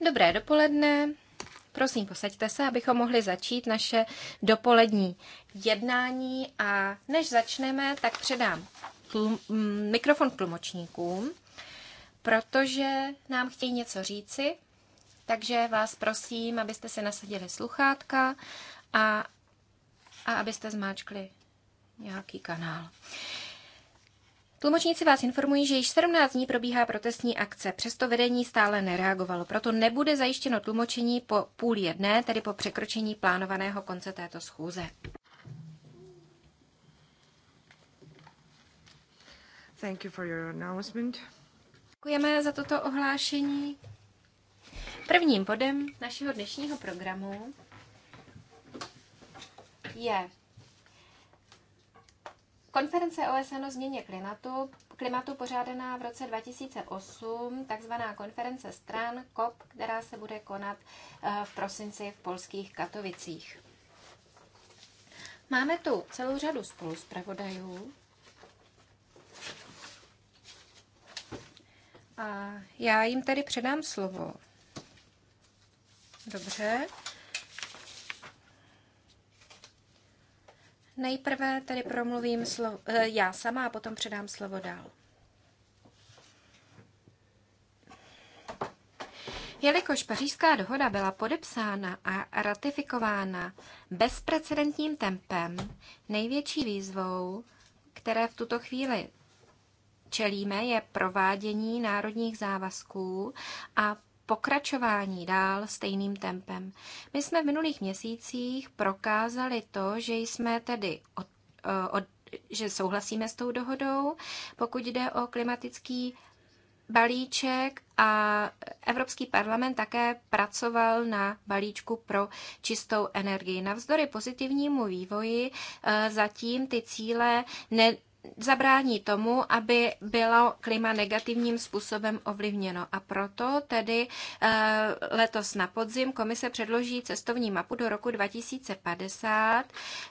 Dobré dopoledne. Prosím, posaďte se, abychom mohli začít naše dopolední jednání a než začneme, tak předám tlum, mm, mikrofon k tlumočníkům, protože nám chtějí něco říci, takže vás prosím, abyste se nasadili sluchátka a, a abyste zmáčkli nějaký kanál. Tlumočníci vás informují, že již 17 dní probíhá protestní akce, přesto vedení stále nereagovalo. Proto nebude zajištěno tlumočení po půl jedné, tedy po překročení plánovaného konce této schůze. Thank you for your announcement. Děkujeme za toto ohlášení. Prvním bodem našeho dnešního programu je Konference OSN o změně klimatu, klimatu pořádaná v roce 2008, takzvaná konference stran COP, která se bude konat eh, v prosinci v polských Katovicích. Máme tu celou řadu spoluzpravodajů. A já jim tady předám slovo. Dobře. Nejprve tedy promluvím slovo, eh, já sama a potom předám slovo dál. Jelikož pařížská dohoda byla podepsána a ratifikována bezprecedentním tempem, největší výzvou, které v tuto chvíli čelíme, je provádění národních závazků a pokračování dál stejným tempem. My jsme v minulých měsících prokázali to, že jsme tedy od, e, od, že souhlasíme s tou dohodou, pokud jde o klimatický balíček a Evropský parlament také pracoval na balíčku pro čistou energii. Navzdory pozitivnímu vývoji e, zatím ty cíle ne, zabrání tomu, aby bylo klima negativním způsobem ovlivněno. A proto tedy eh, letos na podzim komise předloží cestovní mapu do roku 2050.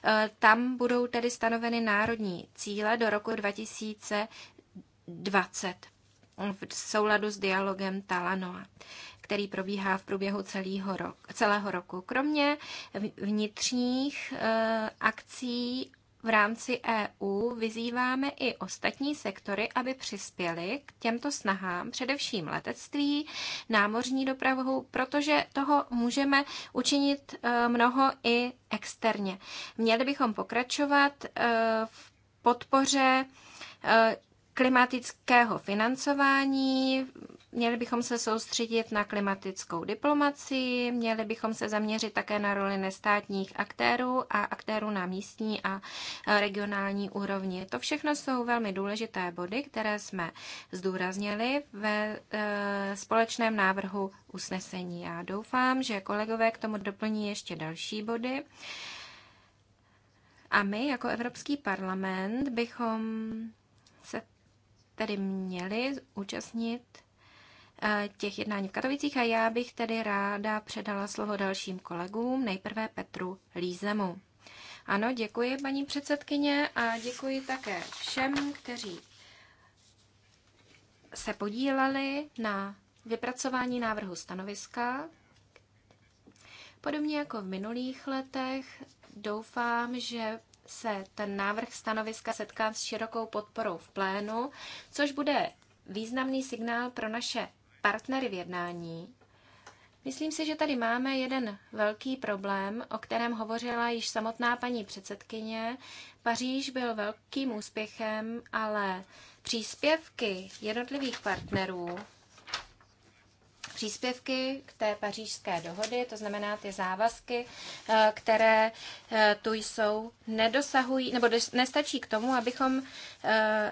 Eh, tam budou tedy stanoveny národní cíle do roku 2020 v souladu s dialogem Talanoa který probíhá v průběhu celého roku. Kromě vnitřních eh, akcí v rámci EU vyzýváme i ostatní sektory, aby přispěli k těmto snahám, především letectví, námořní dopravu, protože toho můžeme učinit e, mnoho i externě. Měli bychom pokračovat e, v podpoře e, klimatického financování, měli bychom se soustředit na klimatickou diplomaci. měli bychom se zaměřit také na roli nestátních aktérů a aktérů na místní a e, regionální úrovni. To všechno jsou velmi důležité body, které jsme zdůraznili ve e, společném návrhu usnesení. Já doufám, že kolegové k tomu doplní ještě další body. A my jako Evropský parlament bychom tedy měli účastnit eh, těch jednání v Katovicích a já bych tedy ráda předala slovo dalším kolegům, nejprve Petru Lízemu. Ano, děkuji paní předsedkyně a děkuji také všem, kteří se podíleli na vypracování návrhu stanoviska. Podobně jako v minulých letech doufám, že se ten návrh stanoviska setká s širokou podporou v plénu, což bude významný signál pro naše partnery v jednání. Myslím si, že tady máme jeden velký problém, o kterém hovořila již samotná paní předsedkyně. Paříž byl velkým úspěchem, ale příspěvky jednotlivých partnerů příspěvky k té pařížské dohody, to znamená ty závazky, eh, které eh, tu jsou, nedosahují, nebo nestačí k tomu, abychom eh,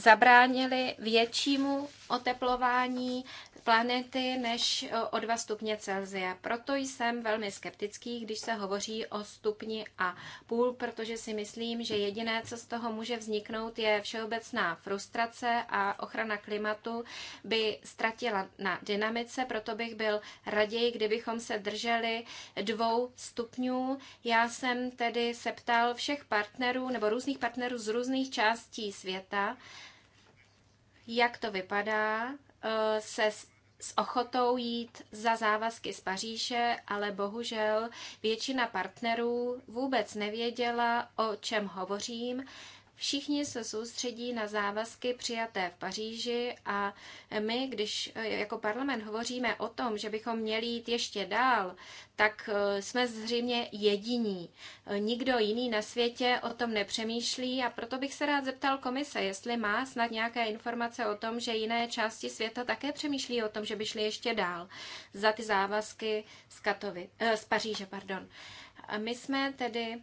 zabránili většímu oteplování planety než e, o 2 stupně Celsia. Proto jsem velmi skeptický, když se hovoří o stupni a půl, protože si myslím, že jediné, co z toho může vzniknout, je všeobecná frustrace a ochrana klimatu by ztratila na dynamice, proto bych byl raději, kdybychom se drželi dvou stupňů. Já jsem tedy septal všech partnerů nebo různých partnerů z různých částí světa, jak to vypadá eh, se s ochotou jít za závazky z Paříže, ale bohužel většina partnerů vůbec nevěděla, o čem hovořím, Všichni se soustředí na závazky přijaté v Paříži a my, když eh, jako parlament hovoříme o tom, že bychom měli jít ještě dál, tak eh, jsme zřejmě jediní. Eh, nikdo jiný na světě o tom nepřemýšlí a proto bych se rád zeptal komise, jestli má snad nějaké informace o tom, že jiné části světa také přemýšlí o tom, že by šli ještě dál za ty závazky z, Katovi, z Paříže. Pardon. A my jsme tedy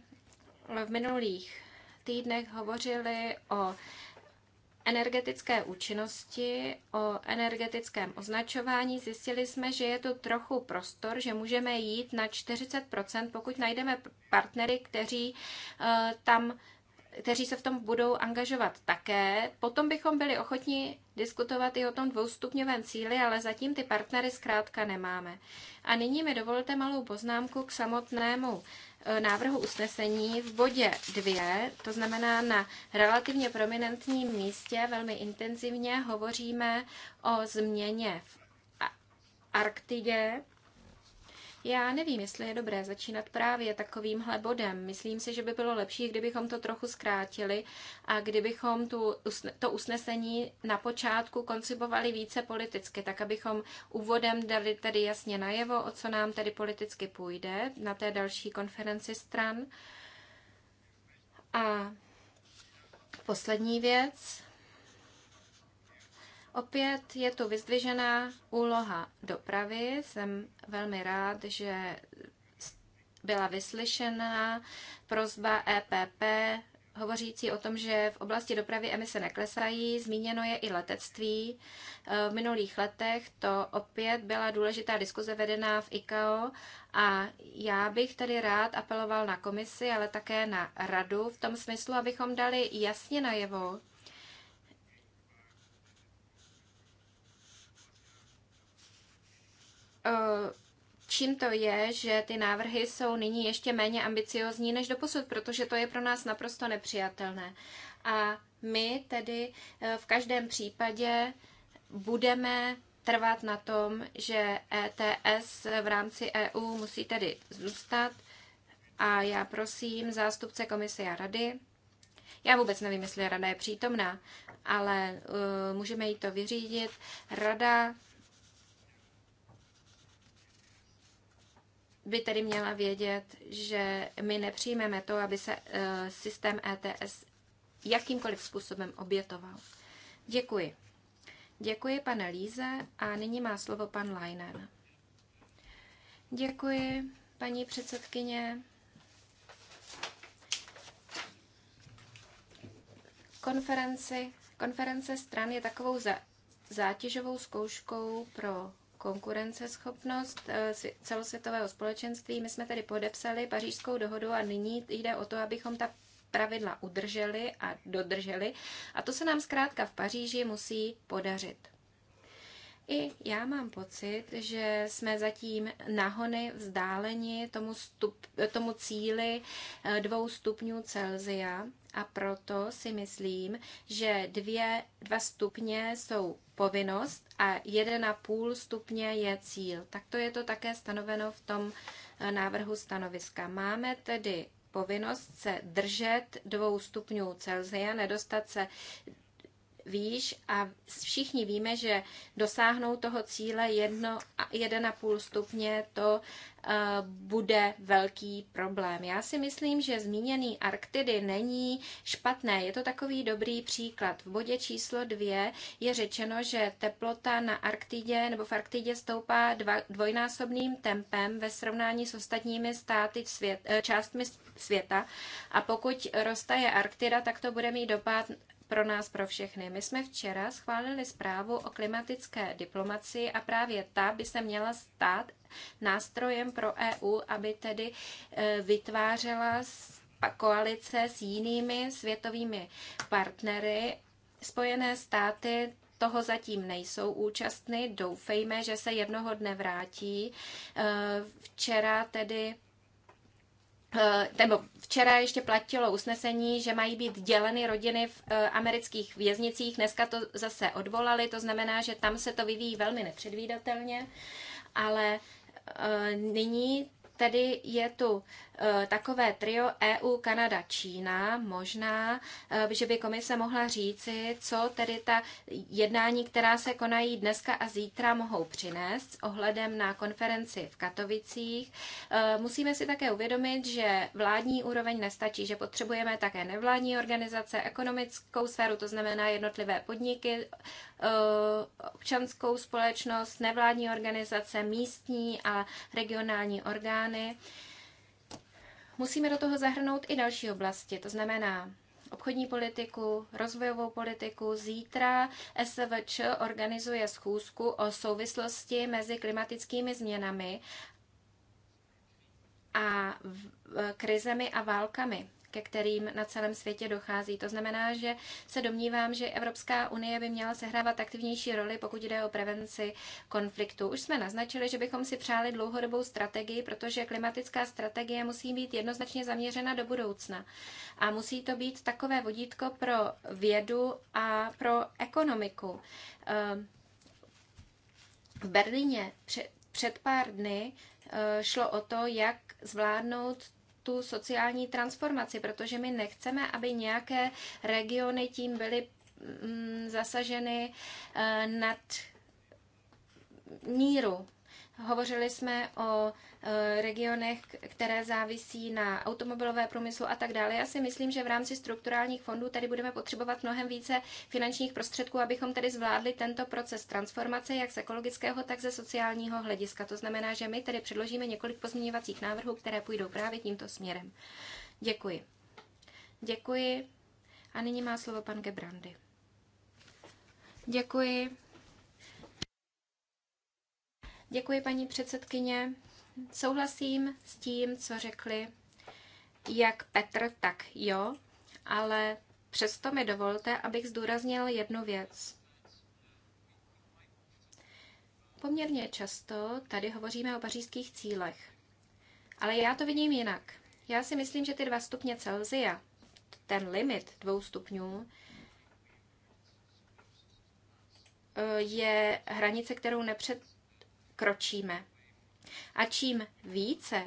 v minulých týdnech hovořili o energetické účinnosti, o energetickém označování, zjistili jsme, že je tu trochu prostor, že můžeme jít na 40%, pokud najdeme partnery, kteří eh, tam kteří se v tom budou angažovat také. Potom bychom byli ochotni diskutovat i o tom dvoustupňovém cíli, ale zatím ty partnery zkrátka nemáme. A nyní mi dovolte malou poznámku k samotnému Eh, návrhu usnesení v bodě 2, to znamená na relativně prominentním místě, velmi intenzivně hovoříme o změně v Arktidě já nevím, jestli je dobré začínat právě takovýmhle bodem. Myslím si, že by bylo lepší, kdybychom to trochu zkrátili a kdybychom tu, to usnesení na počátku koncipovali více politicky, tak abychom úvodem dali tedy jasně najevo, o co nám tedy politicky půjde na té další konferenci stran. A poslední věc, Opět je tu vyzdvižená úloha dopravy. Jsem velmi rád, že byla vyslyšena prozba EPP hovořící o tom, že v oblasti dopravy emise neklesají. Zmíněno je i letectví. V minulých letech to opět byla důležitá diskuze vedená v ICAO a já bych tady rád apeloval na komisi, ale také na radu v tom smyslu, abychom dali jasně najevo, Eh, čím to je, že ty návrhy jsou nyní ještě méně ambiciozní než doposud, protože to je pro nás naprosto nepřijatelné. A my tedy eh, v každém případě budeme trvat na tom, že ETS v rámci EU musí tedy zůstat. A já prosím zástupce komise a rady, já vůbec nevím, jestli rada je přítomná, ale uh, můžeme jí to vyřídit. Rada by tedy měla vědět, že my nepřijmeme to, aby se eh, systém ETS jakýmkoliv způsobem obětoval. Děkuji. Děkuji, pane Líze, a nyní má slovo pan Leinen. Děkuji, paní předsedkyně. Konferenci, konference stran je takovou za, zátěžovou zkouškou pro konkurenceschopnost eh, celosvětového společenství. My jsme tedy podepsali pařížskou dohodu a nyní jde o to, abychom ta pravidla udrželi a dodrželi. A to se nám zkrátka v Paříži musí podařit. I já mám pocit, že jsme zatím nahony vzdáleni tomu, stup, tomu cíli eh, dvou stupňů Celzia a proto si myslím, že dvě, dva stupně jsou povinnost a 1,5 stupně je cíl. Takto je to také stanoveno v tom eh, návrhu stanoviska. Máme tedy povinnost se držet dvou stupňů Celsia, nedostat se výš a všichni víme, že dosáhnout toho cíle 1,5 stupně to eh, bude velký problém. Já si myslím, že zmíněný Arktidy není špatné. Je to takový dobrý příklad. V bodě číslo dvě je řečeno, že teplota na Arktidě nebo v Arktidě stoupá dva, dvojnásobným tempem ve srovnání s ostatními státy svět, eh, částmi světa. A pokud roztaje Arktida, tak to bude mít dopad pro nás, pro všechny. My jsme včera schválili zprávu o klimatické diplomacii a právě ta by se měla stát nástrojem pro EU, aby tedy e, vytvářela koalice s jinými světovými partnery. Spojené státy toho zatím nejsou účastny. Doufejme, že se jednoho dne vrátí. E, včera tedy Eh, nebo včera ještě platilo usnesení, že mají být děleny rodiny v eh, amerických věznicích. Dneska to zase odvolali, to znamená, že tam se to vyvíjí velmi nepředvídatelně, ale eh, nyní tedy je tu Eh, takové trio EU, Kanada, Čína, možná, eh, že by komise mohla říci, co tedy ta jednání, která se konají dneska a zítra, mohou přinést ohledem na konferenci v Katovicích. Eh, musíme si také uvědomit, že vládní úroveň nestačí, že potřebujeme také nevládní organizace, ekonomickou sféru, to znamená jednotlivé podniky, občanskou společnost, nevládní organizace, místní a regionální orgány musíme do toho zahrnout i další oblasti, to znamená obchodní politiku, rozvojovou politiku. Zítra SVČ organizuje schůzku o souvislosti mezi klimatickými změnami a e, krizemi a válkami ke kterým na celém světě dochází. To znamená, že se domnívám, že Evropská unie by měla sehrávat aktivnější roli, pokud jde o prevenci konfliktu. Už jsme naznačili, že bychom si přáli dlouhodobou strategii, protože klimatická strategie musí být jednoznačně zaměřena do budoucna. A musí to být takové vodítko pro vědu a pro ekonomiku. Eh, v Berlíně před pár dny eh, šlo o to, jak zvládnout tu sociální transformaci, protože my nechceme, aby nějaké regiony tím byly mm, zasaženy eh, nad míru. Hovořili jsme o e, regionech, které závisí na automobilové průmyslu a tak dále. Já si myslím, že v rámci strukturálních fondů tady budeme potřebovat mnohem více finančních prostředků, abychom tedy zvládli tento proces transformace jak z ekologického, tak ze sociálního hlediska. To znamená, že my tedy předložíme několik pozměňovacích návrhů, které půjdou právě tímto směrem. Děkuji. Děkuji. A nyní má slovo pan Gebrandy. Děkuji. Děkuji, paní předsedkyně. Souhlasím s tím, co řekli jak Petr, tak jo, ale přesto mi dovolte, abych zdůraznil jednu věc. Poměrně často tady hovoříme o pařížských cílech. Ale já to vidím jinak. Já si myslím, že ty dva stupně Celzia, ten limit dvou stupňů, eh, je hranice, kterou nepřed, kročíme. A čím více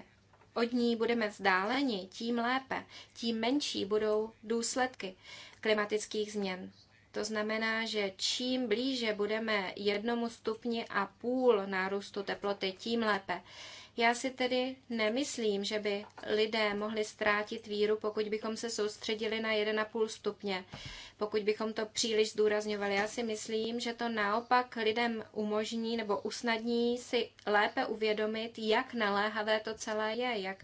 od ní budeme vzdáleni, tím lépe, tím menší budou důsledky klimatických změn. To znamená, že čím blíže budeme jednomu stupni a půl nárůstu teploty, tím lépe. Já si tedy nemyslím, že by lidé mohli ztrátit víru, pokud bychom se soustředili na 1,5 stupně, pokud bychom to příliš zdůrazňovali. Já si myslím, že to naopak lidem umožní nebo usnadní si lépe uvědomit, jak naléhavé to celé je, jak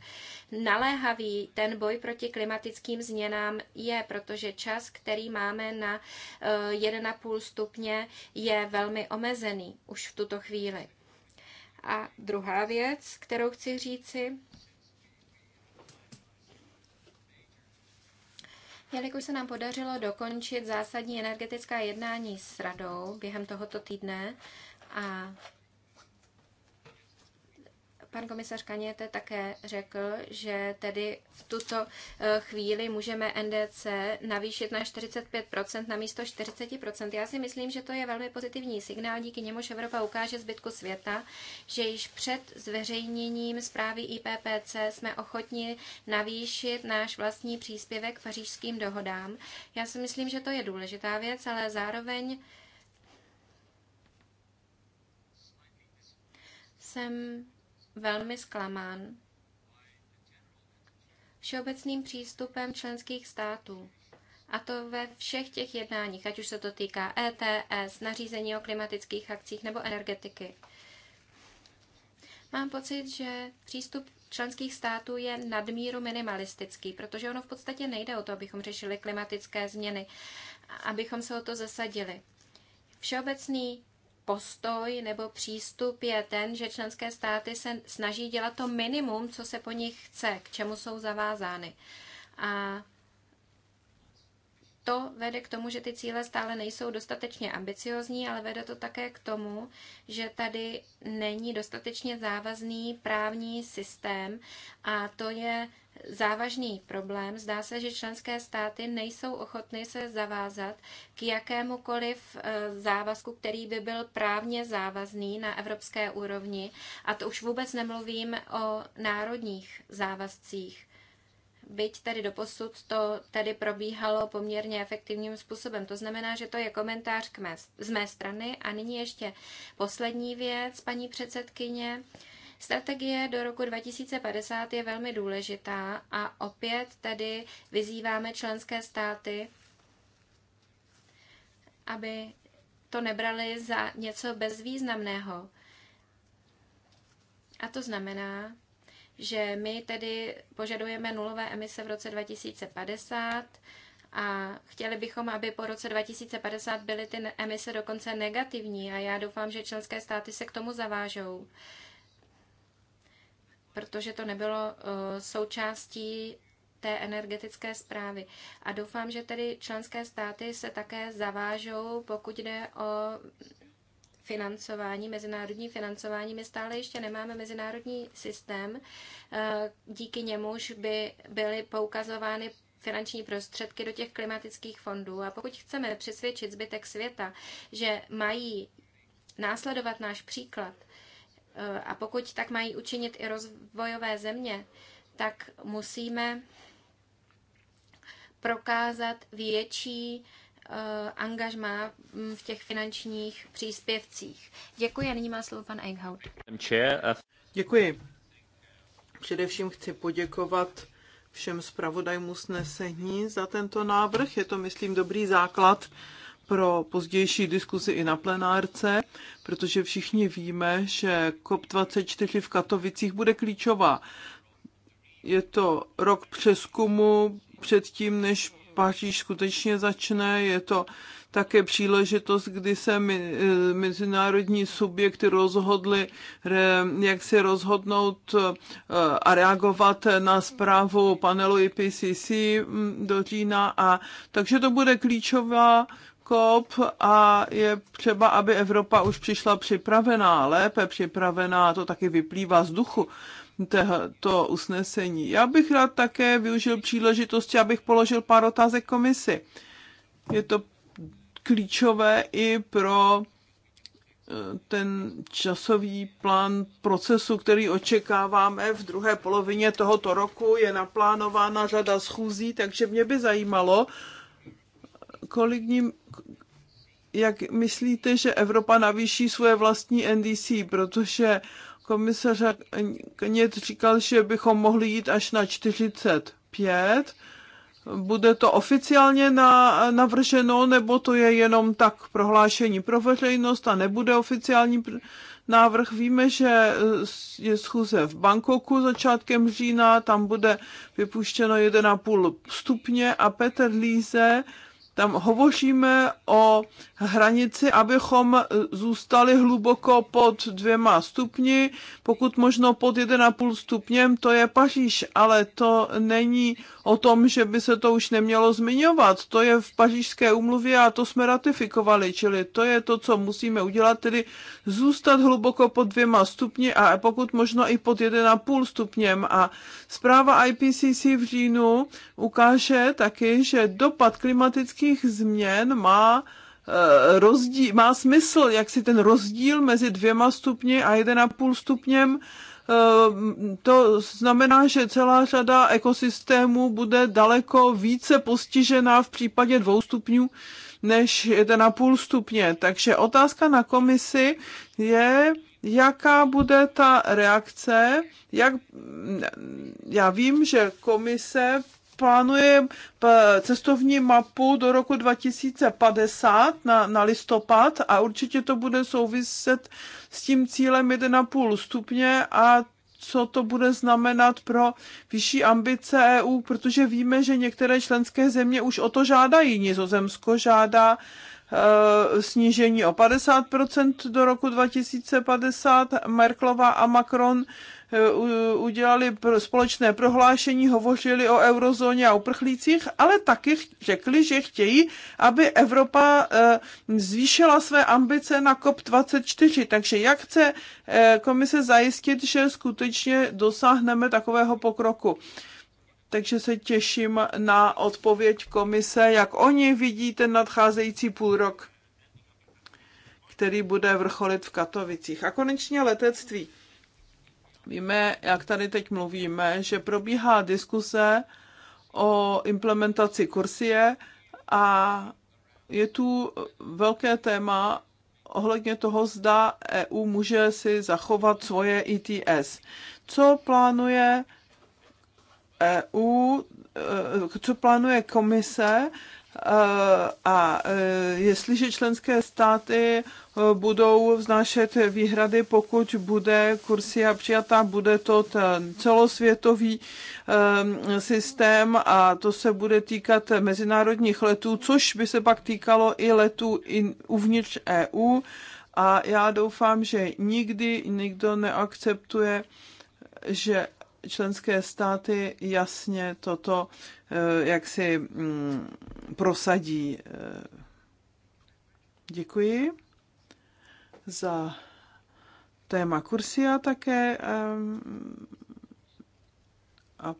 naléhavý ten boj proti klimatickým změnám je, protože čas, který máme na 1,5 eh, stupně, je velmi omezený už v tuto chvíli. A druhá věc, kterou chci říci, Jelikož se nám podařilo dokončit zásadní energetická jednání s radou během tohoto týdne a pan komisař Kaněte také řekl, že tedy v tuto eh, chvíli můžeme NDC navýšit na 45% na místo 40%. Já si myslím, že to je velmi pozitivní signál, díky němuž Evropa ukáže zbytku světa, že již před zveřejněním zprávy IPPC jsme ochotni navýšit náš vlastní příspěvek k pařížským dohodám. Já si myslím, že to je důležitá věc, ale zároveň jsem velmi zklamán všeobecným přístupem členských států. A to ve všech těch jednáních, ať už se to týká ETS, nařízení o klimatických akcích nebo energetiky. Mám pocit, že přístup členských států je nadmíru minimalistický, protože ono v podstatě nejde o to, abychom řešili klimatické změny, abychom se o to zasadili. Všeobecný postoj nebo přístup je ten, že členské státy se snaží dělat to minimum, co se po nich chce, k čemu jsou zavázány. A to vede k tomu, že ty cíle stále nejsou dostatečně ambiciozní, ale vede to také k tomu, že tady není dostatečně závazný právní systém a to je závažný problém. Zdá se, že členské státy nejsou ochotny se zavázat k jakémukoliv eh, závazku, který by byl právně závazný na evropské úrovni. A to už vůbec nemluvím o národních závazcích byť tady doposud to tady probíhalo poměrně efektivním způsobem. To znamená, že to je komentář k mé, z mé strany. A nyní ještě poslední věc, paní předsedkyně. Strategie do roku 2050 je velmi důležitá a opět tedy vyzýváme členské státy, aby to nebrali za něco bezvýznamného. A to znamená, že my tedy požadujeme nulové emise v roce 2050 a chtěli bychom, aby po roce 2050 byly ty emise dokonce negativní a já doufám, že členské státy se k tomu zavážou, protože to nebylo eh, součástí té energetické zprávy. A doufám, že tedy členské státy se také zavážou, pokud jde o financování, mezinárodní financování. My stále ještě nemáme mezinárodní systém, eh, díky němuž by byly poukazovány finanční prostředky do těch klimatických fondů. A pokud chceme přesvědčit zbytek světa, že mají následovat náš příklad, eh, a pokud tak mají učinit i rozvojové země, tak musíme prokázat větší Eh, angažma mm, v těch finančních příspěvcích. Děkuji a nyní má slovo pan Eichhout. Uh, Děkuji. Především chci poděkovat všem zpravodajům usnesení za tento návrh. Je to, myslím, dobrý základ pro pozdější diskuzi i na plenárce, protože všichni víme, že COP24 v Katovicích bude klíčová. Je to rok přeskumu předtím, než Paříž skutečně začne. Je to také příležitost, kdy se eh, mezinárodní subjekty rozhodly, jak si rozhodnout eh, a reagovat na zprávu panelu IPCC mm, do října. A, takže to bude klíčová kop a je třeba, aby Evropa už přišla připravená, lépe připravená, to taky vyplývá z duchu to usnesení. Já bych rád také využil příležitosti, abych položil pár otázek komisi. Je to klíčové i pro eh, ten časový plán procesu, který očekáváme v druhé polovině tohoto roku, je naplánována řada schůzí, takže mě by zajímalo, kolik ním, jak myslíte, že Evropa navýší svoje vlastní NDC, protože komisař Kněd říkal, že bychom mohli jít až na 45. Bude to oficiálně na, navrženo, nebo to je jenom tak prohlášení pro veřejnost a nebude oficiální návrh? Víme, že je schůze v Bangkoku začátkem října, tam bude vypuštěno 1,5 stupně a Petr Líze tam hovoříme o hranici, abychom zůstali hluboko pod dvěma stupni, pokud možno pod 1,5 stupněm, to je Paříž, ale to není o tom, že by se to už nemělo zmiňovat. To je v pařížské umluvě a to jsme ratifikovali, čili to je to, co musíme udělat, tedy zůstat hluboko pod dvěma stupni a pokud možno i pod 1,5 stupněm. A zpráva IPCC v říjnu ukáže taky, že dopad klimatických velkých změn má eh, rozdíl, má smysl, jak si ten rozdíl mezi dvěma stupni a jeden a půl stupněm eh, to znamená, že celá řada ekosystémů bude daleko více postižená v případě dvou stupňů než 1,5 stupně. Takže otázka na komisi je, jaká bude ta reakce. Jak, já vím, že komise plánuje eh, cestovní mapu do roku 2050 na, na listopad a určitě to bude souviset s tím cílem 1,5 stupně a co to bude znamenat pro vyšší ambice EU, protože víme, že některé členské země už o to žádají. Nizozemsko žádá eh, snížení o 50% do roku 2050. Merklova a Macron Eh, udělali společné prohlášení, hovořili o eurozóně a uprchlících, ale taky řekli, že chtějí, aby Evropa eh, zvýšila své ambice na COP24. Takže jak chce eh, komise zajistit, že skutečně dosáhneme takového pokroku? takže se těším na odpověď komise, jak oni vidí ten nadcházející půlrok, který bude vrcholit v Katovicích. A konečně letectví víme, jak tady teď mluvíme, že probíhá diskuse o implementaci kursie a je tu velké téma ohledně toho, zda EU může si zachovat svoje ETS. Co plánuje EU, eh, co plánuje komise Eh, a eh, jestliže členské státy eh, budou vznášet výhrady, pokud bude kursia přijatá, bude to ten celosvětový systém a to se bude týkat mezinárodních letů, což by se pak týkalo i letů uvnitř EU a já doufám, že nikdy nikdo neakceptuje že členské státy jasně toto eh, jak si mm, prosadí. Eh. Děkuji za téma kursia také eh, a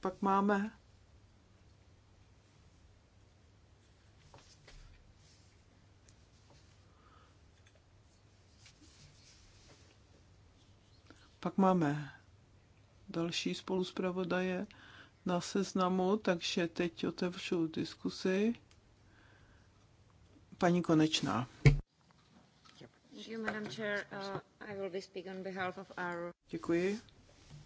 pak máme Pak máme další spoluspravodaje na seznamu, takže teď otevřu diskusi. Paní Konečná. Uh, Děkuji.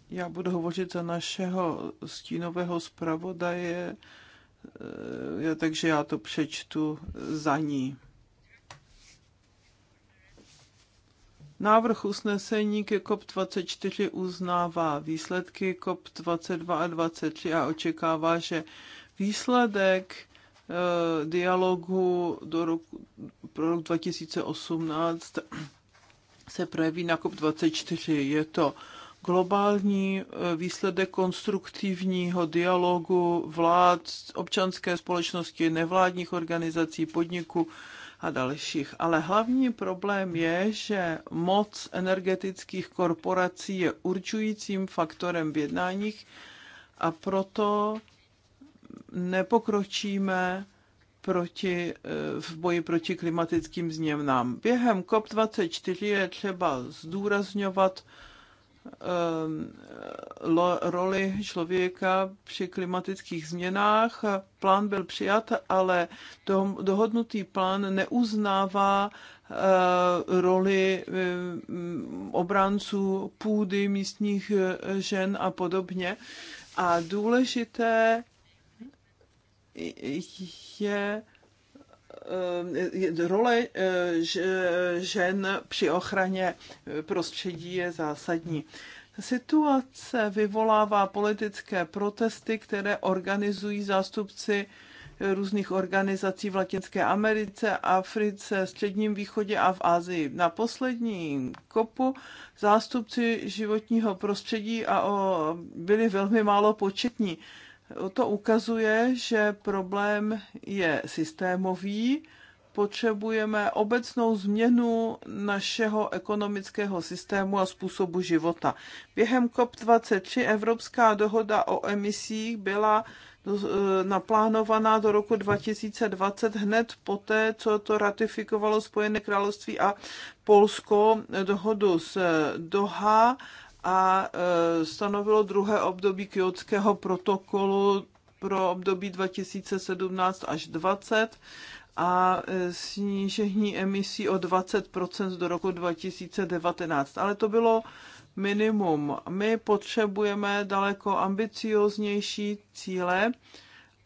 Já budu hovořit za našeho stínového zpravodaje, eh, takže já to přečtu za ní. Návrh usnesení ke COP24 uznává výsledky COP22 a 23 a očekává, že výsledek eh, dialogu do roku, pro rok 2018 se projeví na COP24. Je to globální eh, výsledek konstruktivního dialogu vlád, občanské společnosti, nevládních organizací, podniků, a dalších. Ale hlavní problém je, že moc energetických korporací je určujícím faktorem v jednáních a proto nepokročíme proti, eh, v boji proti klimatickým změnám. Během COP24 je třeba zdůrazňovat Um, roli člověka při klimatických změnách. Plán byl přijat, ale dohodnutý plán neuznává uh, roli um, obránců půdy, místních uh, žen a podobně. A důležité je Eh, role eh, žen při ochraně eh, prostředí je zásadní. Situace vyvolává politické protesty, které organizují zástupci různých organizací v Latinské Americe, Africe, Středním východě a v Asii. Na poslední kopu zástupci životního prostředí a o, byli velmi málo početní to ukazuje, že problém je systémový, potřebujeme obecnou změnu našeho ekonomického systému a způsobu života. Během COP23 Evropská dohoda o emisích byla e, naplánovaná do roku 2020 hned poté, co to ratifikovalo Spojené království a Polsko dohodu z Doha a e, stanovilo druhé období Kyotského protokolu pro období 2017 až 2020 a e, snížení emisí o 20 do roku 2019. Ale to bylo minimum. My potřebujeme daleko ambicioznější cíle,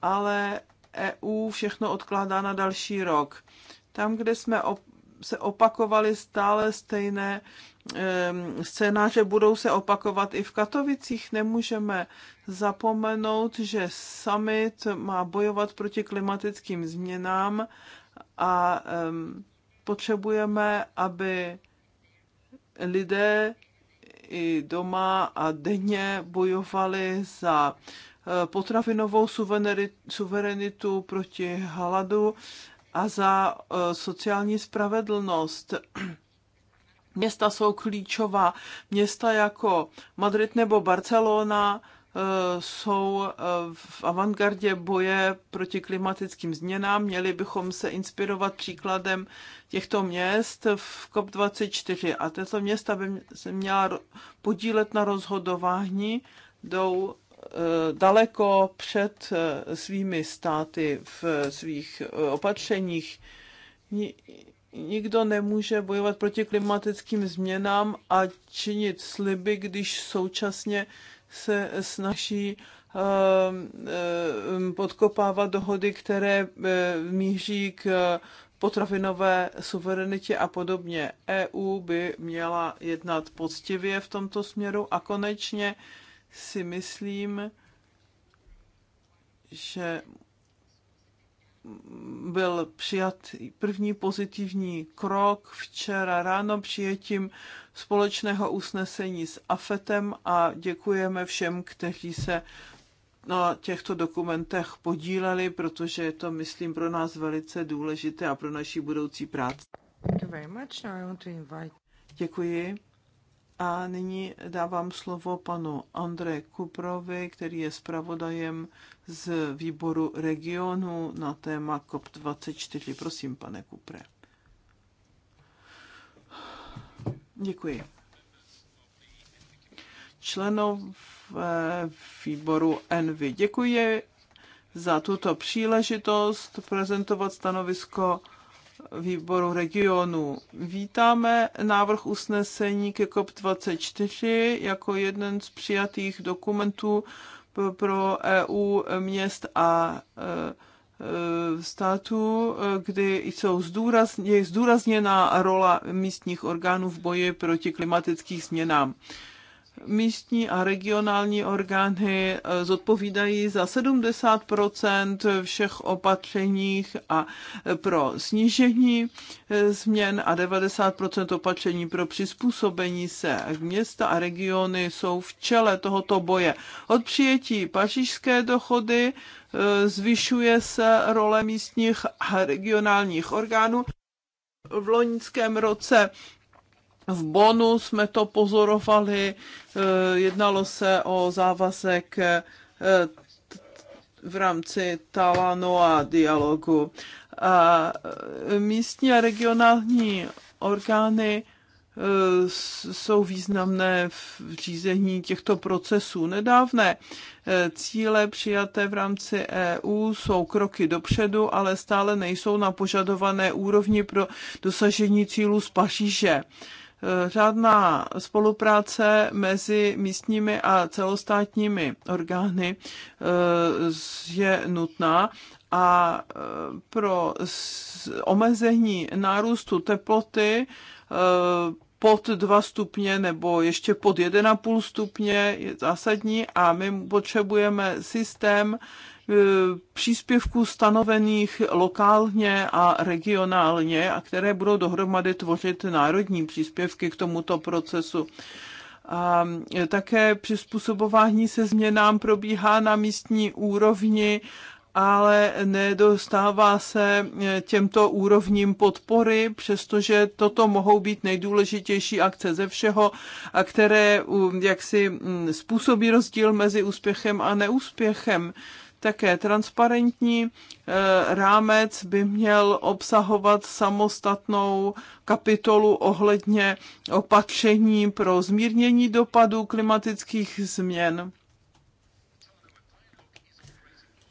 ale EU všechno odkládá na další rok. Tam, kde jsme op- se opakovali stále stejné Ehm, scénáře budou se opakovat i v Katovicích. Nemůžeme zapomenout, že summit má bojovat proti klimatickým změnám a ehm, potřebujeme, aby lidé i doma a denně bojovali za eh, potravinovou suverenitu proti hladu a za eh, sociální spravedlnost města jsou klíčová. Města jako Madrid nebo Barcelona eh, jsou eh, v avantgardě boje proti klimatickým změnám. Měli bychom se inspirovat příkladem těchto měst v COP24. A tato města by se měla podílet na rozhodování, jdou eh, daleko před svými státy v svých opatřeních nikdo nemůže bojovat proti klimatickým změnám a činit sliby, když současně se snaží ehm, ehm, podkopávat dohody, které e, míří k potravinové suverenitě a podobně. EU by měla jednat poctivě v tomto směru a konečně si myslím, že byl přijat první pozitivní krok včera ráno přijetím společného usnesení s AFETem a děkujeme všem, kteří se na těchto dokumentech podíleli, protože je to, myslím, pro nás velice důležité a pro naši budoucí práci. Děkuji. A nyní dávám slovo panu Andre Kuprovi, který je zpravodajem z výboru regionu na téma COP24. Prosím, pane Kupre. Děkuji. Členov výboru Envy. Děkuji za tuto příležitost prezentovat stanovisko výboru regionu. Vítáme návrh usnesení ke COP24 jako jeden z přijatých dokumentů pro EU měst a e, e, států, kdy jsou zdůrazn, je zdůrazněná rola místních orgánů v boji proti klimatickým změnám místní a regionální orgány eh, zodpovídají za 70 všech opatřeních a eh, pro snížení eh, změn a 90 opatření pro přizpůsobení se. Města a regiony jsou v čele tohoto boje. Od přijetí pařížské dochody zvyšuje se role místních a regionálních orgánů v loňském roce v Bonu jsme to pozorovali, eh, jednalo se o závazek eh, v rámci Talano a dialogu. A eh, místní a regionální orgány jsou významné v řízení těchto procesů. Nedávné cíle přijaté v rámci EU jsou kroky dopředu, ale stále nejsou na požadované úrovni pro dosažení cílů z Paříže. Eh, řádná spolupráce mezi místními a celostátními orgány eh, je nutná a eh, pro omezení nárůstu teploty pod 2 stupně nebo ještě pod 1,5 stupně je zásadní a my potřebujeme systém, E, příspěvků stanovených lokálně a regionálně a které budou dohromady tvořit národní příspěvky k tomuto procesu. A e, také přizpůsobování se změnám probíhá na místní úrovni, ale nedostává se e, těmto úrovním podpory, přestože toto mohou být nejdůležitější akce ze všeho, a které jaksi způsobí rozdíl mezi úspěchem a neúspěchem. Také transparentní eh, rámec by měl obsahovat samostatnou kapitolu ohledně opatření pro zmírnění dopadů klimatických změn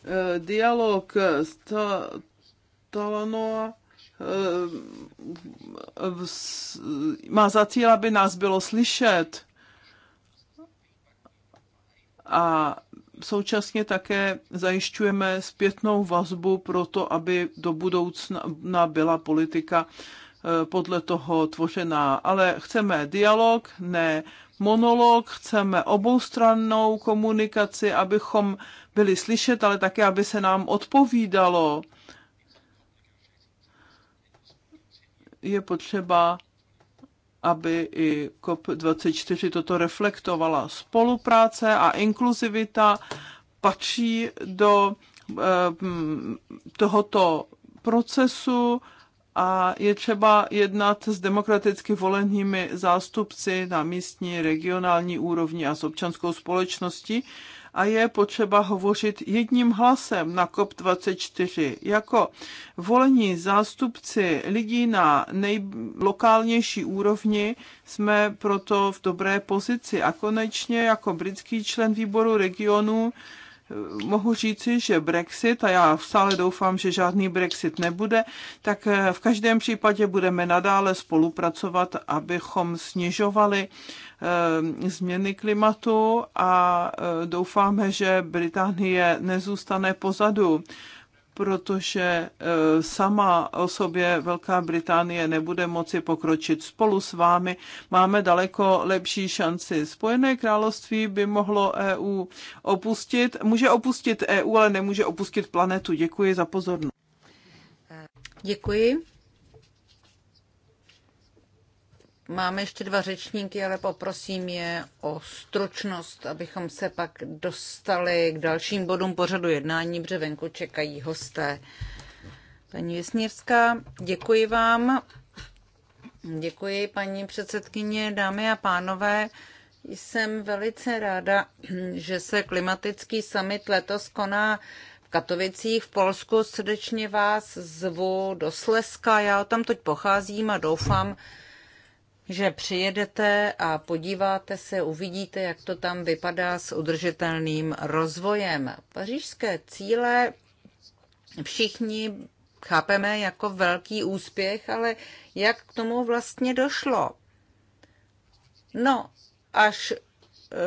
eh, dialog s Talanoa eh, má za cíl, aby nás bylo slyšet. A současně také zajišťujeme zpětnou vazbu pro to, aby do budoucna byla politika eh, podle toho tvořená. Ale chceme dialog, ne monolog, chceme oboustrannou komunikaci, abychom byli slyšet, ale také, aby se nám odpovídalo. Je potřeba aby i COP24 toto reflektovala. Spolupráce a inkluzivita patří do eh, tohoto procesu a je třeba jednat s demokraticky volenými zástupci na místní, regionální úrovni a s občanskou společností, a je potřeba hovořit jedním hlasem na COP24. Jako volení zástupci lidí na nejlokálnější úrovni jsme proto v dobré pozici. A konečně jako britský člen výboru regionu mohu říci, že Brexit, a já stále doufám, že žádný Brexit nebude, tak eh, v každém případě budeme nadále spolupracovat, abychom snižovali eh, změny klimatu a eh, doufáme, že Británie nezůstane pozadu protože e, sama o sobě Velká Británie nebude moci pokročit. Spolu s vámi máme daleko lepší šanci. Spojené království by mohlo EU opustit. Může opustit EU, ale nemůže opustit planetu. Děkuji za pozornost. Děkuji. Máme ještě dva řečníky, ale poprosím je o stručnost, abychom se pak dostali k dalším bodům pořadu jednání, protože venku čekají hosté. Paní Věsněvská, děkuji vám. Děkuji, paní předsedkyně, dámy a pánové. Jsem velice ráda, že se klimatický summit letos koná v Katovicích v Polsku. Srdečně vás zvu do Slezska. Já tam teď pocházím a doufám, že přijedete a podíváte se, uvidíte, jak to tam vypadá s udržitelným rozvojem. Pařížské cíle všichni chápeme jako velký úspěch, ale jak k tomu vlastně došlo? No, až e,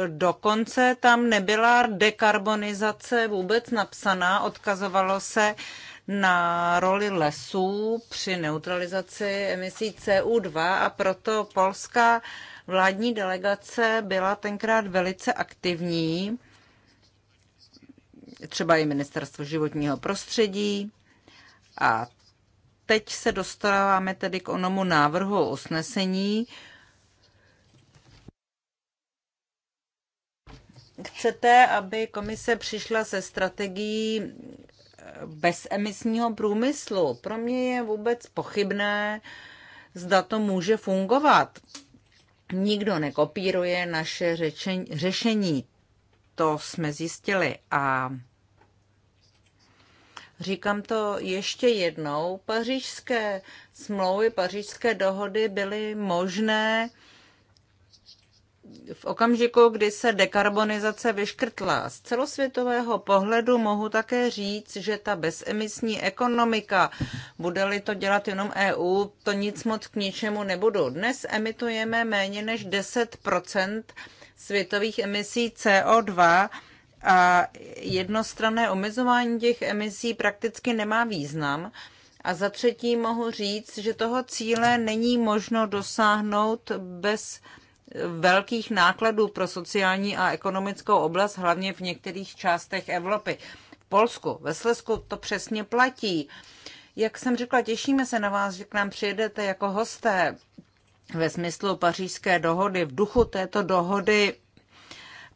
dokonce tam nebyla dekarbonizace vůbec napsaná, odkazovalo se, na roli lesů při neutralizaci emisí CO2 a proto polská vládní delegace byla tenkrát velice aktivní, třeba i Ministerstvo životního prostředí. A teď se dostáváme tedy k onomu návrhu usnesení, chcete, aby komise přišla se strategií bezemisního průmyslu. Pro mě je vůbec pochybné, zda to může fungovat. Nikdo nekopíruje naše řešení. To jsme zjistili a Říkám to ještě jednou, pařížské smlouvy, pařížské dohody byly možné v okamžiku, kdy se dekarbonizace vyškrtla. Z celosvětového pohledu mohu také říct, že ta bezemisní ekonomika, bude-li to dělat jenom EU, to nic moc k ničemu nebudu. Dnes emitujeme méně než 10 světových emisí CO2 a jednostranné omezování těch emisí prakticky nemá význam. A za třetí mohu říct, že toho cíle není možno dosáhnout bez velkých nákladů pro sociální a ekonomickou oblast, hlavně v některých částech Evropy. V Polsku, ve Slesku to přesně platí. Jak jsem řekla, těšíme se na vás, že k nám přijedete jako hosté ve smyslu pařížské dohody. V duchu této dohody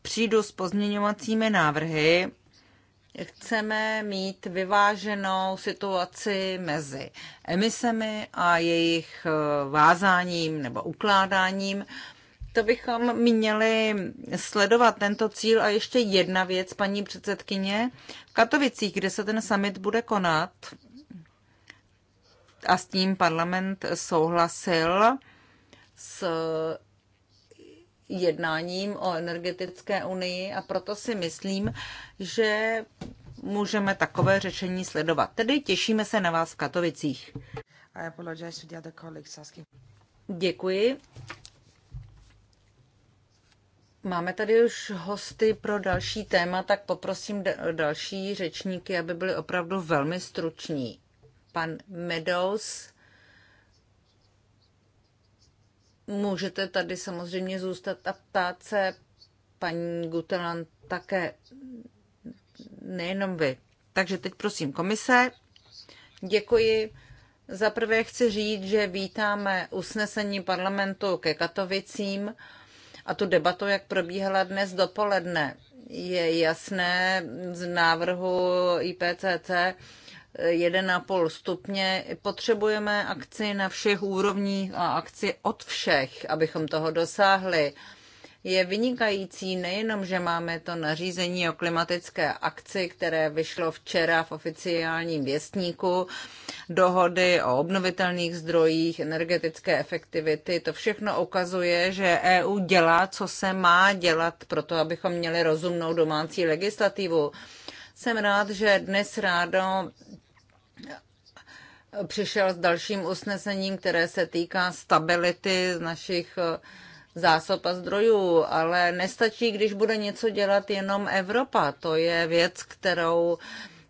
přijdu s pozměňovacími návrhy. Chceme mít vyváženou situaci mezi emisemi a jejich vázáním nebo ukládáním to bychom měli sledovat tento cíl. A ještě jedna věc, paní předsedkyně. V Katovicích, kde se ten summit bude konat, a s tím parlament souhlasil s jednáním o energetické unii a proto si myslím, že můžeme takové řešení sledovat. Tedy těšíme se na vás v Katovicích. Děkuji. Máme tady už hosty pro další téma, tak poprosím další řečníky, aby byli opravdu velmi struční. Pan Meadows, můžete tady samozřejmě zůstat a ptát se, paní Gutelan také, nejenom vy. Takže teď prosím komise. Děkuji. Za prvé chci říct, že vítáme usnesení parlamentu ke Katovicím a tu debatu, jak probíhala dnes dopoledne. Je jasné z návrhu IPCC 1,5 stupně. Potřebujeme akci na všech úrovních a akci od všech, abychom toho dosáhli je vynikající nejenom, že máme to nařízení o klimatické akci, které vyšlo včera v oficiálním věstníku, dohody o obnovitelných zdrojích, energetické efektivity, to všechno ukazuje, že EU dělá, co se má dělat pro to, abychom měli rozumnou domácí legislativu. Jsem rád, že dnes ráno přišel s dalším usnesením, které se týká stability z našich zásob a zdrojů, ale nestačí, když bude něco dělat jenom Evropa. To je věc, kterou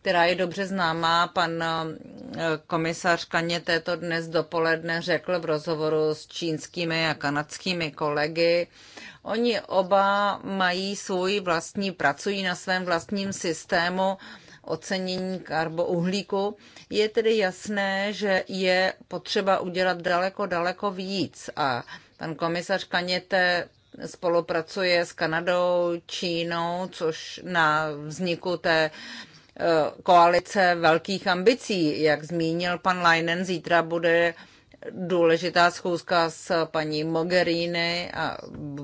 která je dobře známá. Pan eh, komisař Kaněte to dnes dopoledne řekl v rozhovoru s čínskými a kanadskými kolegy. Oni oba mají svůj vlastní, pracují na svém vlastním systému ocenění karbouhlíku. Je tedy jasné, že je potřeba udělat daleko, daleko víc a Pan komisař Kaněte spolupracuje s Kanadou, Čínou, což na vzniku té e, koalice velkých ambicí. Jak zmínil pan Leinen, zítra bude důležitá schůzka s paní Mogherini a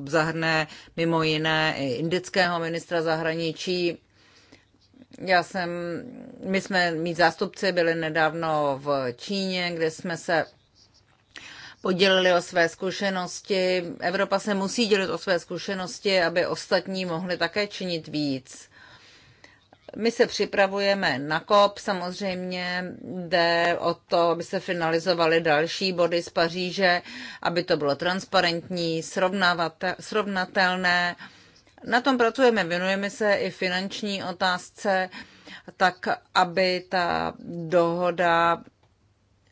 zahrne mimo jiné i indického ministra zahraničí. Já jsem, my jsme, mít zástupci byli nedávno v Číně, kde jsme se podělili o své zkušenosti. Evropa se musí dělit o své zkušenosti, aby ostatní mohli také činit víc. My se připravujeme na COP, samozřejmě jde o to, aby se finalizovaly další body z Paříže, aby to bylo transparentní, srovnatelné. Na tom pracujeme, věnujeme se i finanční otázce, tak aby ta dohoda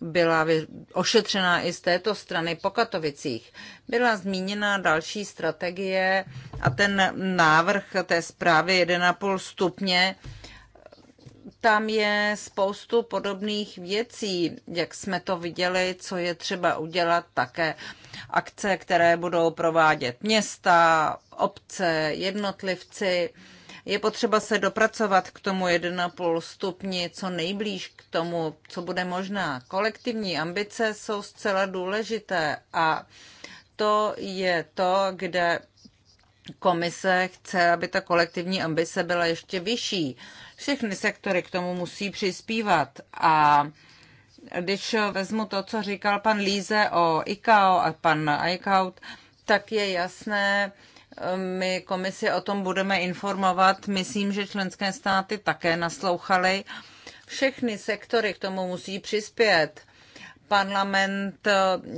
byla ošetřena i z této strany po Katovicích. Byla zmíněna další strategie a ten návrh té zprávy 1,5 stupně, tam je spoustu podobných věcí, jak jsme to viděli, co je třeba udělat, také akce, které budou provádět města, obce, jednotlivci. Je potřeba se dopracovat k tomu 1,5 stupni co nejblíž k tomu, co bude možná. Kolektivní ambice jsou zcela důležité a to je to, kde komise chce, aby ta kolektivní ambice byla ještě vyšší. Všechny sektory k tomu musí přispívat a když vezmu to, co říkal pan Líze o ICAO a pan ICAO, tak je jasné, my komisi o tom budeme informovat. Myslím, že členské státy také naslouchaly. Všechny sektory k tomu musí přispět. Parlament eh,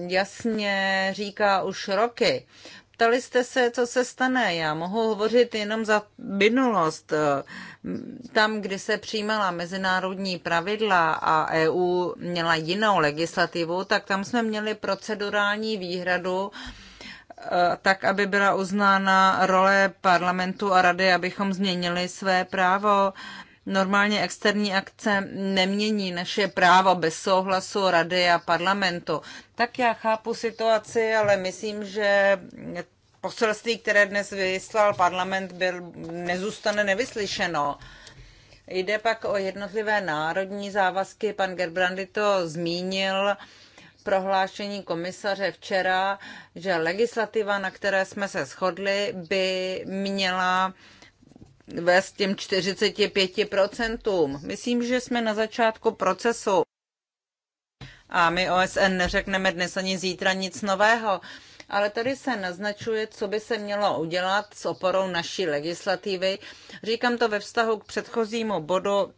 jasně říká už roky. Ptali jste se, co se stane. Já mohu hovořit jenom za minulost. Eh, tam, kdy se přijímala mezinárodní pravidla a EU měla jinou legislativu, tak tam jsme měli procedurální výhradu, tak, aby byla uznána role parlamentu a rady, abychom změnili své právo. Normálně externí akce nemění naše právo bez souhlasu rady a parlamentu. Tak já chápu situaci, ale myslím, že poselství, které dnes vyslal parlament, byl, nezůstane nevyslyšeno. Jde pak o jednotlivé národní závazky. Pan Gerbrandy to zmínil prohlášení komisaře včera, že legislativa, na které jsme se shodli, by měla vést těm 45%. Myslím, že jsme na začátku procesu. A my OSN neřekneme dnes ani zítra nic nového. Ale tady se naznačuje, co by se mělo udělat s oporou naší legislativy. Říkám to ve vztahu k předchozímu bodu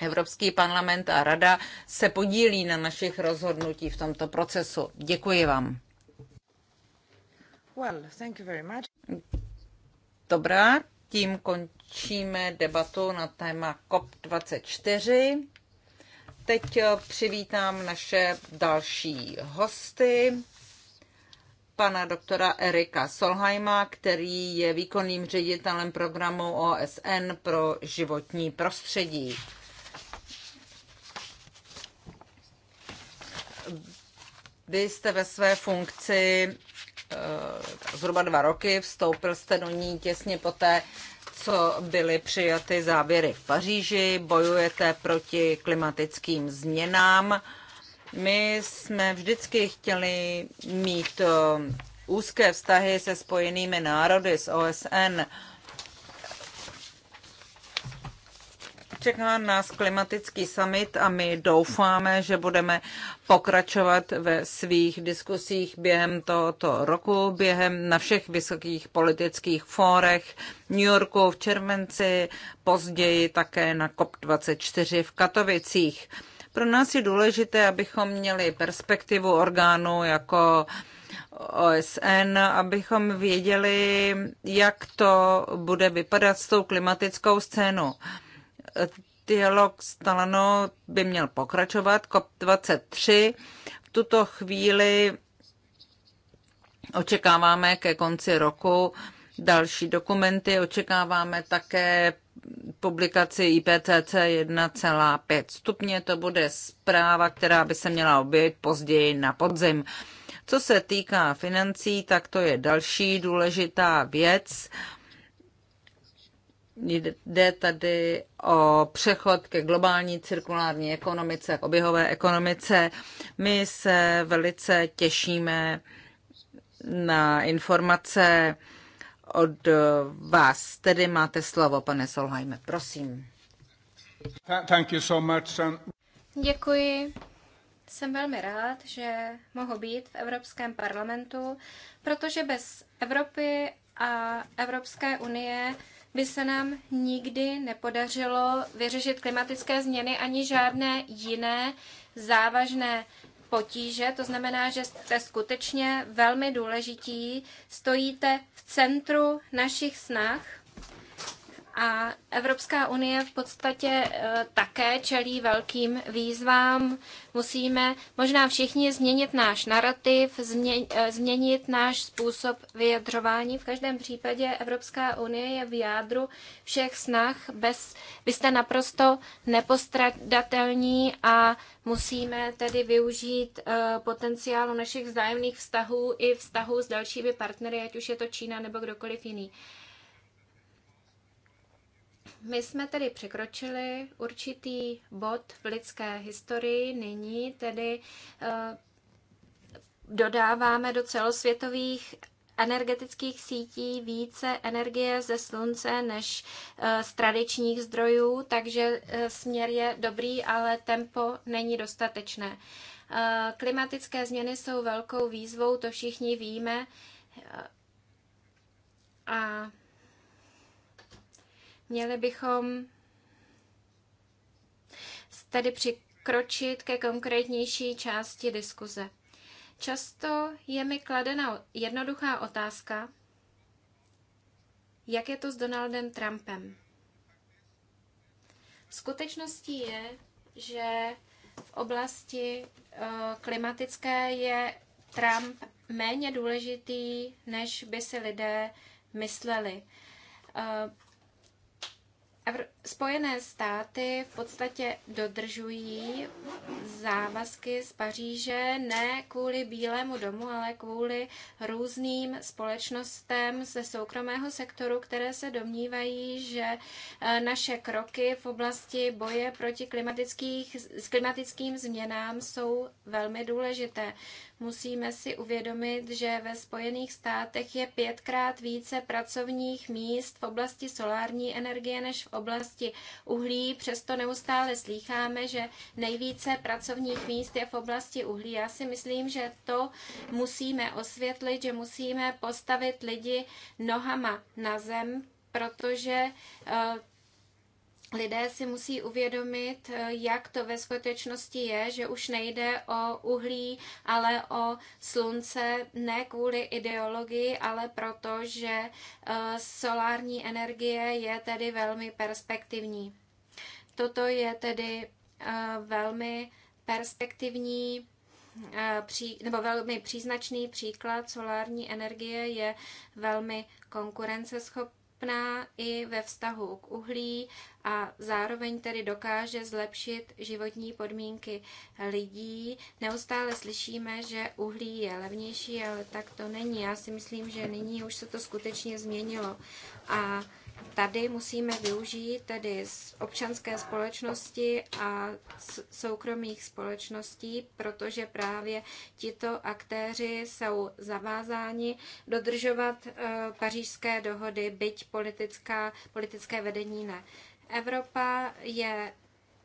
Evropský parlament a rada se podílí na našich rozhodnutí v tomto procesu. Děkuji vám. Well, thank you very much. Dobrá, tím končíme debatu na téma COP24. Teď eh, přivítám naše další hosty, pana doktora Erika Solheima, který je výkonným ředitelem programu OSN pro životní prostředí. Vy jste ve své funkci eh, zhruba dva roky, vstoupil jste do ní těsně poté, co byly přijaty závěry v Paříži, bojujete proti klimatickým změnám. My jsme vždycky chtěli mít eh, úzké vztahy se spojenými národy, s OSN. Čeká nás klimatický summit a my doufáme, že budeme pokračovat ve svých diskusích během tohoto roku, během na všech vysokých politických fórech v New Yorku v červenci, později také na COP24 v Katovicích. Pro nás je důležité, abychom měli perspektivu orgánů jako OSN, abychom věděli, jak to bude vypadat s tou klimatickou scénou. Dialog s Talanou by měl pokračovat. COP23 v tuto chvíli očekáváme ke konci roku další dokumenty. Očekáváme také publikaci IPCC 1,5 stupně. To bude zpráva, která by se měla objevit později na podzim. Co se týká financí, tak to je další důležitá věc. Uh, Jde tady o přechod ke globální cirkulární ekonomice, k oběhové ekonomice. My se velice těšíme na informace od vás. Tedy máte slovo, pane Solheime, prosím. Thank you so much. Děkuji. Jsem velmi rád, že mohu být v Evropském parlamentu, protože bez Evropy a Evropské unie by se nám nikdy nepodařilo vyřešit klimatické změny ani žádné jiné závažné potíže. To znamená, že jste skutečně velmi důležití, stojíte v centru našich snah a Evropská unie v podstatě eh, také čelí velkým výzvám. Musíme možná všichni změnit náš narrativ, eh, změnit náš způsob vyjadřování. V každém případě Evropská unie je v jádru všech snah. Bez, vy jste naprosto nepostradatelní a musíme tedy využít eh, potenciálu našich vzájemných vztahů i vztahů s dalšími partnery, ať už je to Čína nebo kdokoliv jiný my jsme tedy překročili určitý bod v lidské historii, nyní tedy eh, dodáváme do celosvětových energetických sítí více energie ze slunce než eh, z tradičních zdrojů, takže eh, směr je dobrý, ale tempo není dostatečné. Klimatické změny jsou velkou výzvou, to všichni víme. A Měli bychom tady přikročit ke konkrétnější části diskuze. Často je mi kladena jednoduchá otázka, jak je to s Donaldem Trumpem. Skutečností je, že v oblasti eh, klimatické je Trump méně důležitý, než by si lidé mysleli. Eh, Spojené státy v podstatě dodržují závazky z Paříže ne kvůli Bílému domu, ale kvůli různým společnostem ze soukromého sektoru, které se domnívají, že eh, naše kroky v oblasti boje proti klimatických, s klimatickým změnám jsou velmi důležité. Musíme si uvědomit, že ve Spojených státech je pětkrát více pracovních míst v oblasti solární energie než v oblasti uhlí, přesto neustále slýcháme, že nejvíce pracovních míst je v oblasti uhlí. Já si myslím, že to musíme osvětlit, že musíme postavit lidi nohama na zem, protože eh, lidé si musí uvědomit, eh, jak to ve skutečnosti je, že už nejde o uhlí, ale o slunce, ne kvůli ideologii, ale proto, že eh, solární energie je tedy velmi perspektivní. Toto je tedy eh, velmi perspektivní nebo velmi příznačný příklad solární energie je velmi konkurenceschopný schopná i ve vztahu k uhlí a zároveň tedy dokáže zlepšit životní podmínky lidí. Neustále slyšíme, že uhlí je levnější, ale tak to není. Já si myslím, že nyní už se to skutečně změnilo. A tady musíme využít tedy z občanské společnosti a soukromých společností, protože právě tito aktéři jsou zavázáni dodržovat eh, pařížské dohody, byť politická, politické vedení ne. Evropa je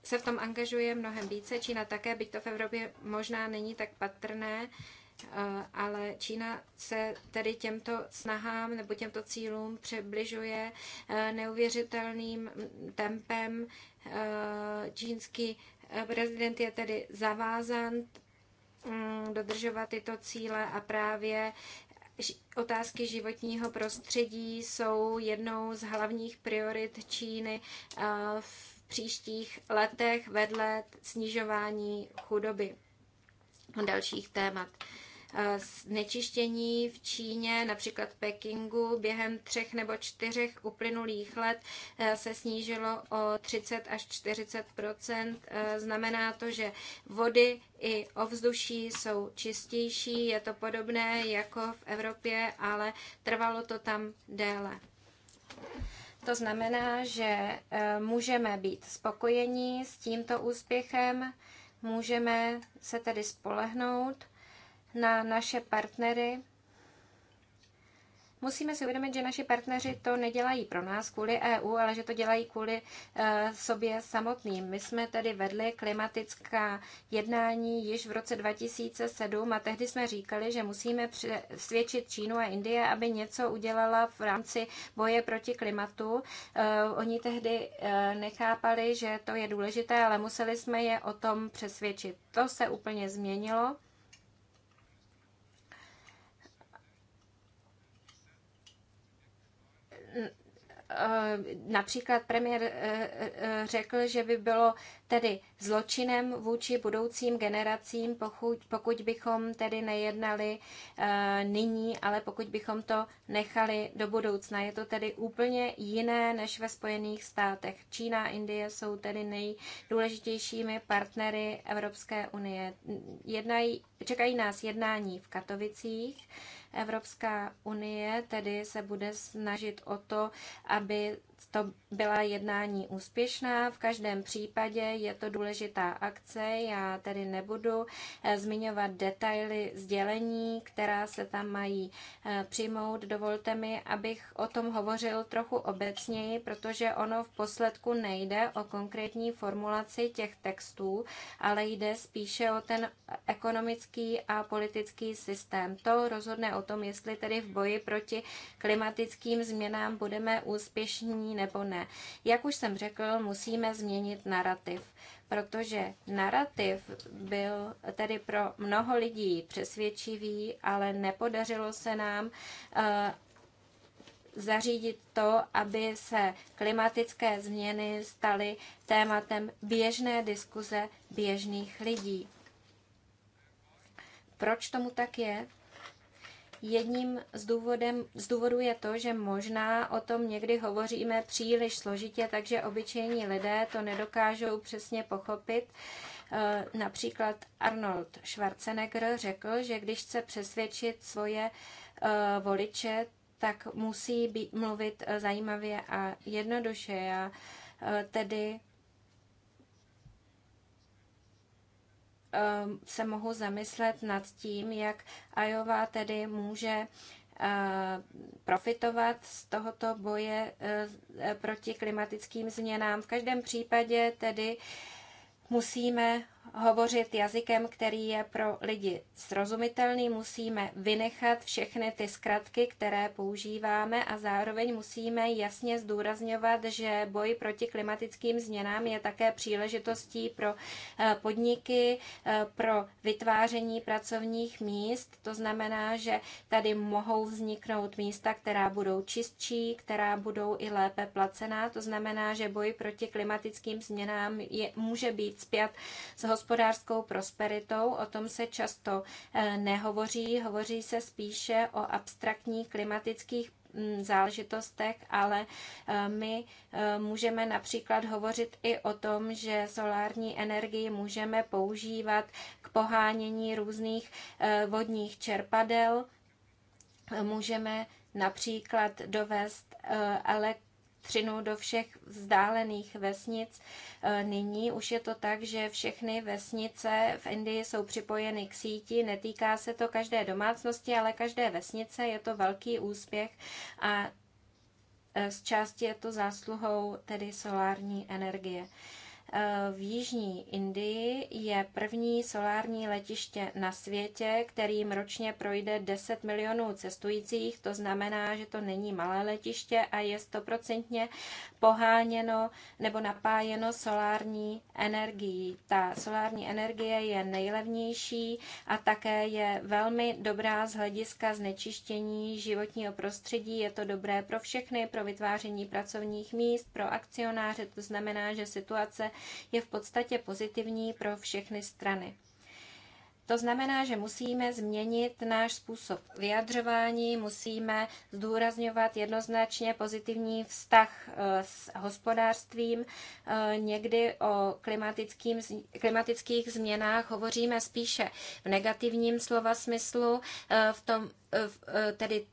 se v tom angažuje mnohem více, Čína také, byť to v Evropě možná není tak patrné ale Čína se tedy těmto snahám nebo těmto cílům přibližuje e, neuvěřitelným tempem. E, čínský e, prezident je tedy zavázán mm, dodržovat tyto cíle a právě otázky životního prostředí jsou jednou z hlavních priorit Číny v příštích letech vedle snižování chudoby a dalších témat znečištění eh, v Číně, například Pekingu, během třech nebo čtyřech uplynulých let eh, se snížilo o 30 až 40 eh, Znamená to, že vody i ovzduší jsou čistější, je to podobné jako v Evropě, ale trvalo to tam déle. To znamená, že můžeme být spokojení s tímto úspěchem, můžeme se tedy spolehnout na naše partnery. Musíme si uvědomit, že naši partneři to nedělají pro nás kvůli EU, ale že to dělají kvůli e, sobě samotným. My jsme tedy vedli klimatická jednání již v roce 2007 a tehdy jsme říkali, že musíme přesvědčit Čínu a Indie, aby něco udělala v rámci boje proti klimatu. E, oni tehdy e, nechápali, že to je důležité, ale museli jsme je o tom přesvědčit. To se úplně změnilo. Eh, například premiér eh, eh, řekl, že by bylo tedy zločinem vůči budoucím generacím, pokud, pokud bychom tedy nejednali e, nyní, ale pokud bychom to nechali do budoucna. Je to tedy úplně jiné než ve Spojených státech. Čína a Indie jsou tedy nejdůležitějšími partnery Evropské unie. Jednají, čekají nás jednání v Katovicích. Evropská unie tedy se bude snažit o to, aby to byla jednání úspěšná. V každém případě je to důležitá akce. Já tedy nebudu eh, zmiňovat detaily sdělení, která se tam mají eh, přijmout. Dovolte mi, abych o tom hovořil trochu obecněji, protože ono v posledku nejde o konkrétní formulaci těch textů, ale jde spíše o ten ekonomický a politický systém. To rozhodne o tom, jestli tedy v boji proti klimatickým změnám budeme úspěšní nebo ne. Jak už jsem řekl, musíme změnit narrativ, protože narrativ byl tedy pro mnoho lidí přesvědčivý, ale nepodařilo se nám eh, zařídit to, aby se klimatické změny staly tématem běžné diskuze běžných lidí. Proč tomu tak je? Jedním z, důvodem, z důvodů je to, že možná o tom někdy hovoříme příliš složitě, takže obyčejní lidé to nedokážou přesně pochopit. Eh, například Arnold Schwarzenegger řekl, že když chce přesvědčit svoje eh, voliče, tak musí být, mluvit eh, zajímavě a jednoduše. Já tedy Um, se mohu zamyslet nad tím, jak Iowa tedy může uh, profitovat z tohoto boje uh, proti klimatickým změnám. V každém případě tedy musíme hovořit jazykem, který je pro lidi srozumitelný. Musíme vynechat všechny ty zkratky, které používáme a zároveň musíme jasně zdůrazňovat, že boj proti klimatickým změnám je také příležitostí pro eh, podniky, eh, pro vytváření pracovních míst. To znamená, že tady mohou vzniknout místa, která budou čistší, která budou i lépe placená. To znamená, že boj proti klimatickým změnám je, může být zpět s hospodářskou prosperitou. O tom se často eh, nehovoří, hovoří se spíše o abstraktních klimatických mm, záležitostech, ale eh, my eh, můžeme například hovořit i o tom, že solární energii můžeme používat k pohánění různých vodních čerpadel. Můžeme například dovést elektrický elektřinu do všech vzdálených vesnic. E, nyní už je to tak, že všechny vesnice v Indii jsou připojeny k síti. Netýká se to každé domácnosti, ale každé vesnice. Je to velký úspěch a e, z části je to zásluhou tedy solární energie. Eh, v jižní Indii je první solární letiště na světě, kterým ročně projde 10 milionů cestujících. To znamená, že to není malé letiště a je stoprocentně poháněno nebo napájeno solární energií. Ta solární energie je nejlevnější a také je velmi dobrá z hlediska znečištění životního prostředí. Je to dobré pro všechny, pro vytváření pracovních míst, pro akcionáře. To znamená, že situace je v podstatě pozitivní pro všechny strany. To znamená, že musíme změnit náš způsob vyjadřování, musíme zdůrazňovat jednoznačně pozitivní vztah eh, s hospodářstvím. Eh, někdy o klimatických změnách hovoříme spíše v negativním slova smyslu, eh, v tom, tedy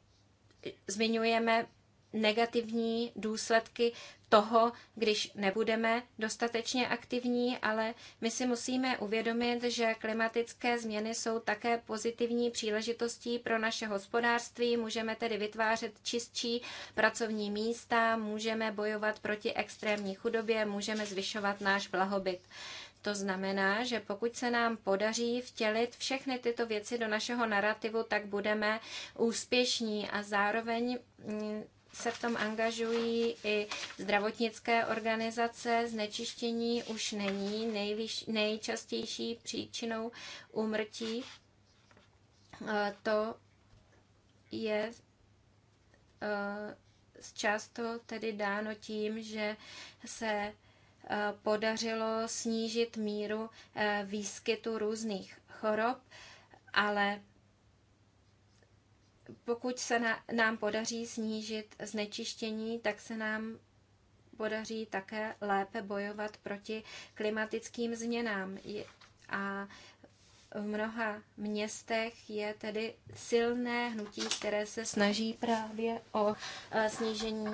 zmiňujeme negativní důsledky toho, když nebudeme dostatečně aktivní, ale my si musíme uvědomit, že klimatické změny jsou také pozitivní příležitostí pro naše hospodářství. Můžeme tedy vytvářet čistší pracovní místa, můžeme bojovat proti extrémní chudobě, můžeme zvyšovat náš blahobyt. To znamená, že pokud se nám podaří vtělit všechny tyto věci do našeho narrativu, tak budeme úspěšní a zároveň mm, se v tom angažují i zdravotnické organizace. Znečištění už není nejvíš, nejčastější příčinou úmrtí. E, to je e, často tedy dáno tím, že se e, podařilo snížit míru výskytu různých chorob, ale pokud se na, nám podaří snížit znečištění, tak se nám podaří také lépe bojovat proti klimatickým změnám. A v mnoha městech je tedy silné hnutí, které se snaží právě o e, snížení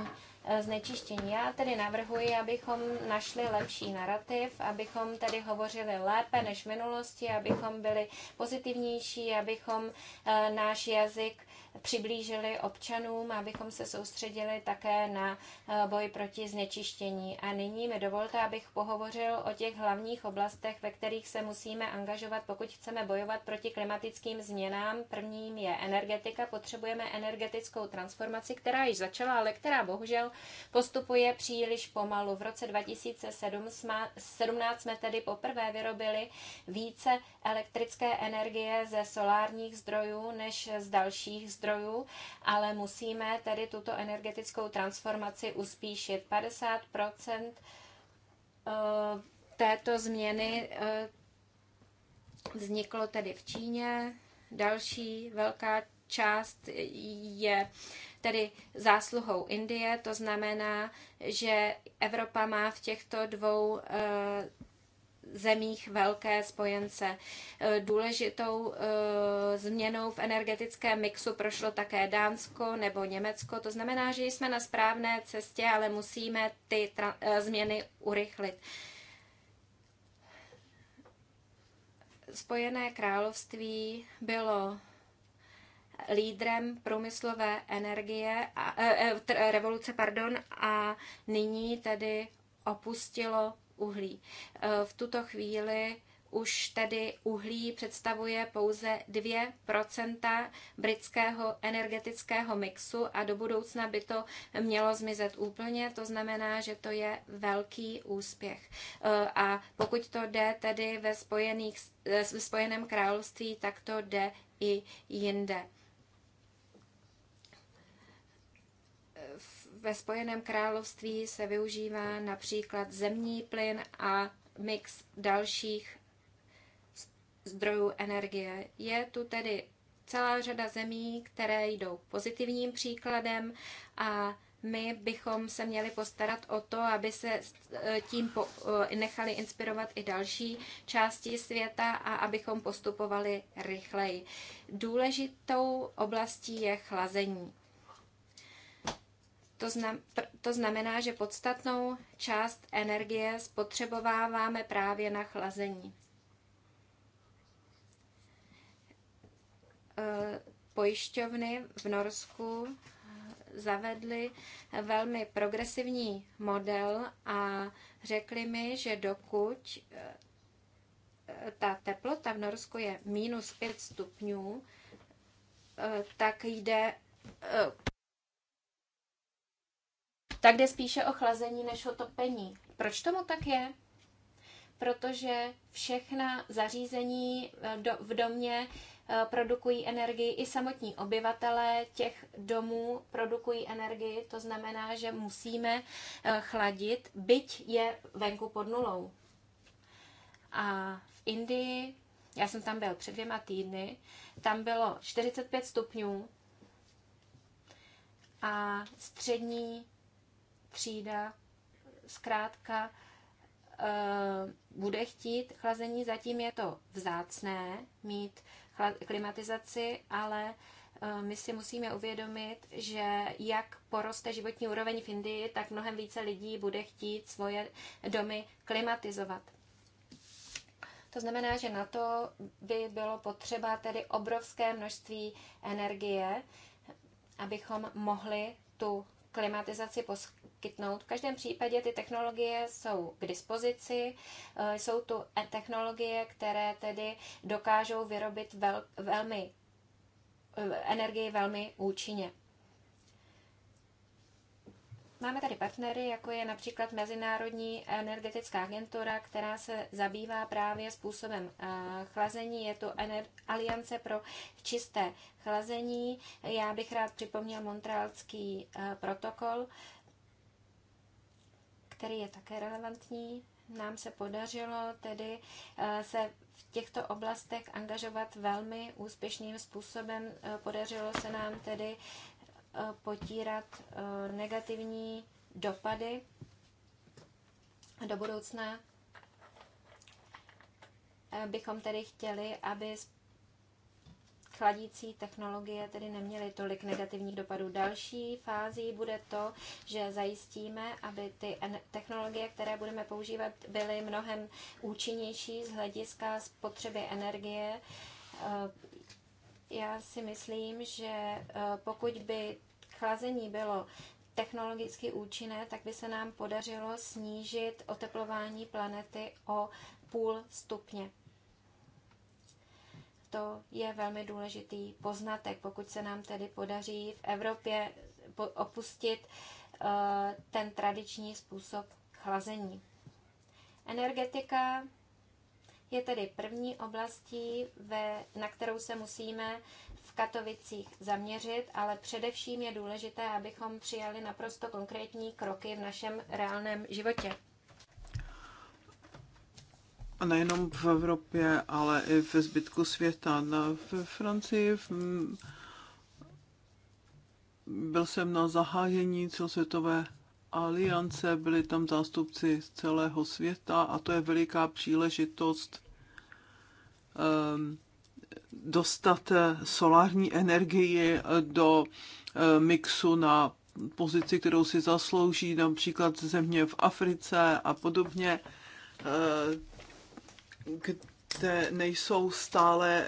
e, znečištění. Já tedy navrhuji, abychom našli lepší narrativ, abychom tedy hovořili lépe než v minulosti, abychom byli pozitivnější, abychom e, náš jazyk přiblížili občanům, abychom se soustředili také na eh, boj proti znečištění. A nyní mi dovolte, abych pohovořil o těch hlavních oblastech, ve kterých se musíme angažovat, pokud chceme bojovat proti klimatickým změnám. Prvním je energetika. Potřebujeme energetickou transformaci, která již začala, ale která bohužel postupuje příliš pomalu. V roce 2017 jsme tedy poprvé vyrobili více elektrické energie ze solárních zdrojů než z dalších zdrojů zdrojů, ale musíme tedy tuto energetickou transformaci uspíšit. 50 eh, této změny eh, vzniklo tedy v Číně. Další velká část je tedy zásluhou Indie, to znamená, že Evropa má v těchto dvou eh, zemích velké spojence. Eh, důležitou eh, změnou v energetickém mixu prošlo také Dánsko nebo Německo. To znamená, že jsme na správné cestě, ale musíme ty eh, změny urychlit. Spojené království bylo lídrem průmyslové energie a, e, revoluce pardon, a nyní tedy opustilo uhlí. Eh, v tuto chvíli už tedy uhlí představuje pouze 2 britského energetického mixu a do budoucna by to mělo zmizet úplně. To znamená, že to je velký úspěch. Eh, a pokud to jde tedy ve, spojených, eh, ve Spojeném království, tak to jde i jinde. ve Spojeném království se využívá například zemní plyn a mix dalších zdrojů energie. Je tu tedy celá řada zemí, které jdou pozitivním příkladem a my bychom se měli postarat o to, aby se eh, tím eh, nechali inspirovat i další části světa a abychom postupovali rychleji. Důležitou oblastí je chlazení. To, znam, to znamená, že podstatnou část energie spotřebováváme právě na chlazení. E, pojišťovny v Norsku zavedli velmi progresivní model a řekli mi, že dokud e, ta teplota v Norsku je minus 5 stupňů, e, tak jde tak jde spíše o chlazení než o topení. Proč tomu tak je? Protože všechna zařízení eh, v domě eh, produkují energii, i samotní obyvatelé těch domů produkují energii, to znamená, že musíme eh, chladit, byť je venku pod nulou. A v Indii, já jsem tam byl před dvěma týdny, tam bylo 45 stupňů a střední třída zkrátka eh, bude chtít chlazení, zatím je to vzácné mít klimatizaci, ale eh, my si musíme uvědomit, že jak poroste životní úroveň v Indii, tak mnohem více lidí bude chtít svoje domy klimatizovat. To znamená, že na to by bylo potřeba tedy obrovské množství energie, abychom mohli tu klimatizaci poskytnout. V každém případě ty technologie jsou k dispozici, eh, jsou tu e- technologie, které tedy dokážou vyrobit vel, velmi eh, energii velmi účinně. Máme tady partnery, jako je například Mezinárodní energetická agentura, která se zabývá právě způsobem eh, chlazení. Je to Aliance pro čisté chlazení. Já bych rád připomněl Montrealský eh, protokol, který je také relevantní. Nám se podařilo tedy eh, se v těchto oblastech angažovat velmi úspěšným způsobem. Podařilo se nám tedy Eh, potírat eh, negativní dopady do budoucna eh, bychom tedy chtěli, aby chladící technologie tedy neměly tolik negativních dopadů. Další fází bude to, že zajistíme, aby ty technologie, které budeme používat, byly mnohem účinnější z hlediska spotřeby energie já si myslím, že eh, pokud by chlazení bylo technologicky účinné, tak by se nám podařilo snížit oteplování planety o půl stupně. To je velmi důležitý poznatek, pokud se nám tedy podaří v Evropě opustit eh, ten tradiční způsob chlazení. Energetika je tedy první oblastí, ve, na kterou se musíme v Katovicích zaměřit, ale především je důležité, abychom přijali naprosto konkrétní kroky v našem reálném životě. A nejenom v Evropě, ale i ve zbytku světa. Na, ve Francii v, byl jsem na zahájení celosvětové aliance, byli tam zástupci z celého světa a to je veliká příležitost ehm, dostat eh, solární energii eh, do eh, mixu na pozici, kterou si zaslouží například země v Africe a podobně, kde nejsou stále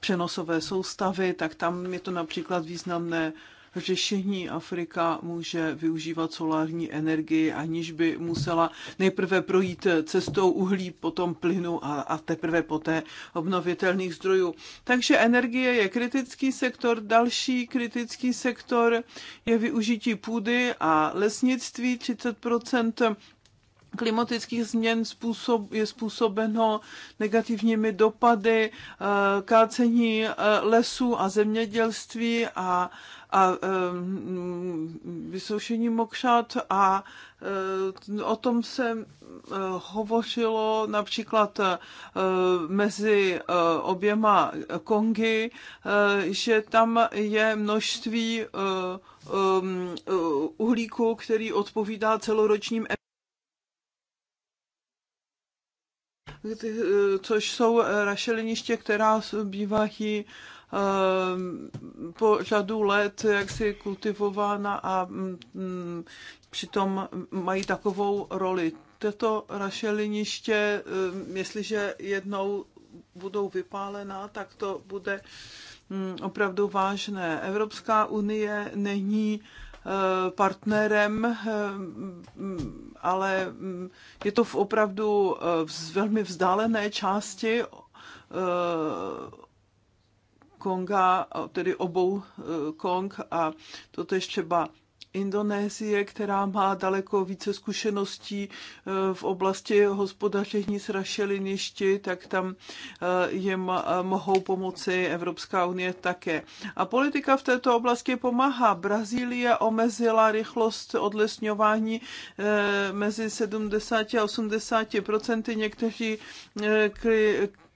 přenosové soustavy, tak tam je to například významné řešení Afrika může využívat solární energii, aniž by musela nejprve projít cestou uhlí, potom plynu a, a teprve poté obnovitelných zdrojů. Takže energie je kritický sektor. Další kritický sektor je využití půdy a lesnictví 30 klimatických změn způsob, je způsobeno negativními dopady eh, kácení eh, lesů a zemědělství a a e, mm, vysoušení mokšat a e, o tom se e, hovořilo například mezi oběma Kongy, že tam je množství uhlíku, který odpovídá celoročním což jsou rašeliniště, která bývají Ehm, po řadu let jaksi kultivována a mm, mm, přitom mají takovou roli. Tato rašeliniště, ehm, jestliže jednou budou vypálená, tak to bude mm, opravdu vážné. Evropská unie není ehm, partnerem, ale je to v opravdu velmi vzdálené části Konga, tedy obou eh, Kong a toto je třeba Indonésie, která má daleko více zkušeností eh, v oblasti hospodaření s rašeliništi, tak tam eh, jim mohou pomoci Evropská unie také. A politika v této oblasti pomáhá. Brazílie omezila rychlost odlesňování mezi 70 a 80 procenty. Někteří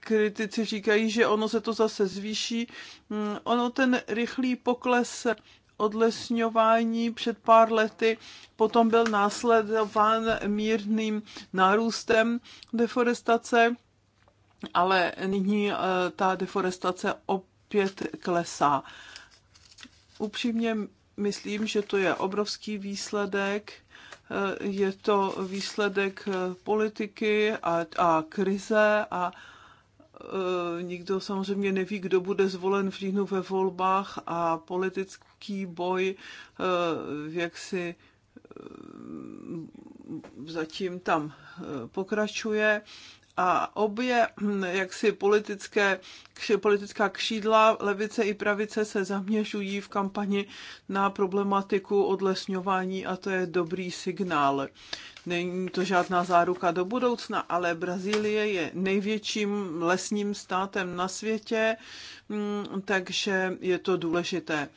kritici říkají, že ono se to zase zvýší. Mm, ono ten rychlý pokles odlesňování před pár lety, potom byl následován mírným nárůstem deforestace, ale nyní eh, ta deforestace opět klesá. Upřímně myslím, že to je obrovský výsledek. Eh, je to výsledek eh, politiky a, a krize a, Eh, nikdo samozřejmě neví, kdo bude zvolen v říjnu ve volbách a politický boj eh, jak si eh, zatím tam pokračuje a obě hm, jaksi politické, politická křídla, levice i pravice se zaměřují v kampani na problematiku odlesňování a to je dobrý signál. Není to žádná záruka do budoucna, ale Brazílie je největším lesním státem na světě, hm, takže je to důležité.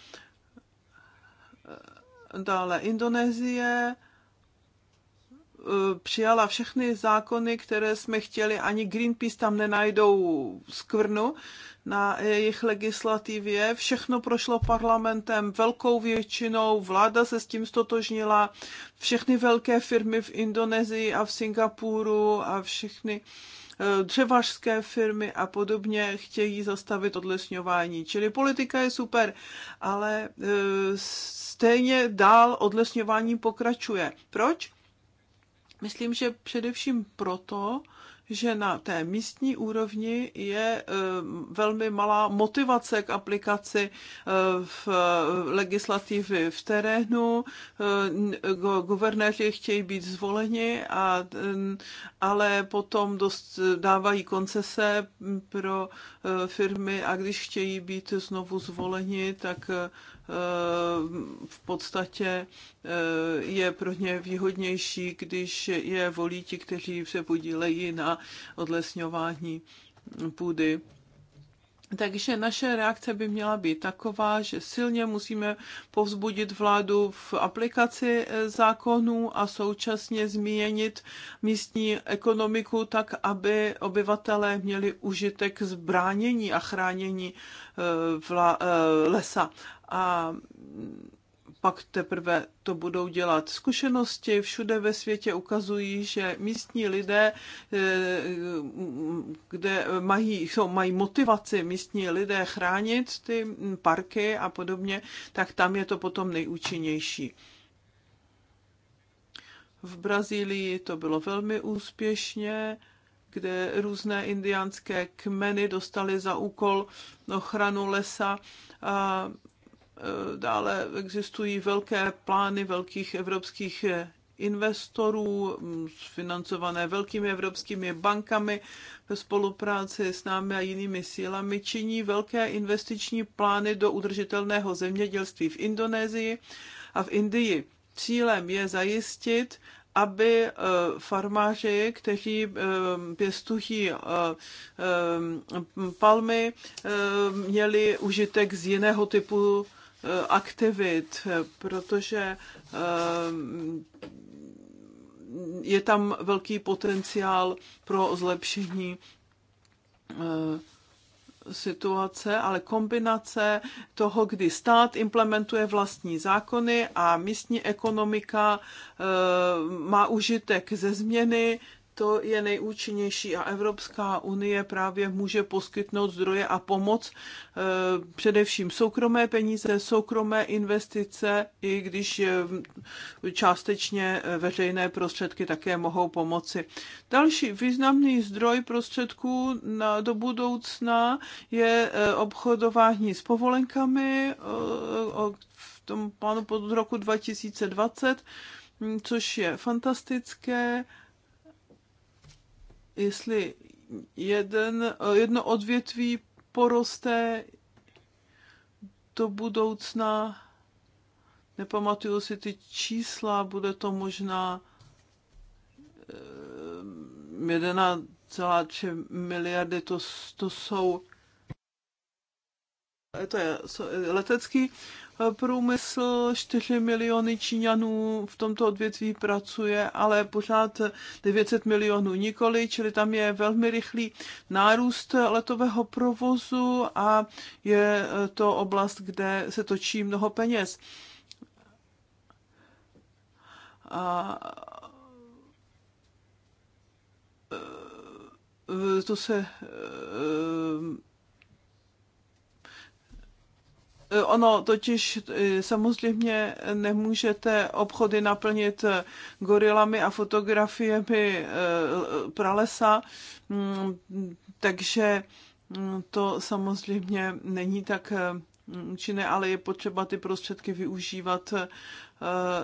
Dále Indonésie, E, přijala všechny zákony, které jsme chtěli, ani Greenpeace tam nenajdou skvrnu na jejich legislativě. Všechno prošlo parlamentem velkou většinou, vláda se s tím stotožnila, všechny velké firmy v Indonésii a v Singapuru a všechny e, dřevařské firmy a podobně chtějí zastavit odlesňování. Čili politika je super, ale e, stejně dál odlesňování pokračuje. Proč? Myslím, že především proto, že na té místní úrovni je eh, velmi malá motivace k aplikaci eh, v eh, legislativy v terénu. Guvernéři chtějí být zvoleni, a, mm, ale potom dost dávají koncese pro firmy a když chtějí být znovu zvoleni, tak v podstatě eh, je pro ně výhodnější, když je volí ti, kteří se podílejí na odlesňování půdy. Takže naše reakce by měla být taková, že silně musíme povzbudit vládu v aplikaci eh, zákonů a současně změnit místní ekonomiku tak, aby obyvatelé měli užitek zbránění a chránění eh, lesa a pak teprve to budou dělat. Zkušenosti všude ve světě ukazují, že místní lidé, eh, kde mají, jsou, mají motivaci místní lidé chránit ty parky a podobně, tak tam je to potom nejúčinnější. V Brazílii to bylo velmi úspěšně, kde různé indiánské kmeny dostaly za úkol ochranu lesa. A Dále existují velké plány velkých evropských investorů, mm, financované velkými evropskými bankami ve spolupráci s námi a jinými sílami, činí velké investiční plány do udržitelného zemědělství v Indonésii a v Indii. Cílem je zajistit, aby e, farmáři, kteří e, pěstují e, palmy, měli užitek z jiného typu Eh, aktivit, protože eh, je tam velký potenciál pro zlepšení eh, situace, ale kombinace toho, kdy stát implementuje vlastní zákony a místní ekonomika má užitek ze změny, to je nejúčinnější a Evropská unie právě může poskytnout zdroje a pomoc eh, především soukromé peníze, soukromé investice, i když eh, částečně eh, veřejné prostředky také mohou pomoci. Další významný zdroj prostředků na, do budoucna je obchodování s povolenkami v tom plánu pod roku 2020, hm, což je fantastické jestli jeden, jedno odvětví poroste do budoucna, nepamatuju si ty čísla, bude to možná 1,3 ehm, miliardy, to, to jsou to je letecký průmysl, 4 miliony Číňanů v tomto odvětví pracuje, ale pořád 900 milionů nikoli, čili tam je velmi rychlý nárůst letového provozu a je to oblast, kde se točí mnoho peněz. A e, e, to se e, Eh, ono totiž eh, samozřejmě nemůžete obchody naplnit eh, gorilami a fotografiemi pralesa, mm, takže mm, to samozřejmě není tak mm, účinné, ale je potřeba ty prostředky využívat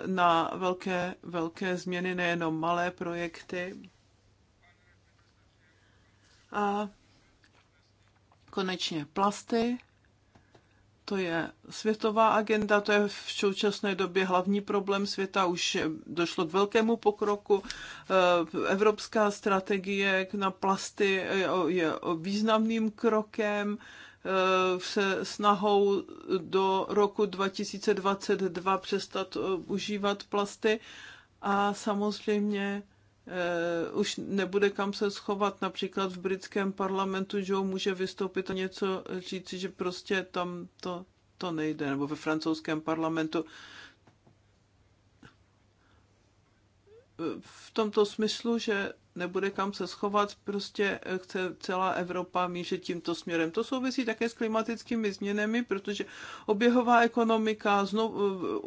na velké, velké změny, nejenom malé projekty. A konečně plasty. To je světová agenda, to je v současné době hlavní problém světa. Už došlo k velkému pokroku. Eh, evropská strategie na plasty eh, je významným krokem eh, se snahou do roku 2022 přestat užívat plasty. A samozřejmě uh, už nebude kam se schovat. Například v britském parlamentu Joe může vystoupit a něco říci, že prostě tam to, to nejde, nebo ve francouzském parlamentu. Eh, v tomto smyslu, že nebude kam se schovat, prostě eh, chce celá Evropa mířit tímto směrem. To souvisí také s klimatickými změnami, protože oběhová ekonomika, znovu,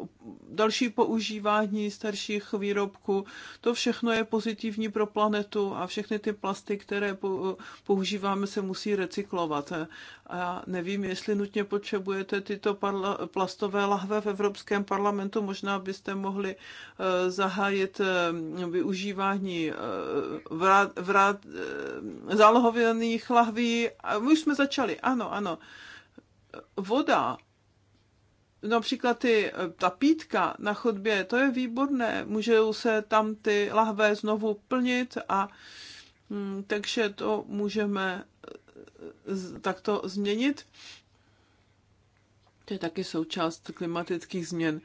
eh, další používání starších výrobků, to všechno je pozitivní pro planetu a všechny ty plasty, které eh, používáme, se musí recyklovat. A nevím, jestli nutně potřebujete tyto plastové lahve v Evropském parlamentu. Možná byste mohli eh, zahájit eh, využívání eh, vrát, vrát, zálohovaných lahví. A my už jsme začali, ano, ano. Voda například ty, ta pítka na chodbě, to je výborné, můžou se tam ty lahve znovu plnit a hm, takže to můžeme takto změnit. To je taky součást klimatických změn.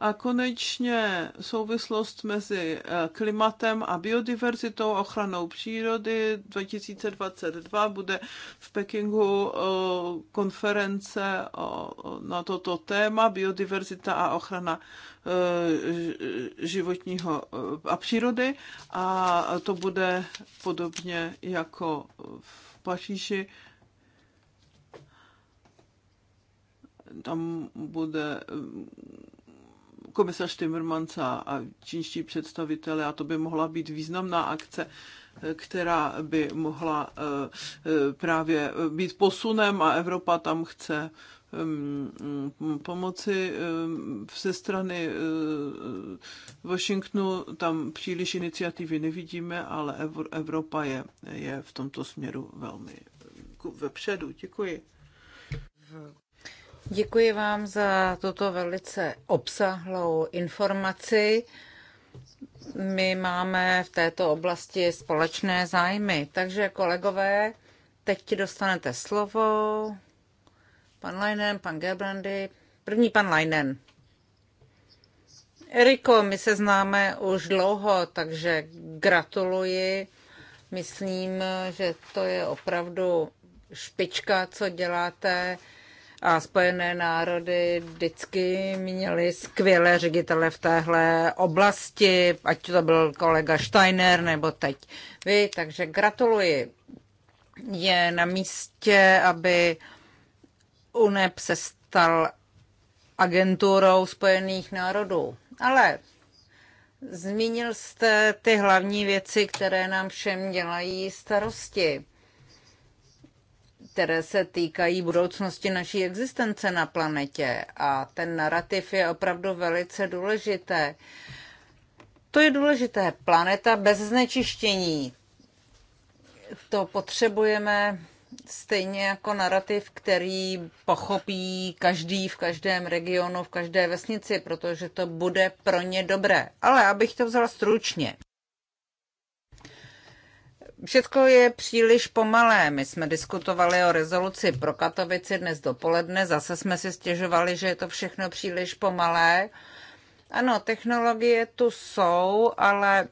A konečně souvislost mezi eh, klimatem a biodiverzitou, ochranou přírody 2022 bude v Pekingu eh, konference na toto téma biodiverzita a ochrana eh, životního a přírody a to bude podobně jako v Paříži. Tam bude eh, komisař Timmermans a čínští představitelé a to by mohla být významná akce, eh, která by mohla eh, právě být posunem a Evropa tam chce Ehm, mm, pomoci ehm, ze strany eh, Washingtonu tam příliš iniciativy nevidíme, ale Evropa je, je v tomto směru velmi eh, vepředu. Děkuji. Děkuji vám za tuto velice obsahlou informaci. My máme v této oblasti společné zájmy, takže kolegové, teď dostanete slovo. Pan Leinen, pan Gebrandy. První pan Leinen. Eriko, my se známe už dlouho, takže gratuluji. Myslím, že to je opravdu špička, co děláte. A Spojené národy vždycky měly skvělé ředitele v téhle oblasti, ať to byl kolega Steiner nebo teď vy, takže gratuluji. Je na místě, aby UNEP se stal agenturou Spojených národů. Ale zmínil jste ty hlavní věci, které nám všem dělají starosti, které se týkají budoucnosti naší existence na planetě. A ten narrativ je opravdu velice důležité. To je důležité. Planeta bez znečištění. To potřebujeme stejně jako narrativ, který pochopí každý v každém regionu, v každé vesnici, protože to bude pro ně dobré. Ale abych to vzala stručně. Všechno je příliš pomalé. My jsme diskutovali o rezoluci pro Katovici dnes dopoledne. Zase jsme si stěžovali, že je to všechno příliš pomalé. Ano, technologie tu jsou, ale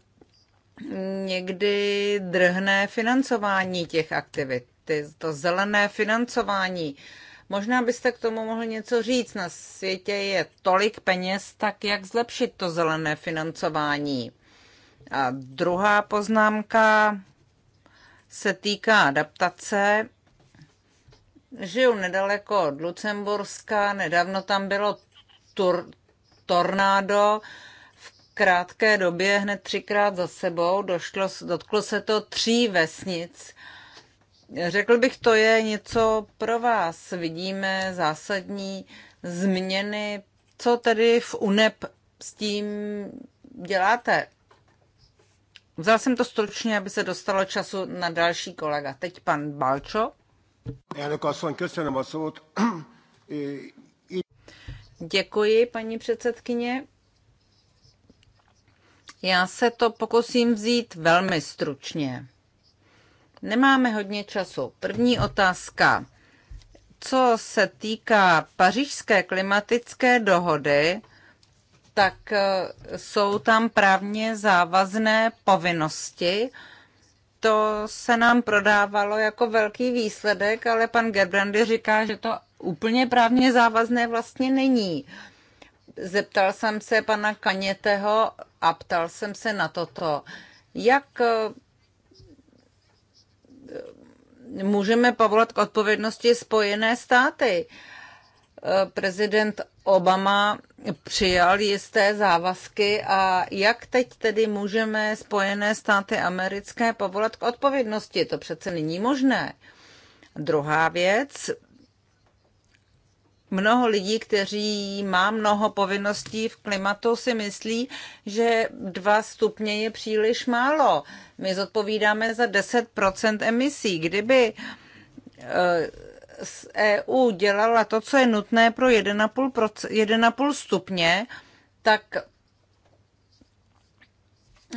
někdy drhne financování těch aktivit ty, to zelené financování. Možná byste k tomu mohl něco říct. Na světě je tolik peněz, tak jak zlepšit to zelené financování? A druhá poznámka se týká adaptace. Žiju nedaleko od Lucemburska, nedávno tam bylo tur- tornádo. V krátké době, hned třikrát za sebou, došlo, dotklo se to tří vesnic. Řekl bych, to je něco pro vás. Vidíme zásadní změny. Co tedy v UNEP s tím děláte? Vzal jsem to stručně, aby se dostalo času na další kolega. Teď pan Balčo. Děkuji, paní předsedkyně. Já se to pokusím vzít velmi stručně. Nemáme hodně času. První otázka. Co se týká pařížské klimatické dohody, tak e, jsou tam právně závazné povinnosti. To se nám prodávalo jako velký výsledek, ale pan Gerbrandy říká, že to úplně právně závazné vlastně není. Zeptal jsem se pana Kaněteho a ptal jsem se na toto. Jak e, můžeme povolat k odpovědnosti Spojené státy. Prezident Obama přijal jisté závazky a jak teď tedy můžeme Spojené státy americké povolat k odpovědnosti? To přece není možné. Druhá věc, mnoho lidí, kteří má mnoho povinností v klimatu, si myslí, že dva stupně je příliš málo. My zodpovídáme za 10% emisí. Kdyby eh, z EU dělala to, co je nutné pro 1,5 stupně, tak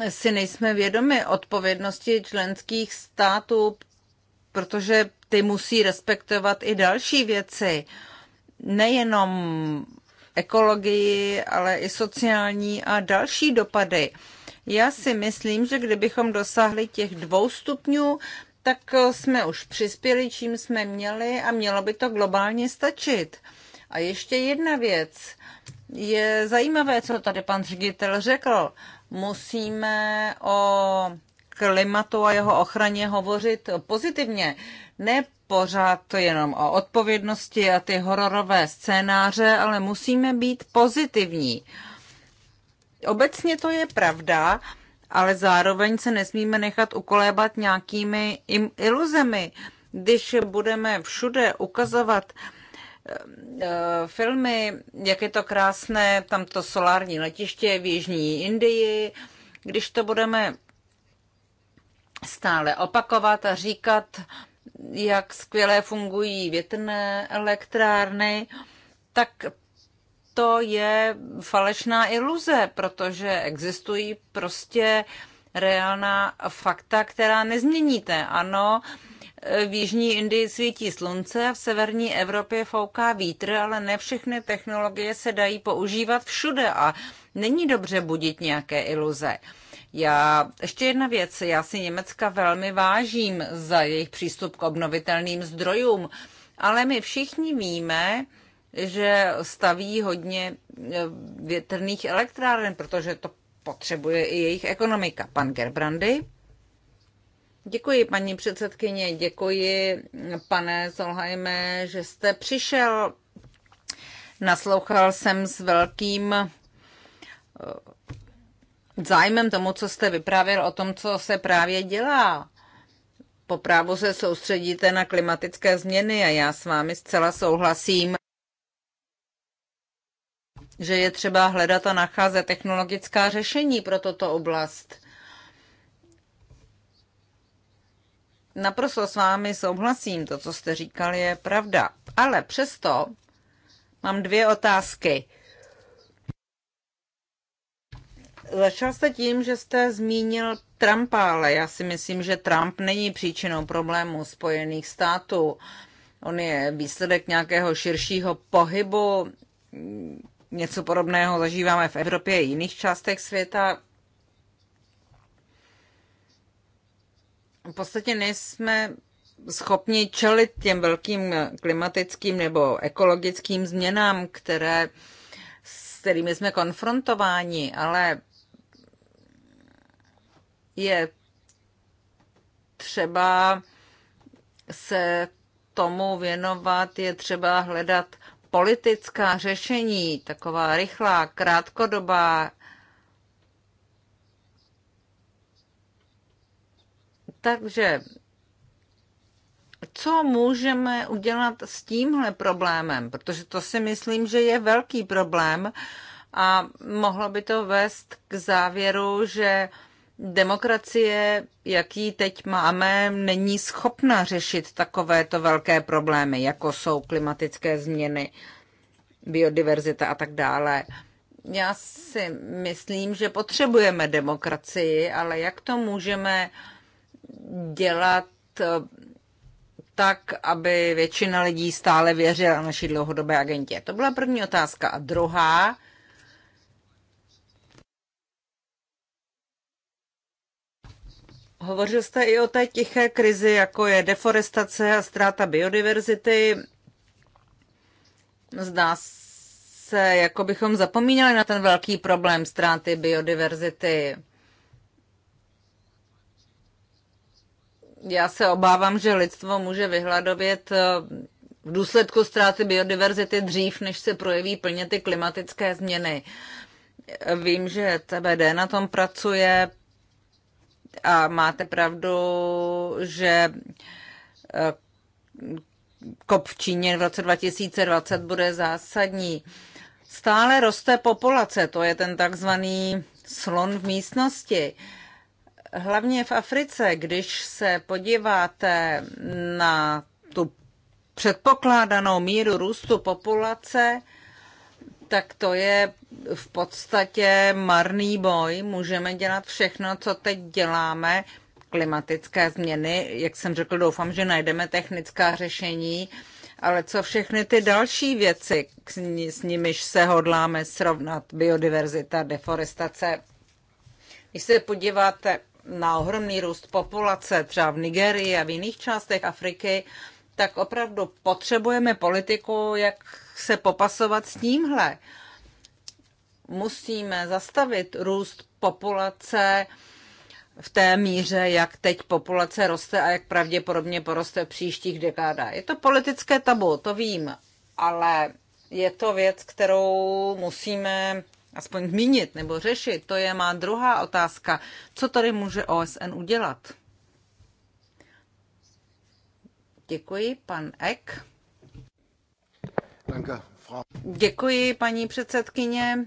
si nejsme vědomi odpovědnosti členských států, protože ty musí respektovat i další věci nejenom ekologii, ale i sociální a další dopady. Já si myslím, že kdybychom dosáhli těch dvou stupňů, tak jsme už přispěli, čím jsme měli a mělo by to globálně stačit. A ještě jedna věc. Je zajímavé, co tady pan ředitel řekl. Musíme o klimatu a jeho ochraně hovořit pozitivně. Ne pořád jenom o odpovědnosti a ty hororové scénáře, ale musíme být pozitivní. Obecně to je pravda, ale zároveň se nesmíme nechat ukolébat nějakými iluzemi. Když budeme všude ukazovat eh, eh, filmy, jak je to krásné, tam to solární letiště v Jižní Indii, když to budeme stále opakovat a říkat, jak skvěle fungují větrné elektrárny, tak to je falešná iluze, protože existují prostě reálná fakta, která nezměníte. Ano, v Jižní Indii svítí slunce, v severní Evropě fouká vítr, ale ne všechny technologie se dají používat všude a není dobře budit nějaké iluze. Já, ještě jedna věc, já si Německa velmi vážím za jejich přístup k obnovitelným zdrojům, ale my všichni víme, že staví hodně e, větrných elektráren, protože to potřebuje i jejich ekonomika. Pan Gerbrandy? Děkuji, paní předsedkyně, děkuji, pane Solheime, že jste přišel. Naslouchal jsem s velkým e, zájmem tomu, co jste vyprávěl o tom, co se právě dělá. Po právu se soustředíte na klimatické změny a já s vámi zcela souhlasím, že je třeba hledat a nacházet technologická řešení pro toto oblast. Naprosto s vámi souhlasím, to, co jste říkal, je pravda. Ale přesto mám dvě otázky. Začal jste tím, že jste zmínil Trumpa, ale já si myslím, že Trump není příčinou problému Spojených států. On je výsledek nějakého širšího pohybu. Něco podobného zažíváme v Evropě i jiných částech světa. V podstatě nejsme schopni čelit těm velkým klimatickým nebo ekologickým změnám, které, s kterými jsme konfrontováni, ale je třeba se tomu věnovat, je třeba hledat politická řešení, taková rychlá, krátkodobá, Takže co můžeme udělat s tímhle problémem? Protože to si myslím, že je velký problém a mohlo by to vést k závěru, že demokracie, jaký teď máme, není schopna řešit takovéto velké problémy, jako jsou klimatické změny, biodiverzita a tak dále. Já si myslím, že potřebujeme demokracii, ale jak to můžeme dělat eh, tak, aby většina lidí stále věřila naší dlouhodobé agentě? To byla první otázka. A druhá, Hovořil jste i o té tiché krizi, jako je deforestace a ztráta biodiverzity. Zdá se, jako bychom zapomínali na ten velký problém ztráty biodiverzity. Já se obávám, že lidstvo může vyhladovět eh, v důsledku ztráty biodiverzity dřív, než se projeví plně ty klimatické změny. Vím, že TBD na tom pracuje, a máte pravdu, že eh, kop v Číně v roce 2020 bude zásadní. Stále roste populace, to je ten takzvaný slon v místnosti. Hlavně v Africe, když se podíváte na tu předpokládanou míru růstu populace, tak to je v podstatě marný boj. Můžeme dělat všechno, co teď děláme. Klimatické změny, jak jsem řekl, doufám, že najdeme technická řešení, ale co všechny ty další věci, s nimiž se hodláme srovnat, biodiverzita, deforestace. Když se podíváte na ohromný růst populace třeba v Nigerii a v jiných částech Afriky, tak opravdu potřebujeme politiku, jak se popasovat s tímhle. Musíme zastavit růst populace v té míře, jak teď populace roste a jak pravděpodobně poroste v příštích dekádách. Je to politické tabu, to vím, ale je to věc, kterou musíme aspoň zmínit nebo řešit. To je má druhá otázka. Co tady může OSN udělat? Děkuji, pan Ek. Děkuji, paní předsedkyně.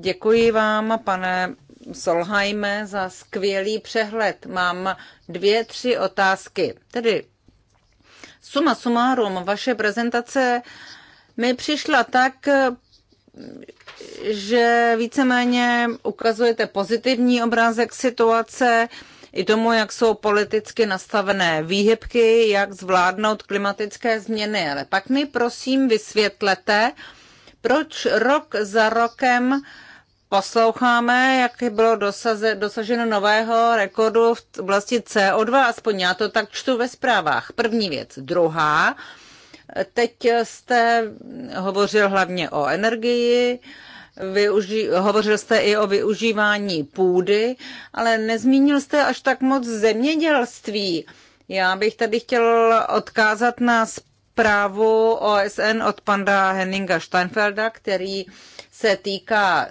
Děkuji vám, pane Solheime, za skvělý přehled. Mám dvě, tři otázky. Tedy suma sumárum, vaše prezentace mi přišla tak, že víceméně ukazujete pozitivní obrázek situace, i tomu, jak jsou politicky nastavené výhybky, jak zvládnout klimatické změny. Ale pak mi prosím vysvětlete, proč rok za rokem posloucháme, jak bylo dosaze, dosaženo nového rekordu v oblasti CO2, aspoň já to tak čtu ve zprávách. První věc. Druhá, teď jste hovořil hlavně o energii, Využi- hovořil jste i o využívání půdy, ale nezmínil jste až tak moc zemědělství. Já bych tady chtěl odkázat na zprávu OSN od panda Henninga Steinfelda, který se týká eh,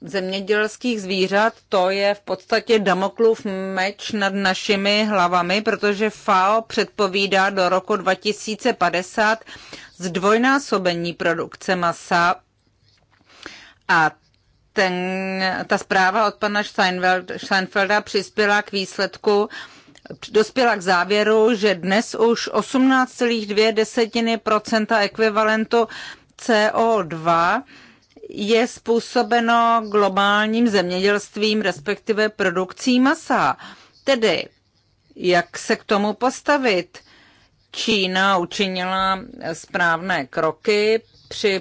zemědělských zvířat, to je v podstatě Damoklův meč nad našimi hlavami, protože FAO předpovídá do roku 2050 zdvojnásobení produkce masa a ten, ta zpráva od pana Steinfelda přispěla k výsledku, dospěla k závěru, že dnes už 18,2 ekvivalentu CO2 je způsobeno globálním zemědělstvím, respektive produkcí masa. Tedy, jak se k tomu postavit? Čína učinila správné kroky při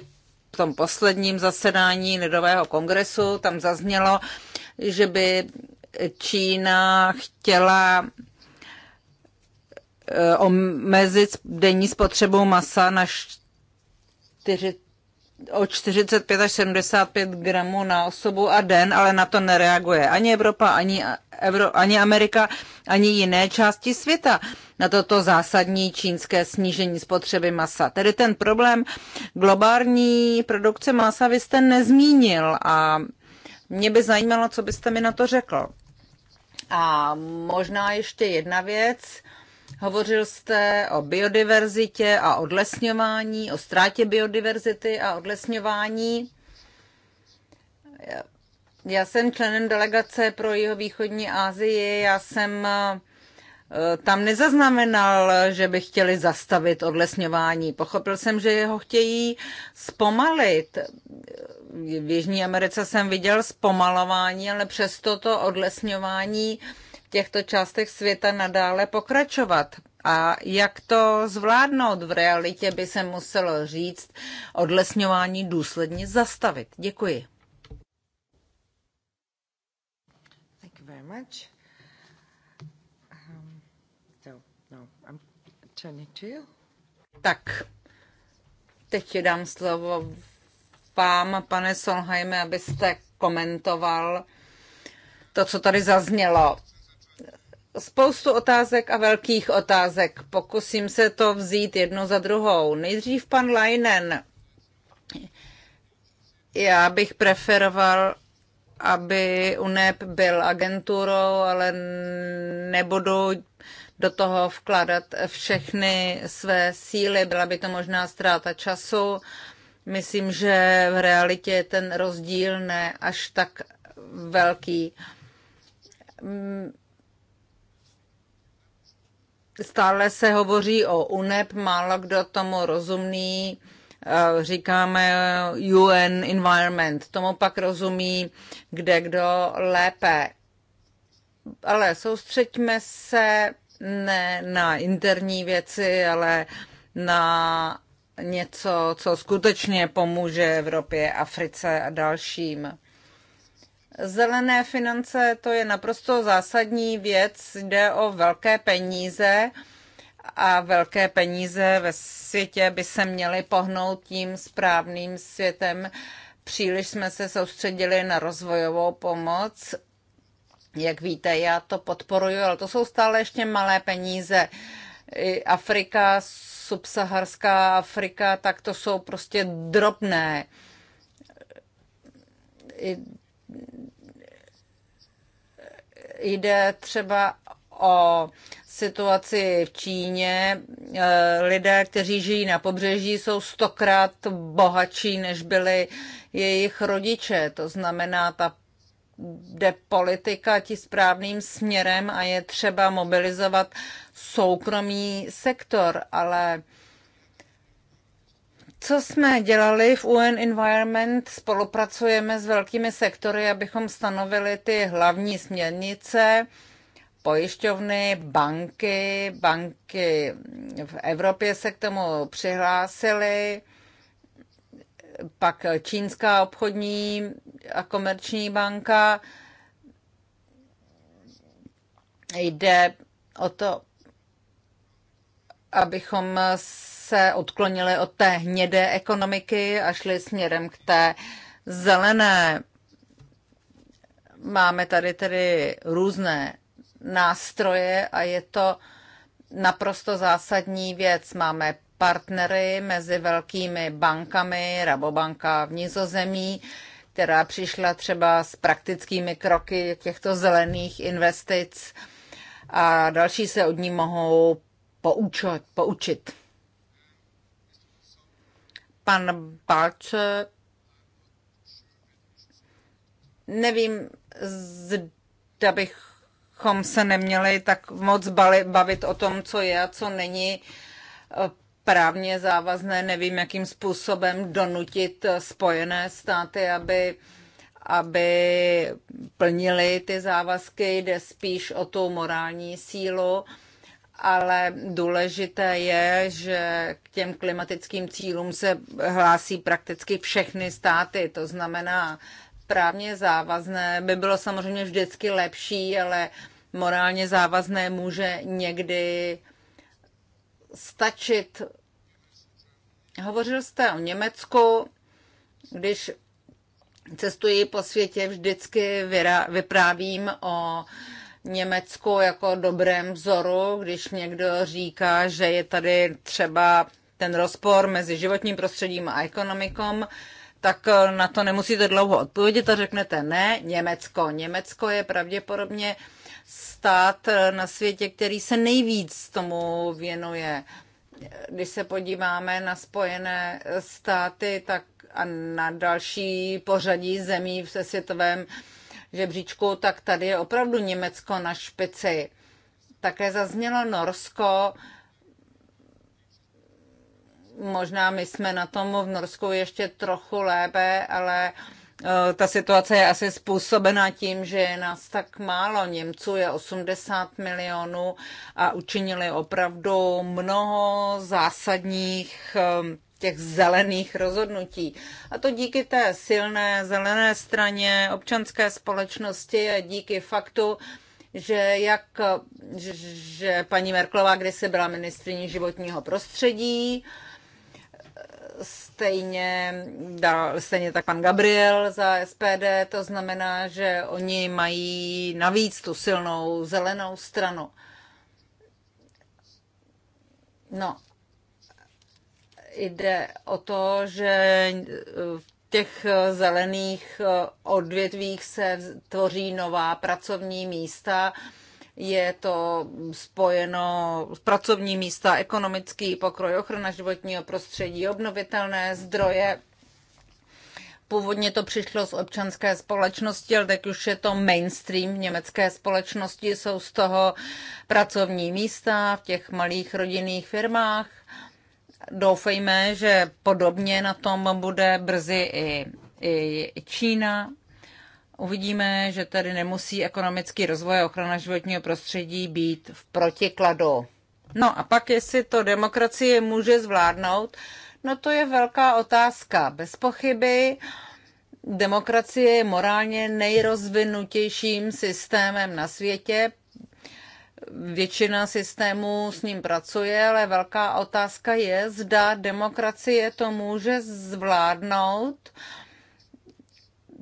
tom posledním zasedání Lidového kongresu, tam zaznělo, že by Čína chtěla eh, omezit denní spotřebu masa na 4, o 45 až 75 gramů na osobu a den, ale na to nereaguje ani Evropa, ani, Evro, ani Amerika, ani jiné části světa na toto zásadní čínské snížení spotřeby masa. Tedy ten problém globální produkce masa vy jste nezmínil a mě by zajímalo, co byste mi na to řekl. A možná ještě jedna věc. Hovořil jste o biodiverzitě a odlesňování, o ztrátě biodiverzity a odlesňování. Já jsem členem delegace pro jihovýchodní Asii, já jsem Eh, tam nezaznamenal, že by chtěli zastavit odlesňování. Pochopil jsem, že ho chtějí zpomalit. V Jižní Americe jsem viděl zpomalování, ale přesto to odlesňování v těchto částech světa nadále pokračovat. A jak to zvládnout v realitě, by se muselo říct odlesňování důsledně zastavit. Děkuji. Thank you very much. Tak, teď dám slovo vám, pane Solheime, abyste komentoval to, co tady zaznělo. Spoustu otázek a velkých otázek. Pokusím se to vzít jedno za druhou. Nejdřív pan Leinen. Já bych preferoval, aby UNEP byl agenturou, ale nebudu do toho vkládat všechny své síly. Byla by to možná ztráta času. Myslím, že v realitě je ten rozdíl ne až tak velký. Mm, stále se hovoří o UNEP, málo kdo tomu rozumí. Eh, říkáme UN Environment. Tomu pak rozumí kde kdo lépe. Ale soustřeďme se ne na interní věci, ale na něco, co skutečně pomůže Evropě, Africe a dalším. Zelené finance to je naprosto zásadní věc, jde o velké peníze a velké peníze ve světě by se měly pohnout tím správným světem. Příliš jsme se soustředili na rozvojovou pomoc jak víte, já to podporuji, ale to jsou stále ještě malé peníze. I Afrika, subsaharská Afrika, tak to jsou prostě drobné. Jde třeba o situaci v Číně. E, lidé, kteří žijí na pobřeží, jsou stokrát bohatší, než byli jejich rodiče. To znamená, ta jde politika tím správným směrem a je třeba mobilizovat soukromý sektor, ale co jsme dělali v UN Environment, spolupracujeme s velkými sektory, abychom stanovili ty hlavní směrnice, pojišťovny, banky, banky v Evropě se k tomu přihlásily, pak Čínská obchodní a komerční banka. Jde o to, abychom se odklonili od té hnědé ekonomiky a šli směrem k té zelené. Máme tady tedy různé nástroje a je to naprosto zásadní věc. Máme partnery mezi velkými bankami, Rabobanka v Nizozemí, která přišla třeba s praktickými kroky těchto zelených investic a další se od ní mohou poučit. poučit. Pan Balče, nevím, zda bychom se neměli tak moc bavit o tom, co je a co není právně závazné, nevím, jakým způsobem donutit Spojené státy, aby aby plnili ty závazky, jde spíš o tu morální sílu, ale důležité je, že k těm klimatickým cílům se hlásí prakticky všechny státy, to znamená právně závazné by bylo samozřejmě vždycky lepší, ale morálně závazné může někdy stačit Hovořil jste o Německu, když cestuji po světě, vždycky vyprávím o Německu jako dobrém vzoru, když někdo říká, že je tady třeba ten rozpor mezi životním prostředím a ekonomikom, tak eh, na to nemusíte dlouho odpovědět a řeknete ne, Německo. Německo je pravděpodobně stát eh, na světě, který se nejvíc tomu věnuje když se podíváme na Spojené státy tak a na další pořadí zemí v světovém žebříčku, tak tady je opravdu Německo na špici. Také zaznělo Norsko. Možná my jsme na tom v Norsku ještě trochu lépe, ale uh, Eh, ta situace je asi způsobená tím, že je nás tak málo. Němců je 80 milionů a učinili opravdu mnoho zásadních eh, těch zelených rozhodnutí. A to díky té silné zelené straně občanské společnosti a díky faktu, že jak eh, že paní Merklová kdysi byla ministriní životního prostředí, stejně, dal, stejně tak pan Gabriel za SPD, to znamená, že oni mají navíc tu silnou zelenou stranu. No, jde o to, že v těch zelených eh, odvětvích se tvoří nová pracovní místa, je to spojeno s pracovní místa, ekonomický pokroj, ochrana životního prostředí, obnovitelné zdroje. Původně to přišlo z občanské společnosti, ale teď už je to mainstream v německé společnosti. Jsou z toho pracovní místa v těch malých rodinných firmách. Doufejme, že podobně na tom bude brzy i, i Čína Uvidíme, že tady nemusí ekonomický rozvoj a ochrana životního prostředí být v protikladu. No a pak, jestli to demokracie může zvládnout, no to je velká otázka. Bez pochyby demokracie je morálně nejrozvinutějším systémem na světě. Většina systémů s ním pracuje, ale velká otázka je, zda demokracie to může zvládnout. Uh,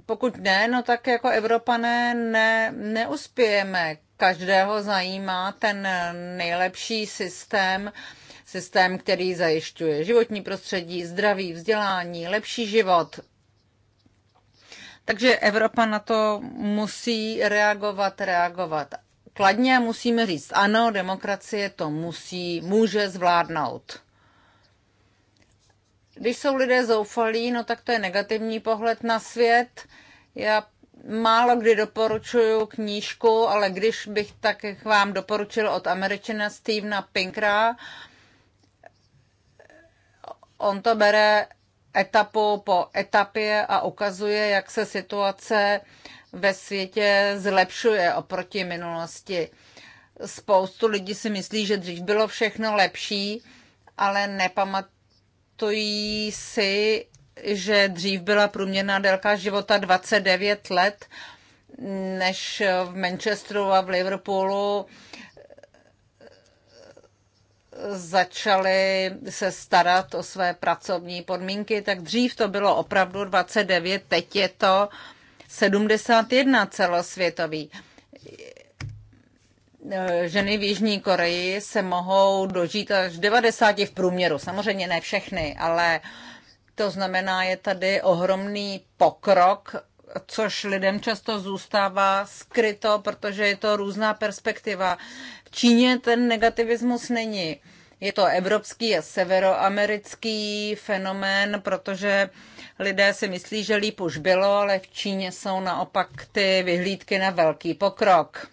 pokud ne, no tak jako Evropané ne, neuspějeme. Každého zajímá ten nejlepší systém, systém, který zajišťuje životní prostředí, zdraví, vzdělání, lepší život. Takže Evropa na to musí reagovat, reagovat kladně musíme říct, ano, demokracie to musí, může zvládnout. Když jsou lidé zoufalí, no tak to je negativní pohled na svět. Já málo kdy doporučuju knížku, ale když bych tak vám doporučil od Američana Stevena Pinkra, on to bere etapu po etapě a ukazuje, jak se situace ve světě zlepšuje oproti minulosti. Spoustu lidí si myslí, že dřív bylo všechno lepší, ale nepamat, pamatují si, že dřív byla průměrná délka života 29 let, než v Manchesteru a v Liverpoolu začali se starat o své pracovní podmínky, tak dřív to bylo opravdu 29, teď je to 71 celosvětový. Eh, ženy v Jižní Koreji se mohou dožít až 90 v průměru. Samozřejmě ne všechny, ale to znamená, je tady ohromný pokrok, což lidem často zůstává skryto, protože je to různá perspektiva. V Číně ten negativismus není. Je to evropský a severoamerický fenomén, protože lidé si myslí, že líp už bylo, ale v Číně jsou naopak ty vyhlídky na velký pokrok.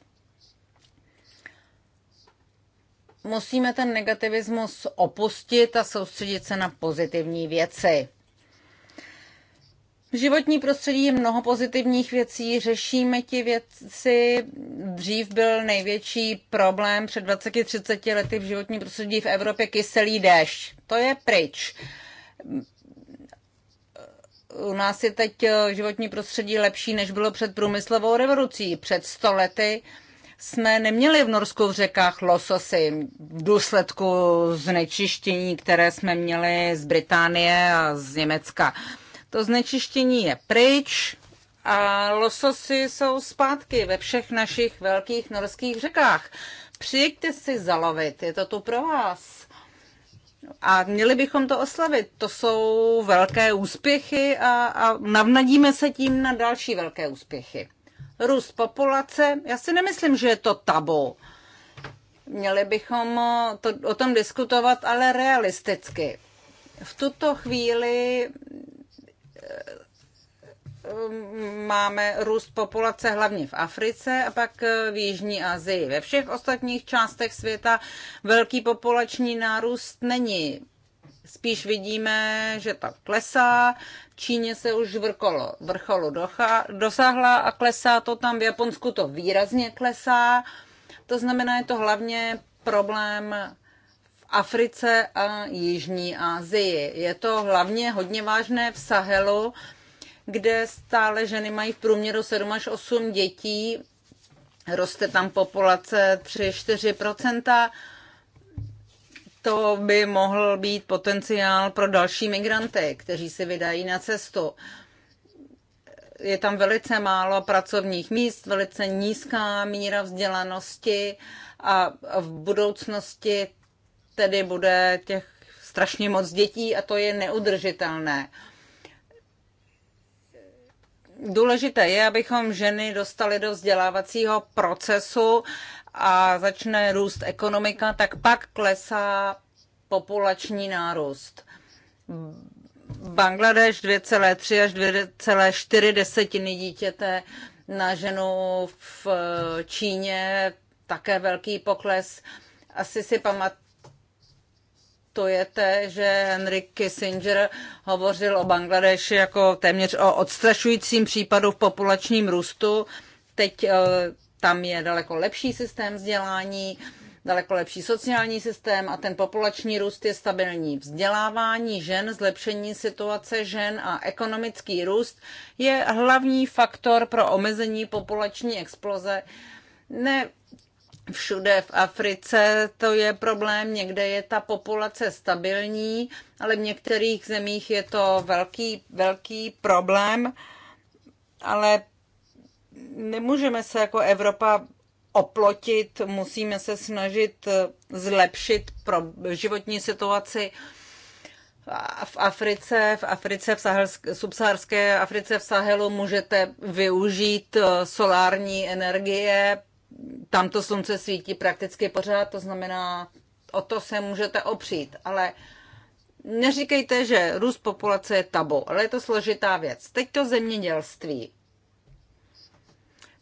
musíme ten negativismus opustit a soustředit se na pozitivní věci. V životní prostředí je mnoho pozitivních věcí, řešíme ti věci. Dřív byl největší problém před 20-30 lety v životním prostředí v Evropě kyselý déšť. To je pryč. U nás je teď životní prostředí lepší, než bylo před průmyslovou revolucí. Před 100 lety jsme neměli v Norsku v řekách lososy v důsledku znečištění, které jsme měli z Británie a z Německa. To znečištění je pryč a lososy jsou zpátky ve všech našich velkých norských řekách. Přijďte si zalovit, je to tu pro vás. A měli bychom to oslavit. To jsou velké úspěchy a, a navnadíme se tím na další velké úspěchy růst populace. Já si nemyslím, že je to tabu. Měli bychom to, o tom diskutovat, ale realisticky. V tuto chvíli eh, máme růst populace hlavně v Africe a pak eh, v Jižní Asii. Ve všech ostatních částech světa velký populační nárůst není. Spíš vidíme, že ta klesá. Číně se už vrkolo, vrcholu docha, dosáhla a klesá to tam. V Japonsku to výrazně klesá. To znamená, je to hlavně problém v Africe a Jižní Asii. Je to hlavně hodně vážné v Sahelu, kde stále ženy mají v průměru 7 až 8 dětí, roste tam populace 3-4 to by mohl být potenciál pro další migranty, kteří si vydají na cestu. Je tam velice málo pracovních míst, velice nízká míra vzdělanosti a v budoucnosti tedy bude těch strašně moc dětí a to je neudržitelné. Důležité je, abychom ženy dostali do vzdělávacího procesu, a začne růst ekonomika, tak pak klesá populační nárůst. Bangladeš 2,3 až 2,4 desetiny dítěte na ženu v eh, Číně, také velký pokles. Asi si pamatujete, že Henry Kissinger hovořil o Bangladeši jako téměř o odstrašujícím případu v populačním růstu. Teď eh, tam je daleko lepší systém vzdělání, daleko lepší sociální systém a ten populační růst je stabilní. Vzdělávání žen, zlepšení situace žen a ekonomický růst je hlavní faktor pro omezení populační exploze. Ne všude v Africe to je problém, někde je ta populace stabilní, ale v některých zemích je to velký, velký problém, ale nemůžeme se jako Evropa oplotit, musíme se snažit eh, zlepšit pro životní situaci v Africe, v Africe, v sahelské, subsaharské Africe, v Sahelu můžete využít eh, solární energie. Tam to slunce svítí prakticky pořád, to znamená, o to se můžete opřít. Ale neříkejte, že růst populace je tabu, ale je to složitá věc. Teď to zemědělství.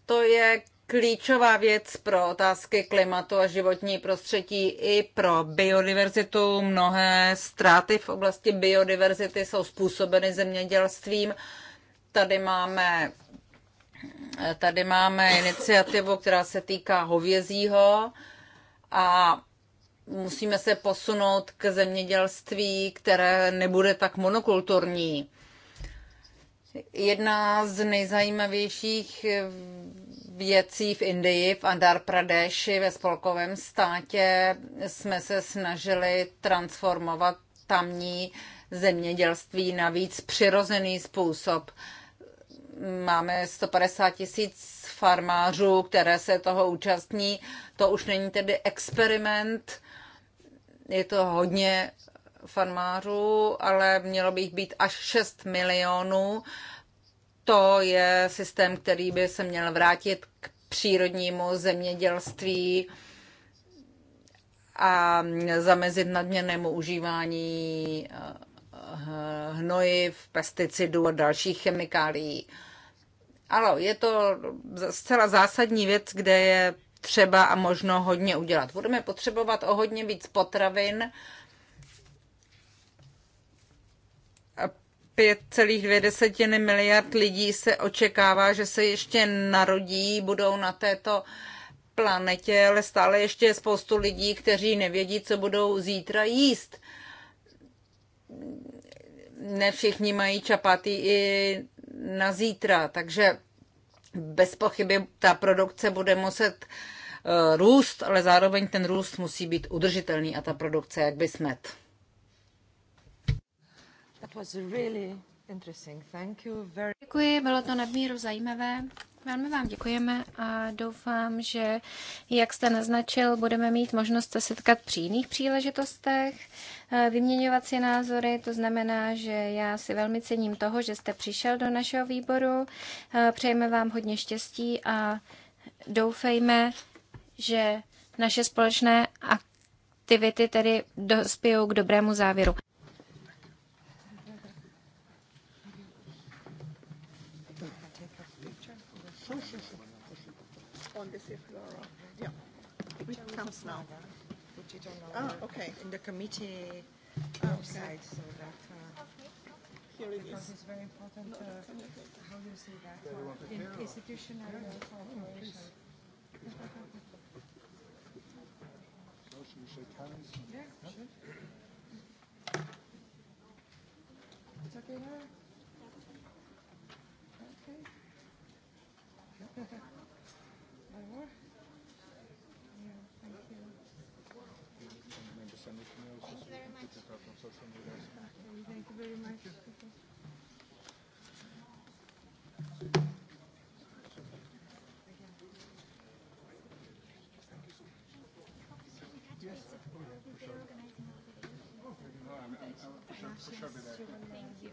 To je klíčová věc pro otázky klimatu a životní prostředí i pro biodiverzitu. Mnohé ztráty v oblasti biodiverzity jsou způsobeny zemědělstvím. Tady máme, tady máme iniciativu, která se týká hovězího a musíme se posunout k zemědělství, které nebude tak monokulturní. Jedna z nejzajímavějších věcí v Indii, v Andar Pradeshi, ve spolkovém státě, jsme se snažili transformovat tamní zemědělství na víc přirozený způsob. Máme 150 tisíc farmářů, které se toho účastní. To už není tedy experiment, je to hodně farmářů, ale mělo by jich být až 6 milionů. To je systém, který by se měl vrátit k přírodnímu zemědělství a zamezit nadměrnému užívání eh, hnojiv, pesticidů a dalších chemikálií. Ale je to zcela zásadní věc, kde je třeba a možno hodně udělat. Budeme potřebovat o hodně víc potravin, 5,2 miliard lidí se očekává, že se ještě narodí, budou na této planetě, ale stále ještě je spoustu lidí, kteří nevědí, co budou zítra jíst. Ne všichni mají čapaty i na zítra, takže bez pochyby ta produkce bude muset eh, růst, ale zároveň ten růst musí být udržitelný a ta produkce jak by smet. Děkuji, bylo to nadmíru zajímavé. Velmi vám děkujeme a doufám, že, jak jste naznačil, budeme mít možnost se setkat při jiných příležitostech, eh, vyměňovat si názory. To znamená, že já si velmi cením toho, že jste přišel do našeho výboru. Eh, přejeme vám hodně štěstí a doufejme, že naše společné aktivity tedy dospějou k dobrému závěru. us now? Put it on our, ah, okay. In the committee Outside, oh, okay. website, so that. Uh, here it because is. it's very important How uh, how you see that in institutional cooperation. okay Okay. person you thank you very much. Yes. Oh, yeah, for sure. Thank you.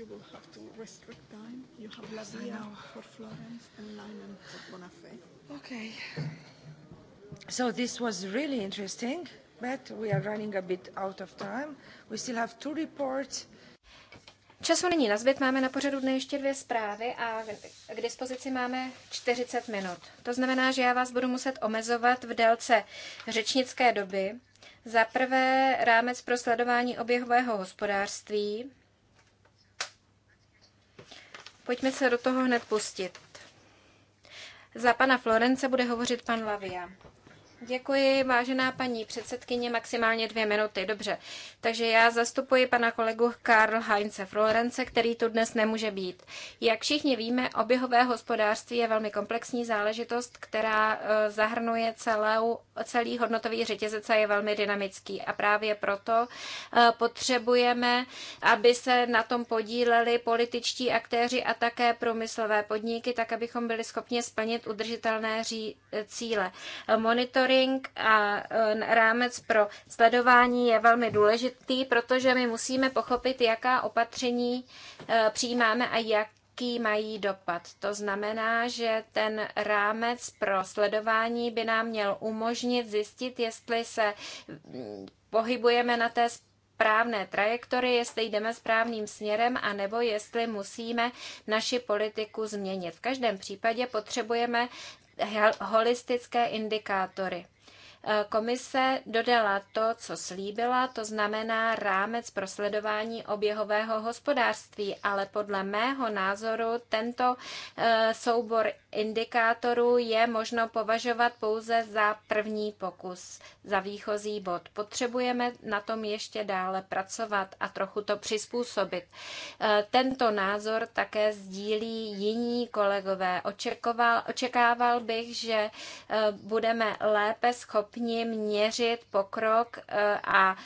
you will have to restrict time. You have yes, Lavia for Florence and Lyman for Bonafé. Okay. So this was really interesting, but we are running a bit out of time. We still have two reports. Času není na zbyt, máme na pořadu dne ještě dvě zprávy a k dispozici máme 40 minut. To znamená, že já vás budu muset omezovat v délce řečnické doby. Za prvé rámec pro sledování oběhového hospodářství, Pojďme se do toho hned pustit. Za pana Florence bude hovořit pan Lavia. Děkuji, vážená paní předsedkyně, maximálně dvě minuty, dobře. Takže já zastupuji pana kolegu Karl Heinze Florence, který tu dnes nemůže být. Jak všichni víme, oběhové hospodářství je velmi komplexní záležitost, která e, zahrnuje celou, celý hodnotový řetězec a je velmi dynamický. A právě proto e, potřebujeme, aby se na tom podíleli političtí aktéři a také průmyslové podniky, tak abychom byli schopni splnit udržitelné ří, e, cíle. Monitor monitoring a e, rámec pro sledování je velmi důležitý, protože my musíme pochopit, jaká opatření e, přijímáme a jak jaký mají dopad. To znamená, že ten rámec pro sledování by nám měl umožnit zjistit, jestli se pohybujeme na té správné trajektory, jestli jdeme správným směrem, a nebo jestli musíme naši politiku změnit. V každém případě potřebujeme holistické indikátory. Komise dodala to, co slíbila, to znamená rámec pro sledování oběhového hospodářství, ale podle mého názoru tento eh, soubor indikátorů je možno považovat pouze za první pokus, za výchozí bod. Potřebujeme na tom ještě dále pracovat a trochu to přizpůsobit. Eh, tento názor také sdílí jiní kolegové. Očekoval, očekával bych, že eh, budeme lépe schopni schopni měřit pokrok eh, a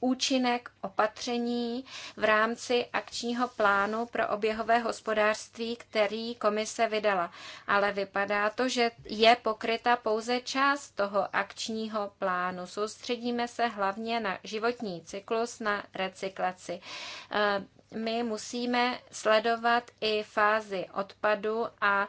účinek opatření v rámci akčního plánu pro oběhové hospodářství, který komise vydala. Ale vypadá to, že je pokryta pouze část toho akčního plánu. Soustředíme se hlavně na životní cyklus, na recyklaci. Eh, my musíme sledovat i fázi odpadu a e,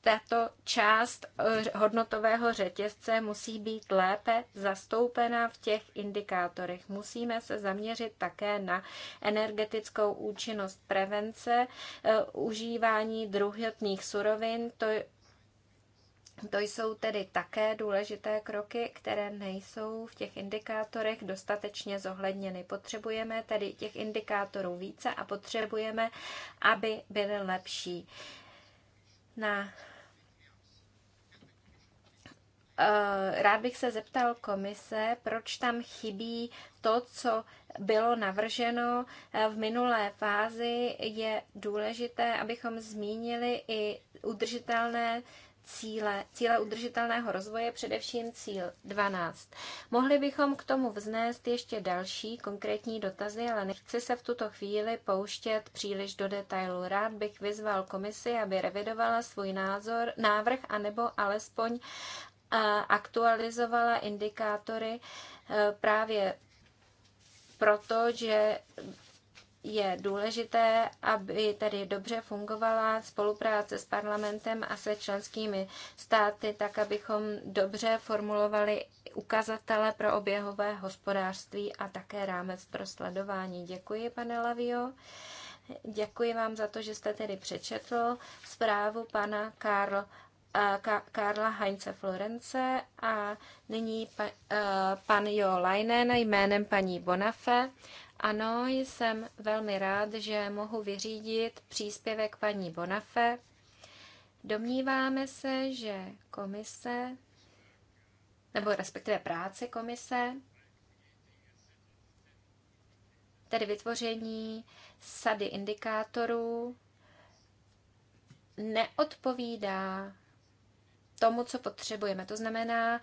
tato část e, hodnotového řetězce musí být lépe zastoupena v těch indikátorech. Musíme se zaměřit také na energetickou účinnost prevence, e, užívání druhotných surovin, to to jsou tedy také důležité kroky, které nejsou v těch indikátorech dostatečně zohledněny. Potřebujeme tedy těch indikátorů více a potřebujeme, aby byly lepší. Na eh, Rád bych se zeptal komise, proč tam chybí to, co bylo navrženo eh, v minulé fázi. Je důležité, abychom zmínili i udržitelné cíle, cíle udržitelného rozvoje, především cíl 12. Mohli bychom k tomu vznést ještě další konkrétní dotazy, ale nechci se v tuto chvíli pouštět příliš do detailu. Rád bych vyzval komisi, aby revidovala svůj názor, návrh anebo alespoň eh, aktualizovala indikátory eh, právě proto, že je důležité, aby tady dobře fungovala spolupráce s parlamentem a se členskými státy, tak abychom dobře formulovali ukazatele pro oběhové hospodářství a také rámec pro sledování. Děkuji, pane Lavio. Děkuji vám za to, že jste tedy přečetl zprávu pana Karl, eh, Ka, Karla Heinze Florence a nyní pa, eh, pan Jo Leinen jménem paní Bonafe ano, jsem velmi rád, že mohu vyřídit příspěvek paní Bonafe. Domníváme se, že komise, nebo respektive práce komise, tedy vytvoření sady indikátorů, neodpovídá tomu, co potřebujeme. To znamená,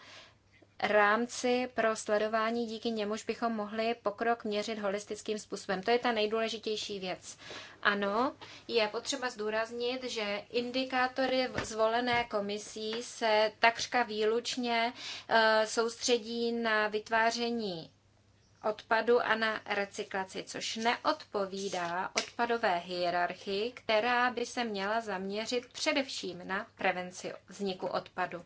rámci pro sledování, díky němuž bychom mohli pokrok měřit holistickým způsobem. To je ta nejdůležitější věc. Ano, je potřeba zdůraznit, že indikátory zvolené komisí se takřka výlučně eh, soustředí na vytváření odpadu a na recyklaci, což neodpovídá odpadové hierarchii, která by se měla zaměřit především na prevenci vzniku odpadu.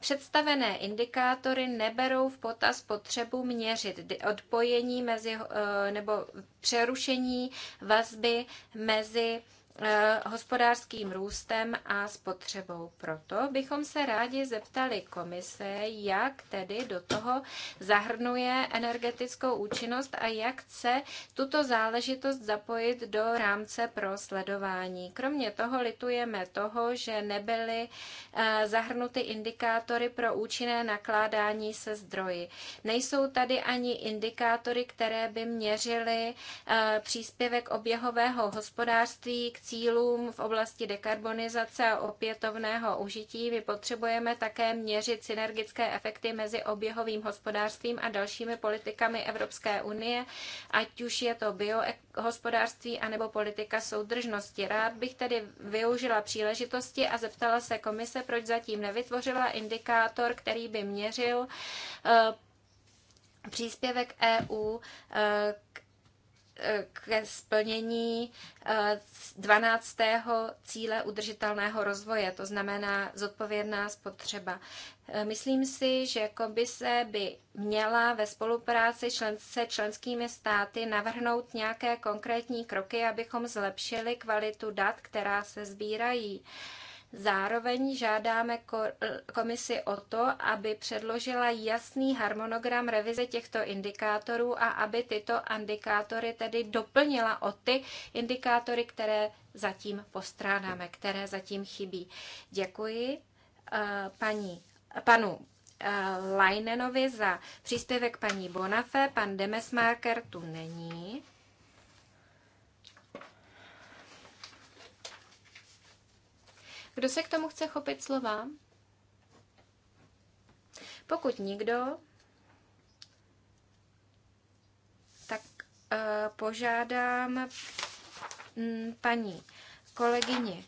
Představené indikátory neberou v potaz potřebu měřit odpojení mezi, eh, nebo přerušení vazby mezi Eh, hospodářským růstem a spotřebou. Proto bychom se rádi zeptali komise, jak tedy do toho zahrnuje energetickou účinnost a jak chce tuto záležitost zapojit do rámce pro sledování. Kromě toho litujeme toho, že nebyly eh, zahrnuty indikátory pro účinné nakládání se zdroji. Nejsou tady ani indikátory, které by měřily eh, příspěvek oběhového hospodářství k cílům v oblasti dekarbonizace a opětovného užití, my potřebujeme také měřit synergické efekty mezi oběhovým hospodářstvím a dalšími politikami Evropské unie, ať už je to biohospodářství anebo politika soudržnosti. Rád bych tedy využila příležitosti a zeptala se komise, proč zatím nevytvořila indikátor, který by měřil eh, příspěvek EU eh, k ke splnění 12. Eh, cíle udržitelného rozvoje, to znamená zodpovědná spotřeba. Eh, myslím si, že komise by měla ve spolupráci se členskými státy navrhnout nějaké konkrétní kroky, abychom zlepšili kvalitu dat, která se sbírají. Zároveň žádáme komisi o to, aby předložila jasný harmonogram revize těchto indikátorů a aby tyto indikátory tedy doplnila o ty indikátory, které zatím postrádáme, které zatím chybí. Děkuji eh, paní, panu eh, Leinenovi za příspěvek paní Bonafé. Pan Demesmarker tu není. Kdo se k tomu chce chopit slova? Pokud nikdo, tak e, požádám m, mm, paní kolegyni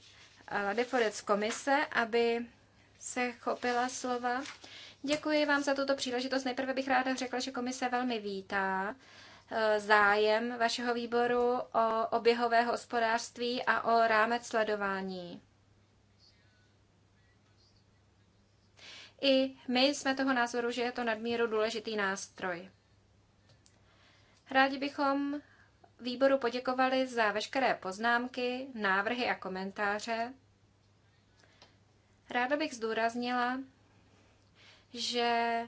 eh, Ladeforec z komise, aby se chopila slova. Děkuji vám za tuto příležitost. Nejprve bych ráda řekla, že komise velmi vítá eh, zájem vašeho výboru o oběhové hospodářství a o rámec sledování. I my jsme toho názoru, že je to nadmíru důležitý nástroj. Rádi bychom výboru poděkovali za veškeré poznámky, návrhy a komentáře. Ráda bych zdůraznila, že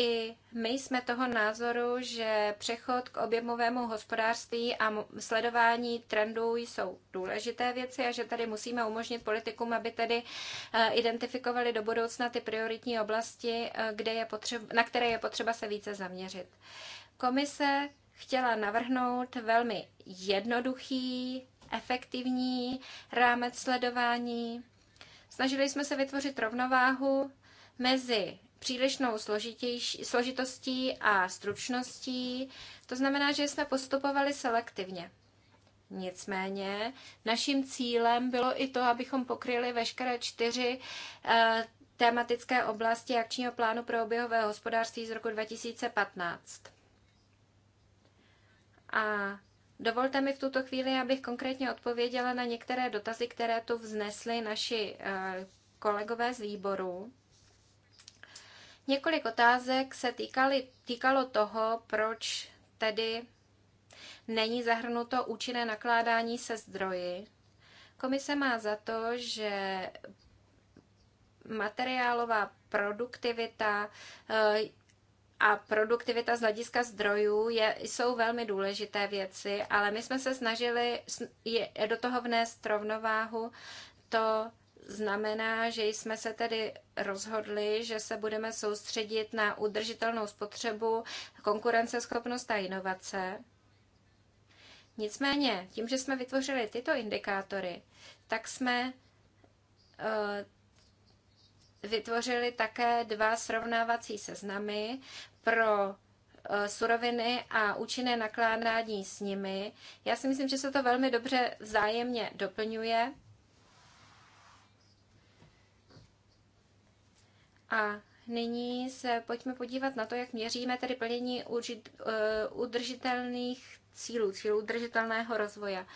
i my jsme toho názoru, že přechod k objemovému hospodářství a sledování trendů jsou důležité věci a že tady musíme umožnit politikům, aby tedy eh, identifikovali do budoucna ty prioritní oblasti, eh, kde je potřeba, na které je potřeba se více zaměřit. Komise chtěla navrhnout velmi jednoduchý, efektivní rámec sledování. Snažili jsme se vytvořit rovnováhu mezi přílišnou složitostí a stručností, to znamená, že jsme postupovali selektivně. Nicméně naším cílem bylo i to, abychom pokryli veškeré čtyři eh, tématické oblasti akčního plánu pro oběhové hospodářství z roku 2015. A dovolte mi v tuto chvíli, abych konkrétně odpověděla na některé dotazy, které tu vznesly naši eh, kolegové z výboru. Několik otázek se týkali, týkalo toho, proč tedy není zahrnuto účinné nakládání se zdroji. Komise má za to, že materiálová produktivita eh, a produktivita z hlediska zdrojů je, jsou velmi důležité věci, ale my jsme se snažili do toho vnést rovnováhu to, znamená, že jsme se tedy rozhodli, že se budeme soustředit na udržitelnou spotřebu, konkurenceschopnost a inovace. Nicméně, tím, že jsme vytvořili tyto indikátory, tak jsme eh, vytvořili také dva srovnávací seznamy pro eh, suroviny a účinné nakládání s nimi. Já si myslím, že se to velmi dobře vzájemně doplňuje. A nyní se pojďme podívat na to, jak měříme tedy plnění eh, udržitelných cílů, cílů udržitelného rozvoje.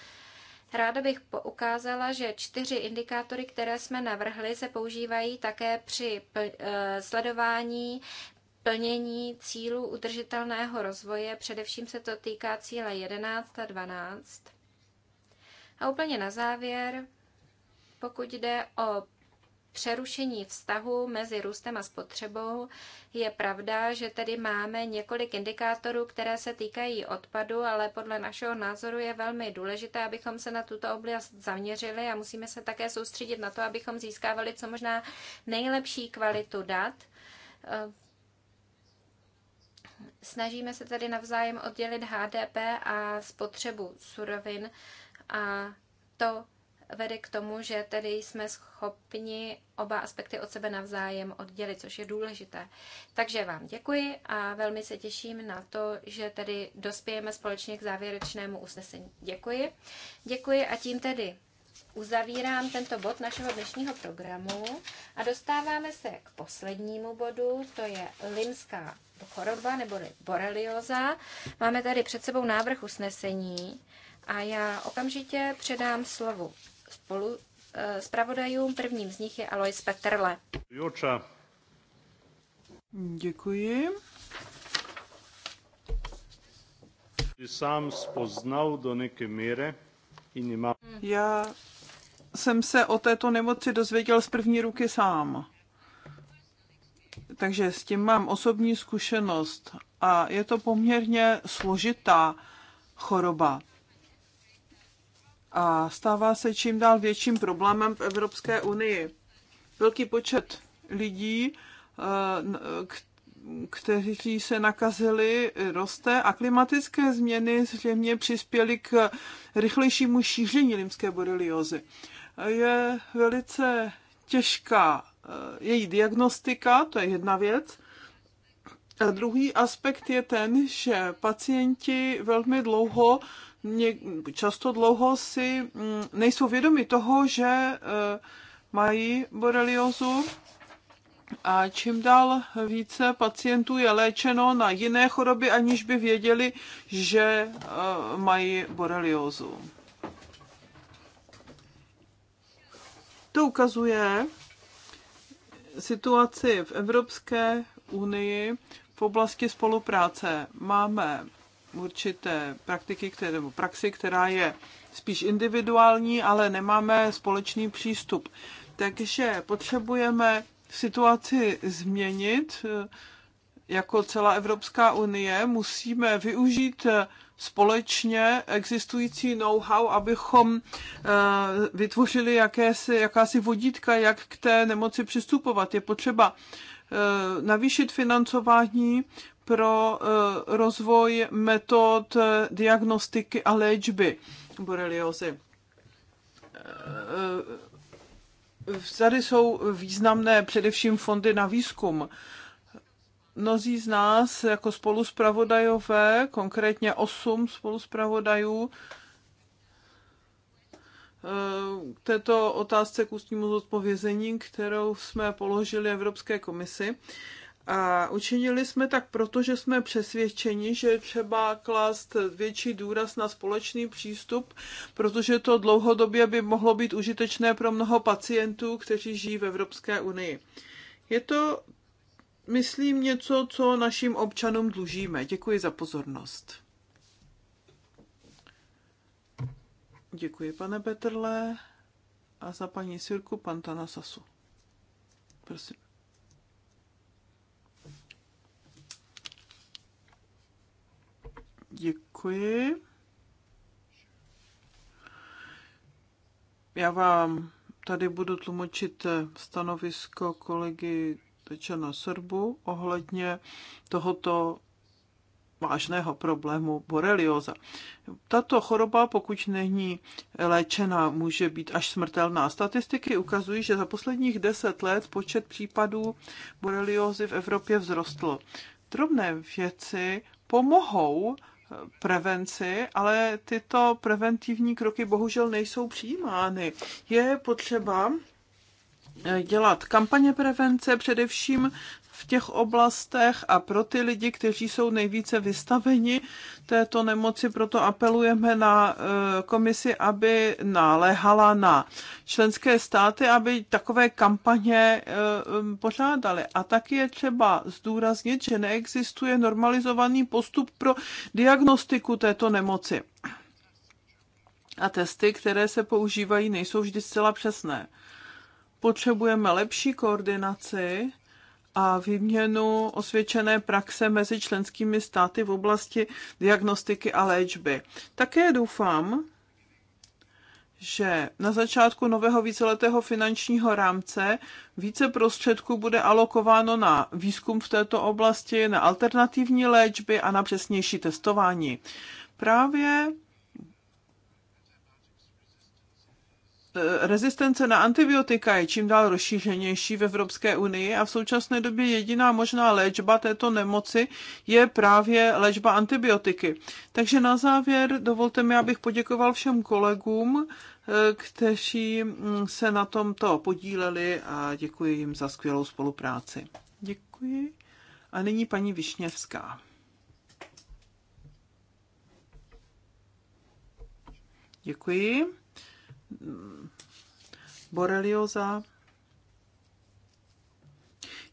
Ráda bych poukázala, že čtyři indikátory, které jsme navrhli, se používají také při eh, sledování plnění cílů udržitelného rozvoje. Především se to týká cíle 11 a 12. A úplně na závěr, pokud jde o přerušení vztahu mezi růstem a spotřebou. Je pravda, že tedy máme několik indikátorů, které se týkají odpadu, ale podle našeho názoru je velmi důležité, abychom se na tuto oblast zaměřili a musíme se také soustředit na to, abychom získávali co možná nejlepší kvalitu dat. Snažíme se tedy navzájem oddělit HDP a spotřebu surovin a to vede k tomu, že tedy jsme schopni oba aspekty od sebe navzájem oddělit, což je důležité. Takže vám děkuji a velmi se těším na to, že tedy dospějeme společně k závěrečnému usnesení. Děkuji. Děkuji a tím tedy uzavírám tento bod našeho dnešního programu a dostáváme se k poslednímu bodu, to je limská choroba nebo borelioza. Máme tady před sebou návrh usnesení a já okamžitě předám slovo spolu eh, zpravodajům. Prvním z nich je Alois Petrle. Děkuji. Sám spoznal do nějaké míry. Já jsem se o této nemoci dozvěděl z první ruky sám. Takže s tím mám osobní zkušenost a je to poměrně složitá choroba a stává se čím dál větším problémem v Evropské unii. Velký počet lidí, eh, kteří se nakazili, roste a klimatické změny zřejmě přispěly k rychlejšímu šíření limské boreliozy. Je velice těžká eh, její diagnostika, to je jedna věc. A druhý aspekt je ten, že pacienti velmi dlouho často dlouho si mm, nejsou vědomi toho, že eh, mají boreliozu a čím dál více pacientů je léčeno na jiné choroby, aniž by věděli, že eh, mají boreliozu. To ukazuje situaci v Evropské unii v oblasti spolupráce. Máme určité praktiky, které, nebo praxi, která je spíš individuální, ale nemáme společný přístup. Takže potřebujeme situaci změnit eh, jako celá Evropská unie. Musíme využít eh, společně existující know-how, abychom eh, vytvořili jakési, jakási vodítka, jak k té nemoci přistupovat. Je potřeba navýšit financování, pro eh, rozvoj metod diagnostiky a léčby boreliozy. Eh, tady jsou významné především fondy na výzkum. Mnozí z nás jako spoluspravodajové, konkrétně osm spoluspravodajů, eh, k této otázce k ústnímu zodpovězení, kterou jsme položili Evropské komisi. A učinili jsme tak protože jsme přesvědčeni, že třeba klást větší důraz na společný přístup, protože to dlouhodobě by mohlo být užitečné pro mnoho pacientů, kteří žijí v Evropské unii. Je to, myslím, něco, co našim občanům dlužíme. Děkuji za pozornost. Děkuji, pane Petrle. A za paní Sirku, pan Tanasasu. Prosím. Děkuji. Já vám tady budu tlumočit eh, stanovisko kolegy Tečana Srbu ohledně tohoto vážného problému borelioza. Tato choroba, pokud není léčena, může být až smrtelná. Statistiky ukazují, že za posledních deset let počet případů boreliozy v Evropě vzrostl. Drobné věci pomohou prevenci, ale tyto preventivní kroky bohužel nejsou přijímány. Je potřeba dělat kampaně prevence, především v těch oblastech a pro ty lidi, kteří jsou nejvíce vystaveni této nemoci. Proto apelujeme na eh, komisi, aby naléhala na členské státy, aby takové kampaně eh, pořádaly. A taky je třeba zdůraznit, že neexistuje normalizovaný postup pro diagnostiku této nemoci. A testy, které se používají, nejsou vždy zcela přesné. Potřebujeme lepší koordinaci a výměnu osvědčené praxe mezi členskými státy v oblasti diagnostiky a léčby. Také doufám, že na začátku nového víceletého finančního rámce více prostředků bude alokováno na výzkum v této oblasti, na alternativní léčby a na přesnější testování. Právě Eh, rezistence na antibiotika je čím dál rozšířenější v Evropské unii a v současné době jediná možná léčba této nemoci je právě léčba antibiotiky. Takže na závěr dovolte mi, abych poděkoval všem kolegům, eh, kteří mm, se na tomto podíleli a děkuji jim za skvělou spolupráci. Děkuji. A nyní paní Višněvská. Děkuji borelioza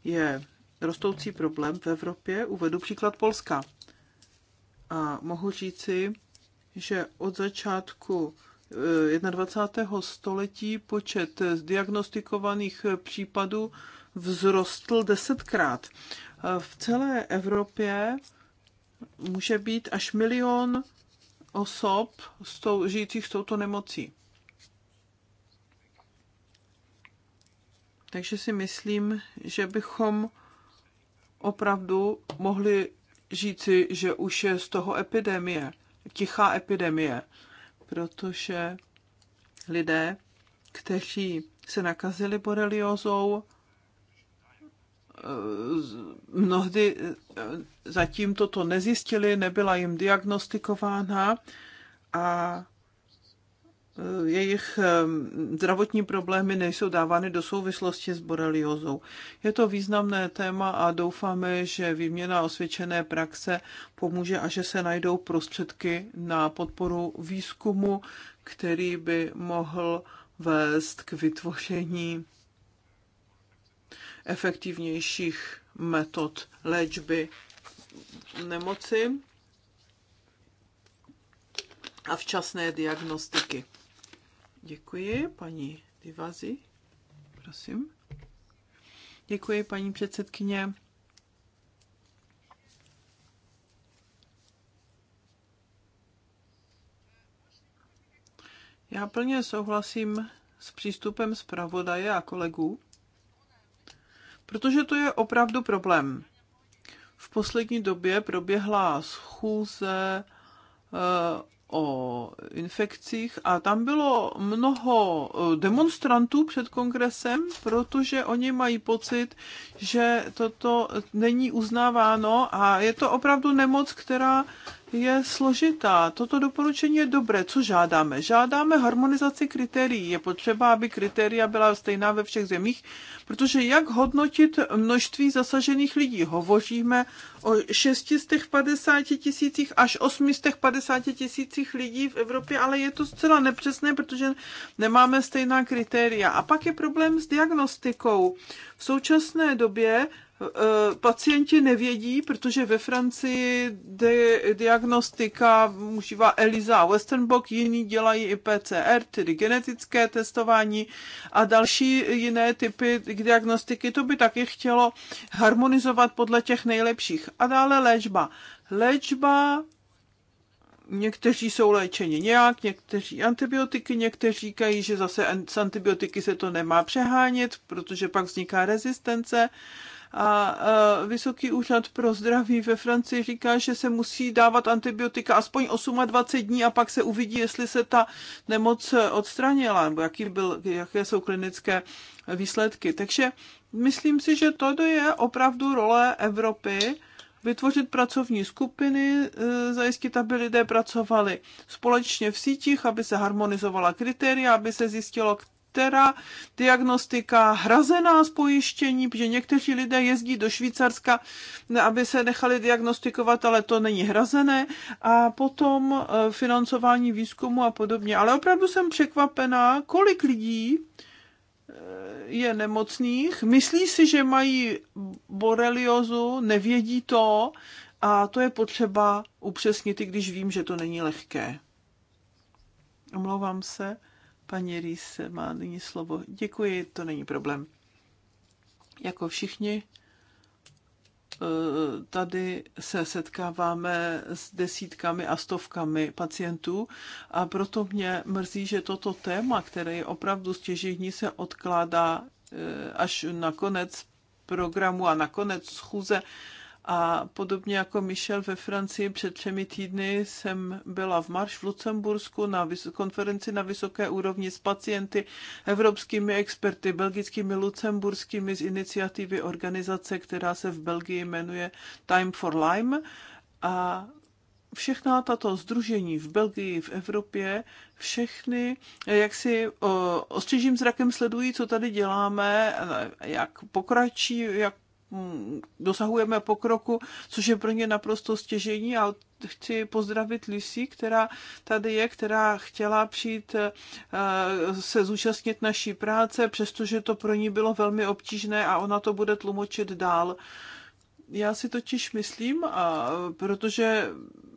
je rostoucí problém v Evropě. Uvedu příklad Polska. A mohu říci, že od začátku 21. Eh, století počet diagnostikovaných případů vzrostl desetkrát. V celé Evropě může být až milion osob s tou, žijících s touto nemocí. Takže si myslím, že bychom opravdu mohli říci, že už je z toho epidemie, tichá epidemie, protože lidé, kteří se nakazili boreliozou, eh, mnohdy eh, zatím toto nezjistili, nebyla jim diagnostikována a Eh, jejich eh, zdravotní problémy nejsou dávány do souvislosti s boreliozou. Je to významné téma a doufáme, že výměna osvědčené praxe pomůže a že se najdou prostředky na podporu výzkumu, který by mohl vést k vytvoření efektivnějších metod léčby nemoci a včasné diagnostiky. Děkuji, paní Divazi. Prosím. Děkuji, paní předsedkyně. Já plně souhlasím s přístupem zpravodaje a kolegů, protože to je opravdu problém. V poslední době proběhla schůze eh, o infekcích a tam bylo mnoho e, demonstrantů před kongresem, protože oni mají pocit, že toto není uznáváno a je to opravdu nemoc, která je složitá. Toto doporučení je dobré. Co žádáme? Žádáme harmonizaci kritérií. Je potřeba, aby kritéria byla stejná ve všech zemích, protože jak hodnotit množství zasažených lidí? Hovoříme o 650 tisících až 850 tisících lidí v Evropě, ale je to zcela nepřesné, protože nemáme stejná kritéria. A pak je problém s diagnostikou. V současné době Eh, pacienti nevědí, protože ve Francii de- diagnostika užívá ELISA a Westernbok, jiní dělají i PCR, tedy genetické testování a další jiné typy diagnostiky. To by taky chtělo harmonizovat podle těch nejlepších. A dále léčba. Léčba Někteří jsou léčeni nějak, někteří antibiotiky, někteří říkají, že zase s antibiotiky se to nemá přehánět, protože pak vzniká rezistence a Vysoký úřad pro zdraví ve Francii říká, že se musí dávat antibiotika aspoň 28 dní a pak se uvidí, jestli se ta nemoc odstranila, nebo jaký byl, jaké jsou klinické výsledky. Takže myslím si, že to je opravdu role Evropy, vytvořit pracovní skupiny, e, zajistit, aby lidé pracovali společně v sítích, aby se harmonizovala kritéria, aby se zjistilo, která diagnostika hrazená z pojištění, protože někteří lidé jezdí do Švýcarska, aby se nechali diagnostikovat, ale to není hrazené, a potom e, financování výzkumu a podobně. Ale opravdu jsem překvapená, kolik lidí e, je nemocných, myslí si, že mají boreliozu, nevědí to a to je potřeba upřesnit, i když vím, že to není lehké. Omlouvám se. Paní Rýs má nyní slovo. Děkuji, to není problém. Jako všichni, eh, tady se setkáváme s desítkami a stovkami pacientů a proto mě mrzí, že toto téma, které je opravdu stěžení, se odkládá eh, až na konec programu a na konec schůze a podobně jako Michel ve Francii před třemi týdny jsem byla v Marš v Lucembursku na konferenci na vysoké úrovni s pacienty, evropskými experty, belgickými, lucemburskými z iniciativy organizace, která se v Belgii jmenuje Time for Lyme. A všechna tato združení v Belgii, v Evropě, všechny, jak si ostřižím zrakem sledují, co tady děláme, jak pokračí, jak Mm, dosahujeme pokroku, což je pro ně naprosto stěžení a chci pozdravit Lisi, která tady je, která chtěla přijít eh, se zúčastnit naší práce, přestože to pro ní bylo velmi obtížné a ona to bude tlumočit dál já si totiž myslím, a e, protože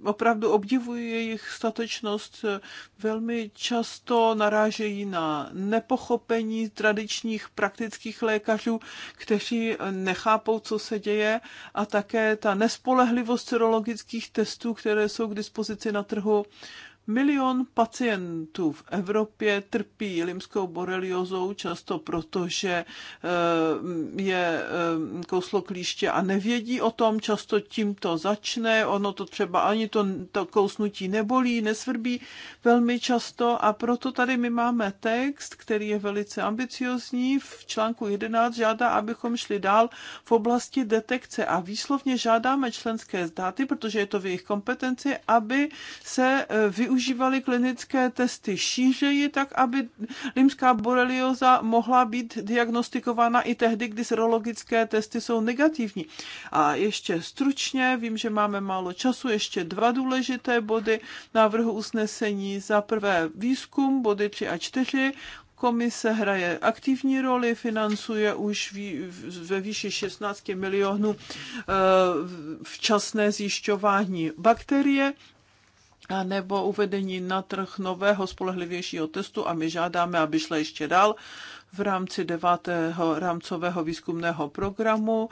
opravdu obdivuji jejich statečnost, e, velmi často narážejí na nepochopení tradičních praktických lékařů, kteří e, nechápou, co se děje a také ta nespolehlivost serologických testů, které jsou k dispozici na trhu, Milion pacientů v Evropě trpí limskou boreliozou často proto, že eh, je eh, kouslo klíště a nevědí o tom, často tím to začne, ono to třeba ani to, to kousnutí nebolí, nesvrbí velmi často a proto tady my máme text, který je velice ambiciozní, v článku 11 žádá, abychom šli dál v oblasti detekce a výslovně žádáme členské zdáty, protože je to v jejich kompetenci, aby se eh, využili využívali klinické testy šířeji, tak aby limská borelioza mohla být diagnostikována i tehdy, kdy serologické testy jsou negativní. A ještě stručně, vím, že máme málo času, ještě dva důležité body návrhu usnesení. Za prvé výzkum, body 3 a 4, Komise hraje aktivní roli, financuje už ve výši 16 milionů eh, včasné zjišťování bakterie nebo uvedení na trh nového spolehlivějšího testu a my žádáme, aby šla ještě dál v rámci devátého rámcového výzkumného programu,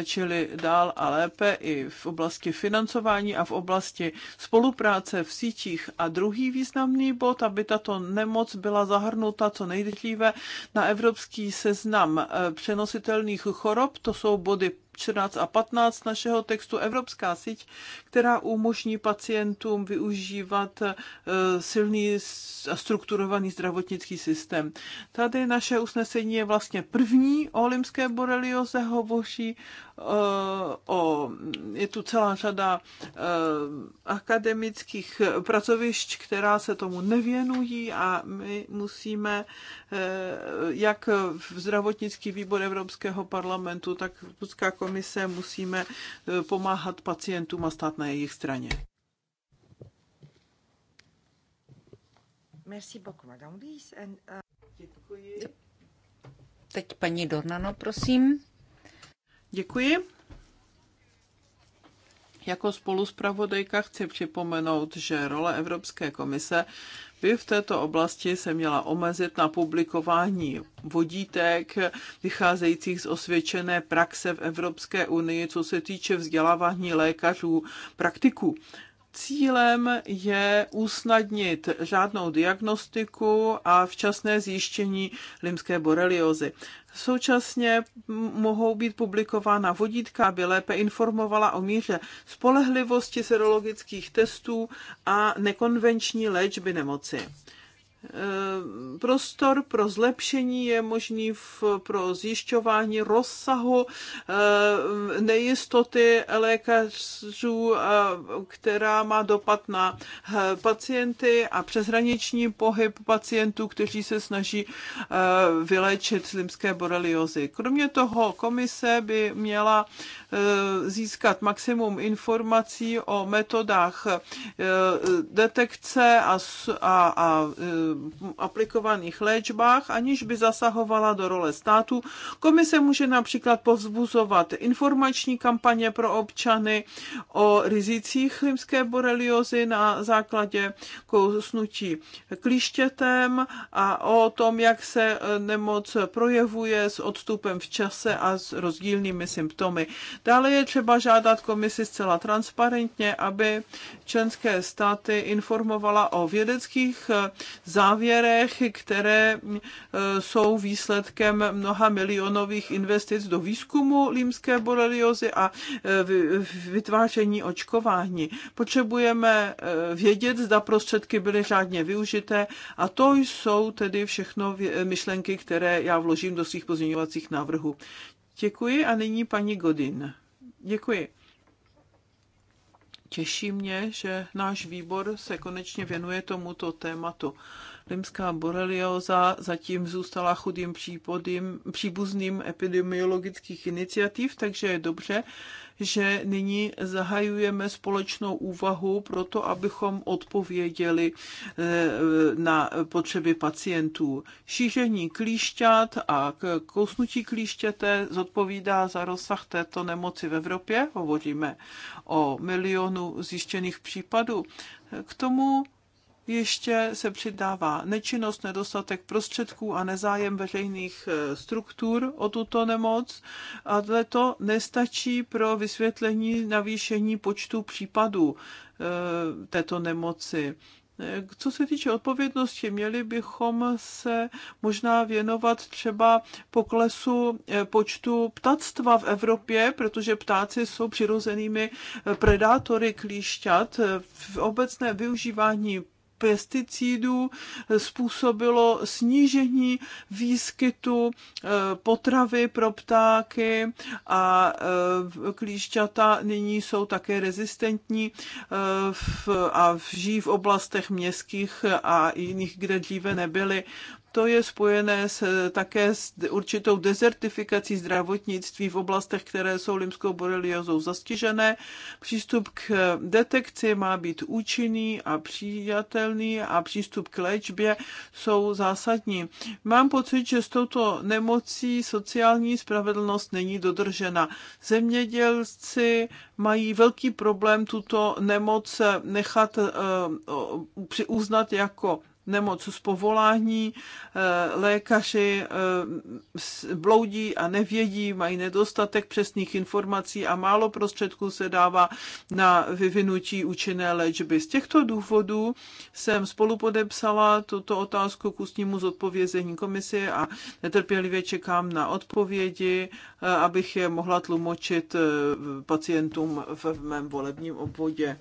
eh, čili dál a lépe i v oblasti financování a v oblasti spolupráce v sítích. A druhý významný bod, aby tato nemoc byla zahrnuta co nejdříve na evropský seznam eh, přenositelných chorob, to jsou body 14 a 15 našeho textu Evropská síť, která umožní pacientům využívat eh, silný a strukturovaný zdravotnický systém. Tady naše usnesení je vlastně první o limské borelioze, hovoří eh, o, je tu celá řada eh, akademických pracovišť, která se tomu nevěnují a my musíme, jak v zdravotnický výbor Evropského parlamentu, tak Ruská komise musíme eh, pomáhat pacientům a stát na jejich straně. Uh, Děkuji. Teď paní Dornano, prosím. Děkuji. Jako spoluspravodajka chci připomenout, že role Evropské komise by v této oblasti se měla omezit na publikování vodítek vycházejících z osvědčené praxe v Evropské unii, co se týče vzdělávání lékařů praktiků. Cílem je usnadnit žádnou diagnostiku a včasné zjištění limské boreliozy. Současně mohou být publikována vodítka, aby lépe informovala o míře spolehlivosti serologických testů a nekonvenční léčby nemoci. Eh, prostor pro zlepšení je možný v, pro zjišťování rozsahu eh, nejistoty lékařů, eh, která má dopad na pacienty a přeshraniční pohyb pacientů, kteří se snaží vyléčit limské boreliozy. Kromě toho komise by měla získat maximum informací o metodách detekce a, a, a Eh, aplikovaných léčbách, aniž by zasahovala do role státu. Komise může například povzbuzovat informační kampaně pro občany o rizicích chlimské boreliozy na základě kousnutí klíštětem a o tom, jak se eh, nemoc projevuje s odstupem v čase a s rozdílnými symptomy. Dále je třeba žádat komisi zcela transparentně, aby členské státy informovala o vědeckých eh, závěrech, které mm, e, jsou výsledkem mnoha milionových investic do výzkumu límské boreliozy a e, vytváření očkování. Potřebujeme e, vědět, zda prostředky byly řádně využité a to jsou tedy všechno myšlenky, které já vložím do svých pozměňovacích návrhů. Děkuji a nyní paní Godin. Děkuji. Těší mě, že náš výbor se konečně věnuje tomuto tématu limská borelioza zatím zůstala chudým přípodím, příbuzným epidemiologických iniciativ, takže je dobře, že nyní zahajujeme společnou úvahu pro to, abychom odpověděli eh, na potřeby pacientů. Šíření klíšťat a kousnutí klíštěte zodpovídá za rozsah této nemoci v Evropě. Hovoříme o milionu zjištěných případů. K tomu ještě se přidává nečinnost, nedostatek prostředků a nezájem veřejných eh, struktur o tuto nemoc. A to nestačí pro vysvětlení navýšení počtu případů eh, této nemoci. Eh, co se týče odpovědnosti, měli bychom se možná věnovat třeba poklesu počtu ptactva v Evropě, protože ptáci jsou přirozenými predátory klíšťat. V obecné využívání pesticidů eh, způsobilo snížení výskytu eh, potravy pro ptáky a eh, klíšťata nyní jsou také rezistentní a žijí v oblastech městských a jiných, kde dříve nebyly to je spojené s, také s určitou dezertifikací zdravotnictví v oblastech, které jsou limskou boreliozou zastižené. Přístup k detekci má být účinný a přijatelný a přístup k léčbě jsou zásadní. Mám pocit, že s touto nemocí sociální spravedlnost není dodržena. Zemědělci mají velký problém tuto nemoc nechat eh, uznat jako nemoc z povolání, eh, lékaři eh, bloudí a nevědí, mají nedostatek přesných informací a málo prostředků se dává na vyvinutí účinné léčby. Z těchto důvodů jsem spolupodepsala tuto otázku k ústnímu zodpovězení komisie a netrpělivě čekám na odpovědi, eh, abych je mohla tlumočit pacientům v mém volebním obvodě.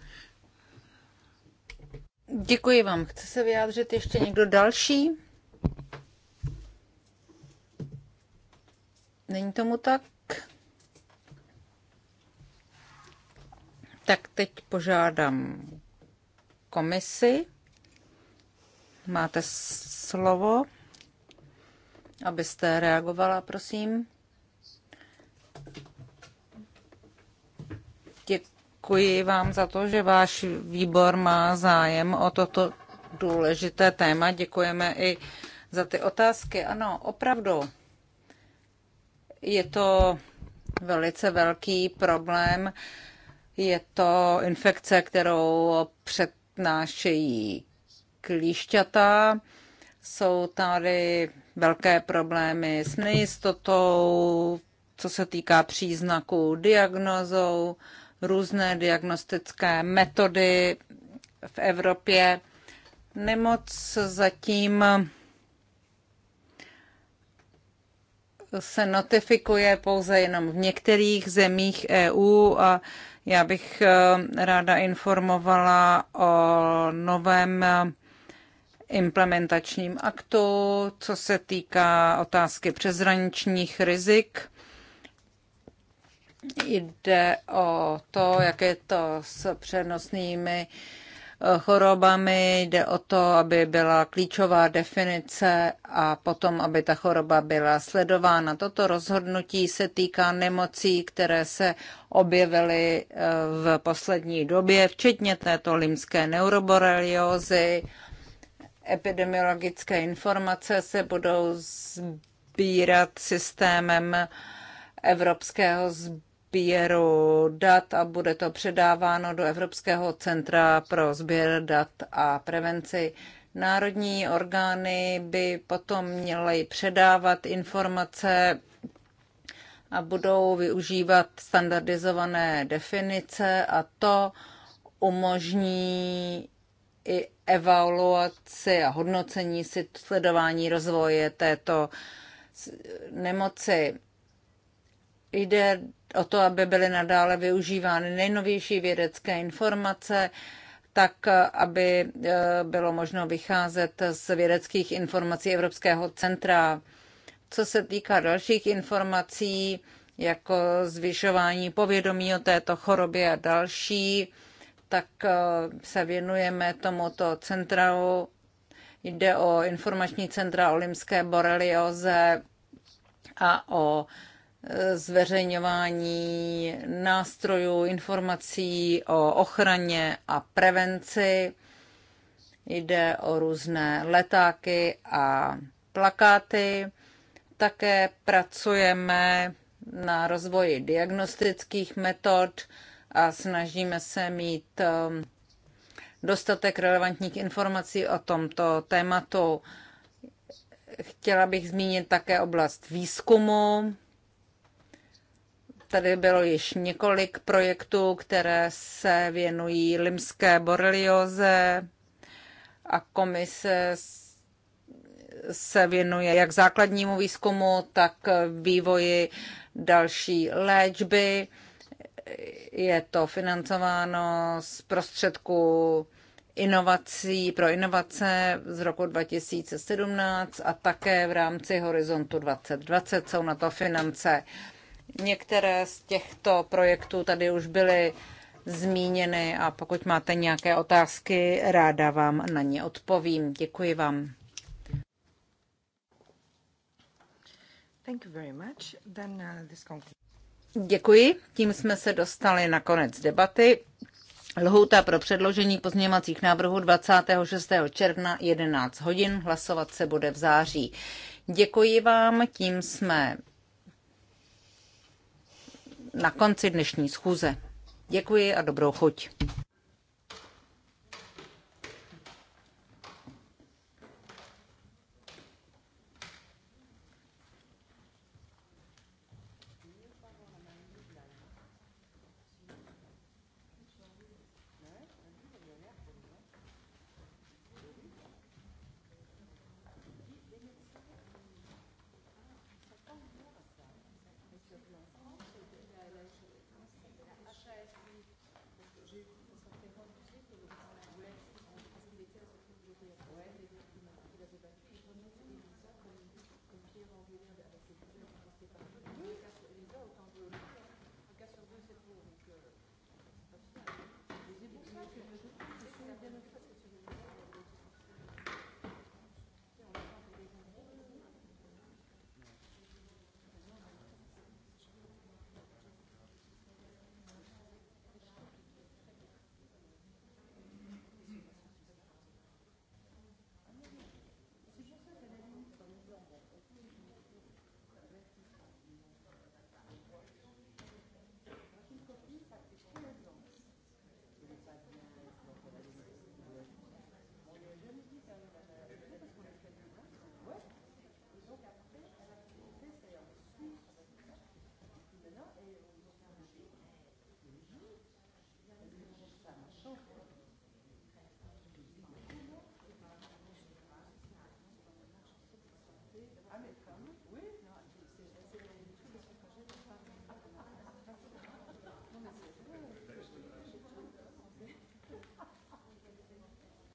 Děkuji vám. Chce se vyjádřit ještě někdo další? Není tomu tak? Tak teď požádám komisi. Máte slovo, abyste reagovala, prosím. Děkuji vám za to, že váš výbor má zájem o toto důležité téma. Děkujeme i za ty otázky. Ano, opravdu je to velice velký problém. Je to infekce, kterou přednášejí klíšťata. Jsou tady velké problémy s nejistotou, co se týká příznaků, diagnozou, různé diagnostické metody v Evropě. Nemoc zatím se notifikuje pouze jenom v některých zemích EU a já bych eh, ráda informovala o novém eh, implementačním aktu, co se týká otázky přezraničních rizik. Jde o to, jak je to s přenosnými eh, chorobami, jde o to, aby byla klíčová definice a potom, aby ta choroba byla sledována. Toto rozhodnutí se týká nemocí, které se objevily eh, v poslední době, včetně této limské neuroboreliozy. Epidemiologické informace se budou sbírat systémem Evropského sbíru sběru dat a bude to předáváno do Evropského centra pro sběr dat a prevenci. Národní orgány by potom měly předávat informace a budou využívat standardizované definice a to umožní i evaluaci a hodnocení sledování rozvoje této nemoci. Jde o to, aby byly nadále využívány nejnovější vědecké informace, tak aby e, bylo možno vycházet z vědeckých informací Evropského centra. Co se týká dalších informací, jako zvyšování povědomí o této chorobě a další, tak e, se věnujeme tomuto centru. Jde o informační centra o limské borelioze a o zveřejňování nástrojů, informací o ochraně a prevenci. Jde o různé letáky a plakáty. Také pracujeme na rozvoji diagnostických metod a snažíme se mít um, dostatek relevantních informací o tomto tématu. Chtěla bych zmínit také oblast výzkumu. Tady bylo již několik projektů, které se věnují limské borelioze a komise se věnuje jak základnímu výzkumu, tak vývoji další léčby. Je to financováno z prostředků inovací pro inovace z roku 2017 a také v rámci Horizontu 2020 jsou na to finance. Některé z těchto projektů tady už byly zmíněny a pokud máte nějaké otázky, ráda vám na ně odpovím. Děkuji vám. Thank you very much. Then, uh, this Děkuji. Tím jsme se dostali na konec debaty. Lhouta pro předložení pozměňovacích návrhů 26. června 11 hodin. Hlasovat se bude v září. Děkuji vám, tím jsme na konci dnešní schůze. Děkuji a dobrou chuť.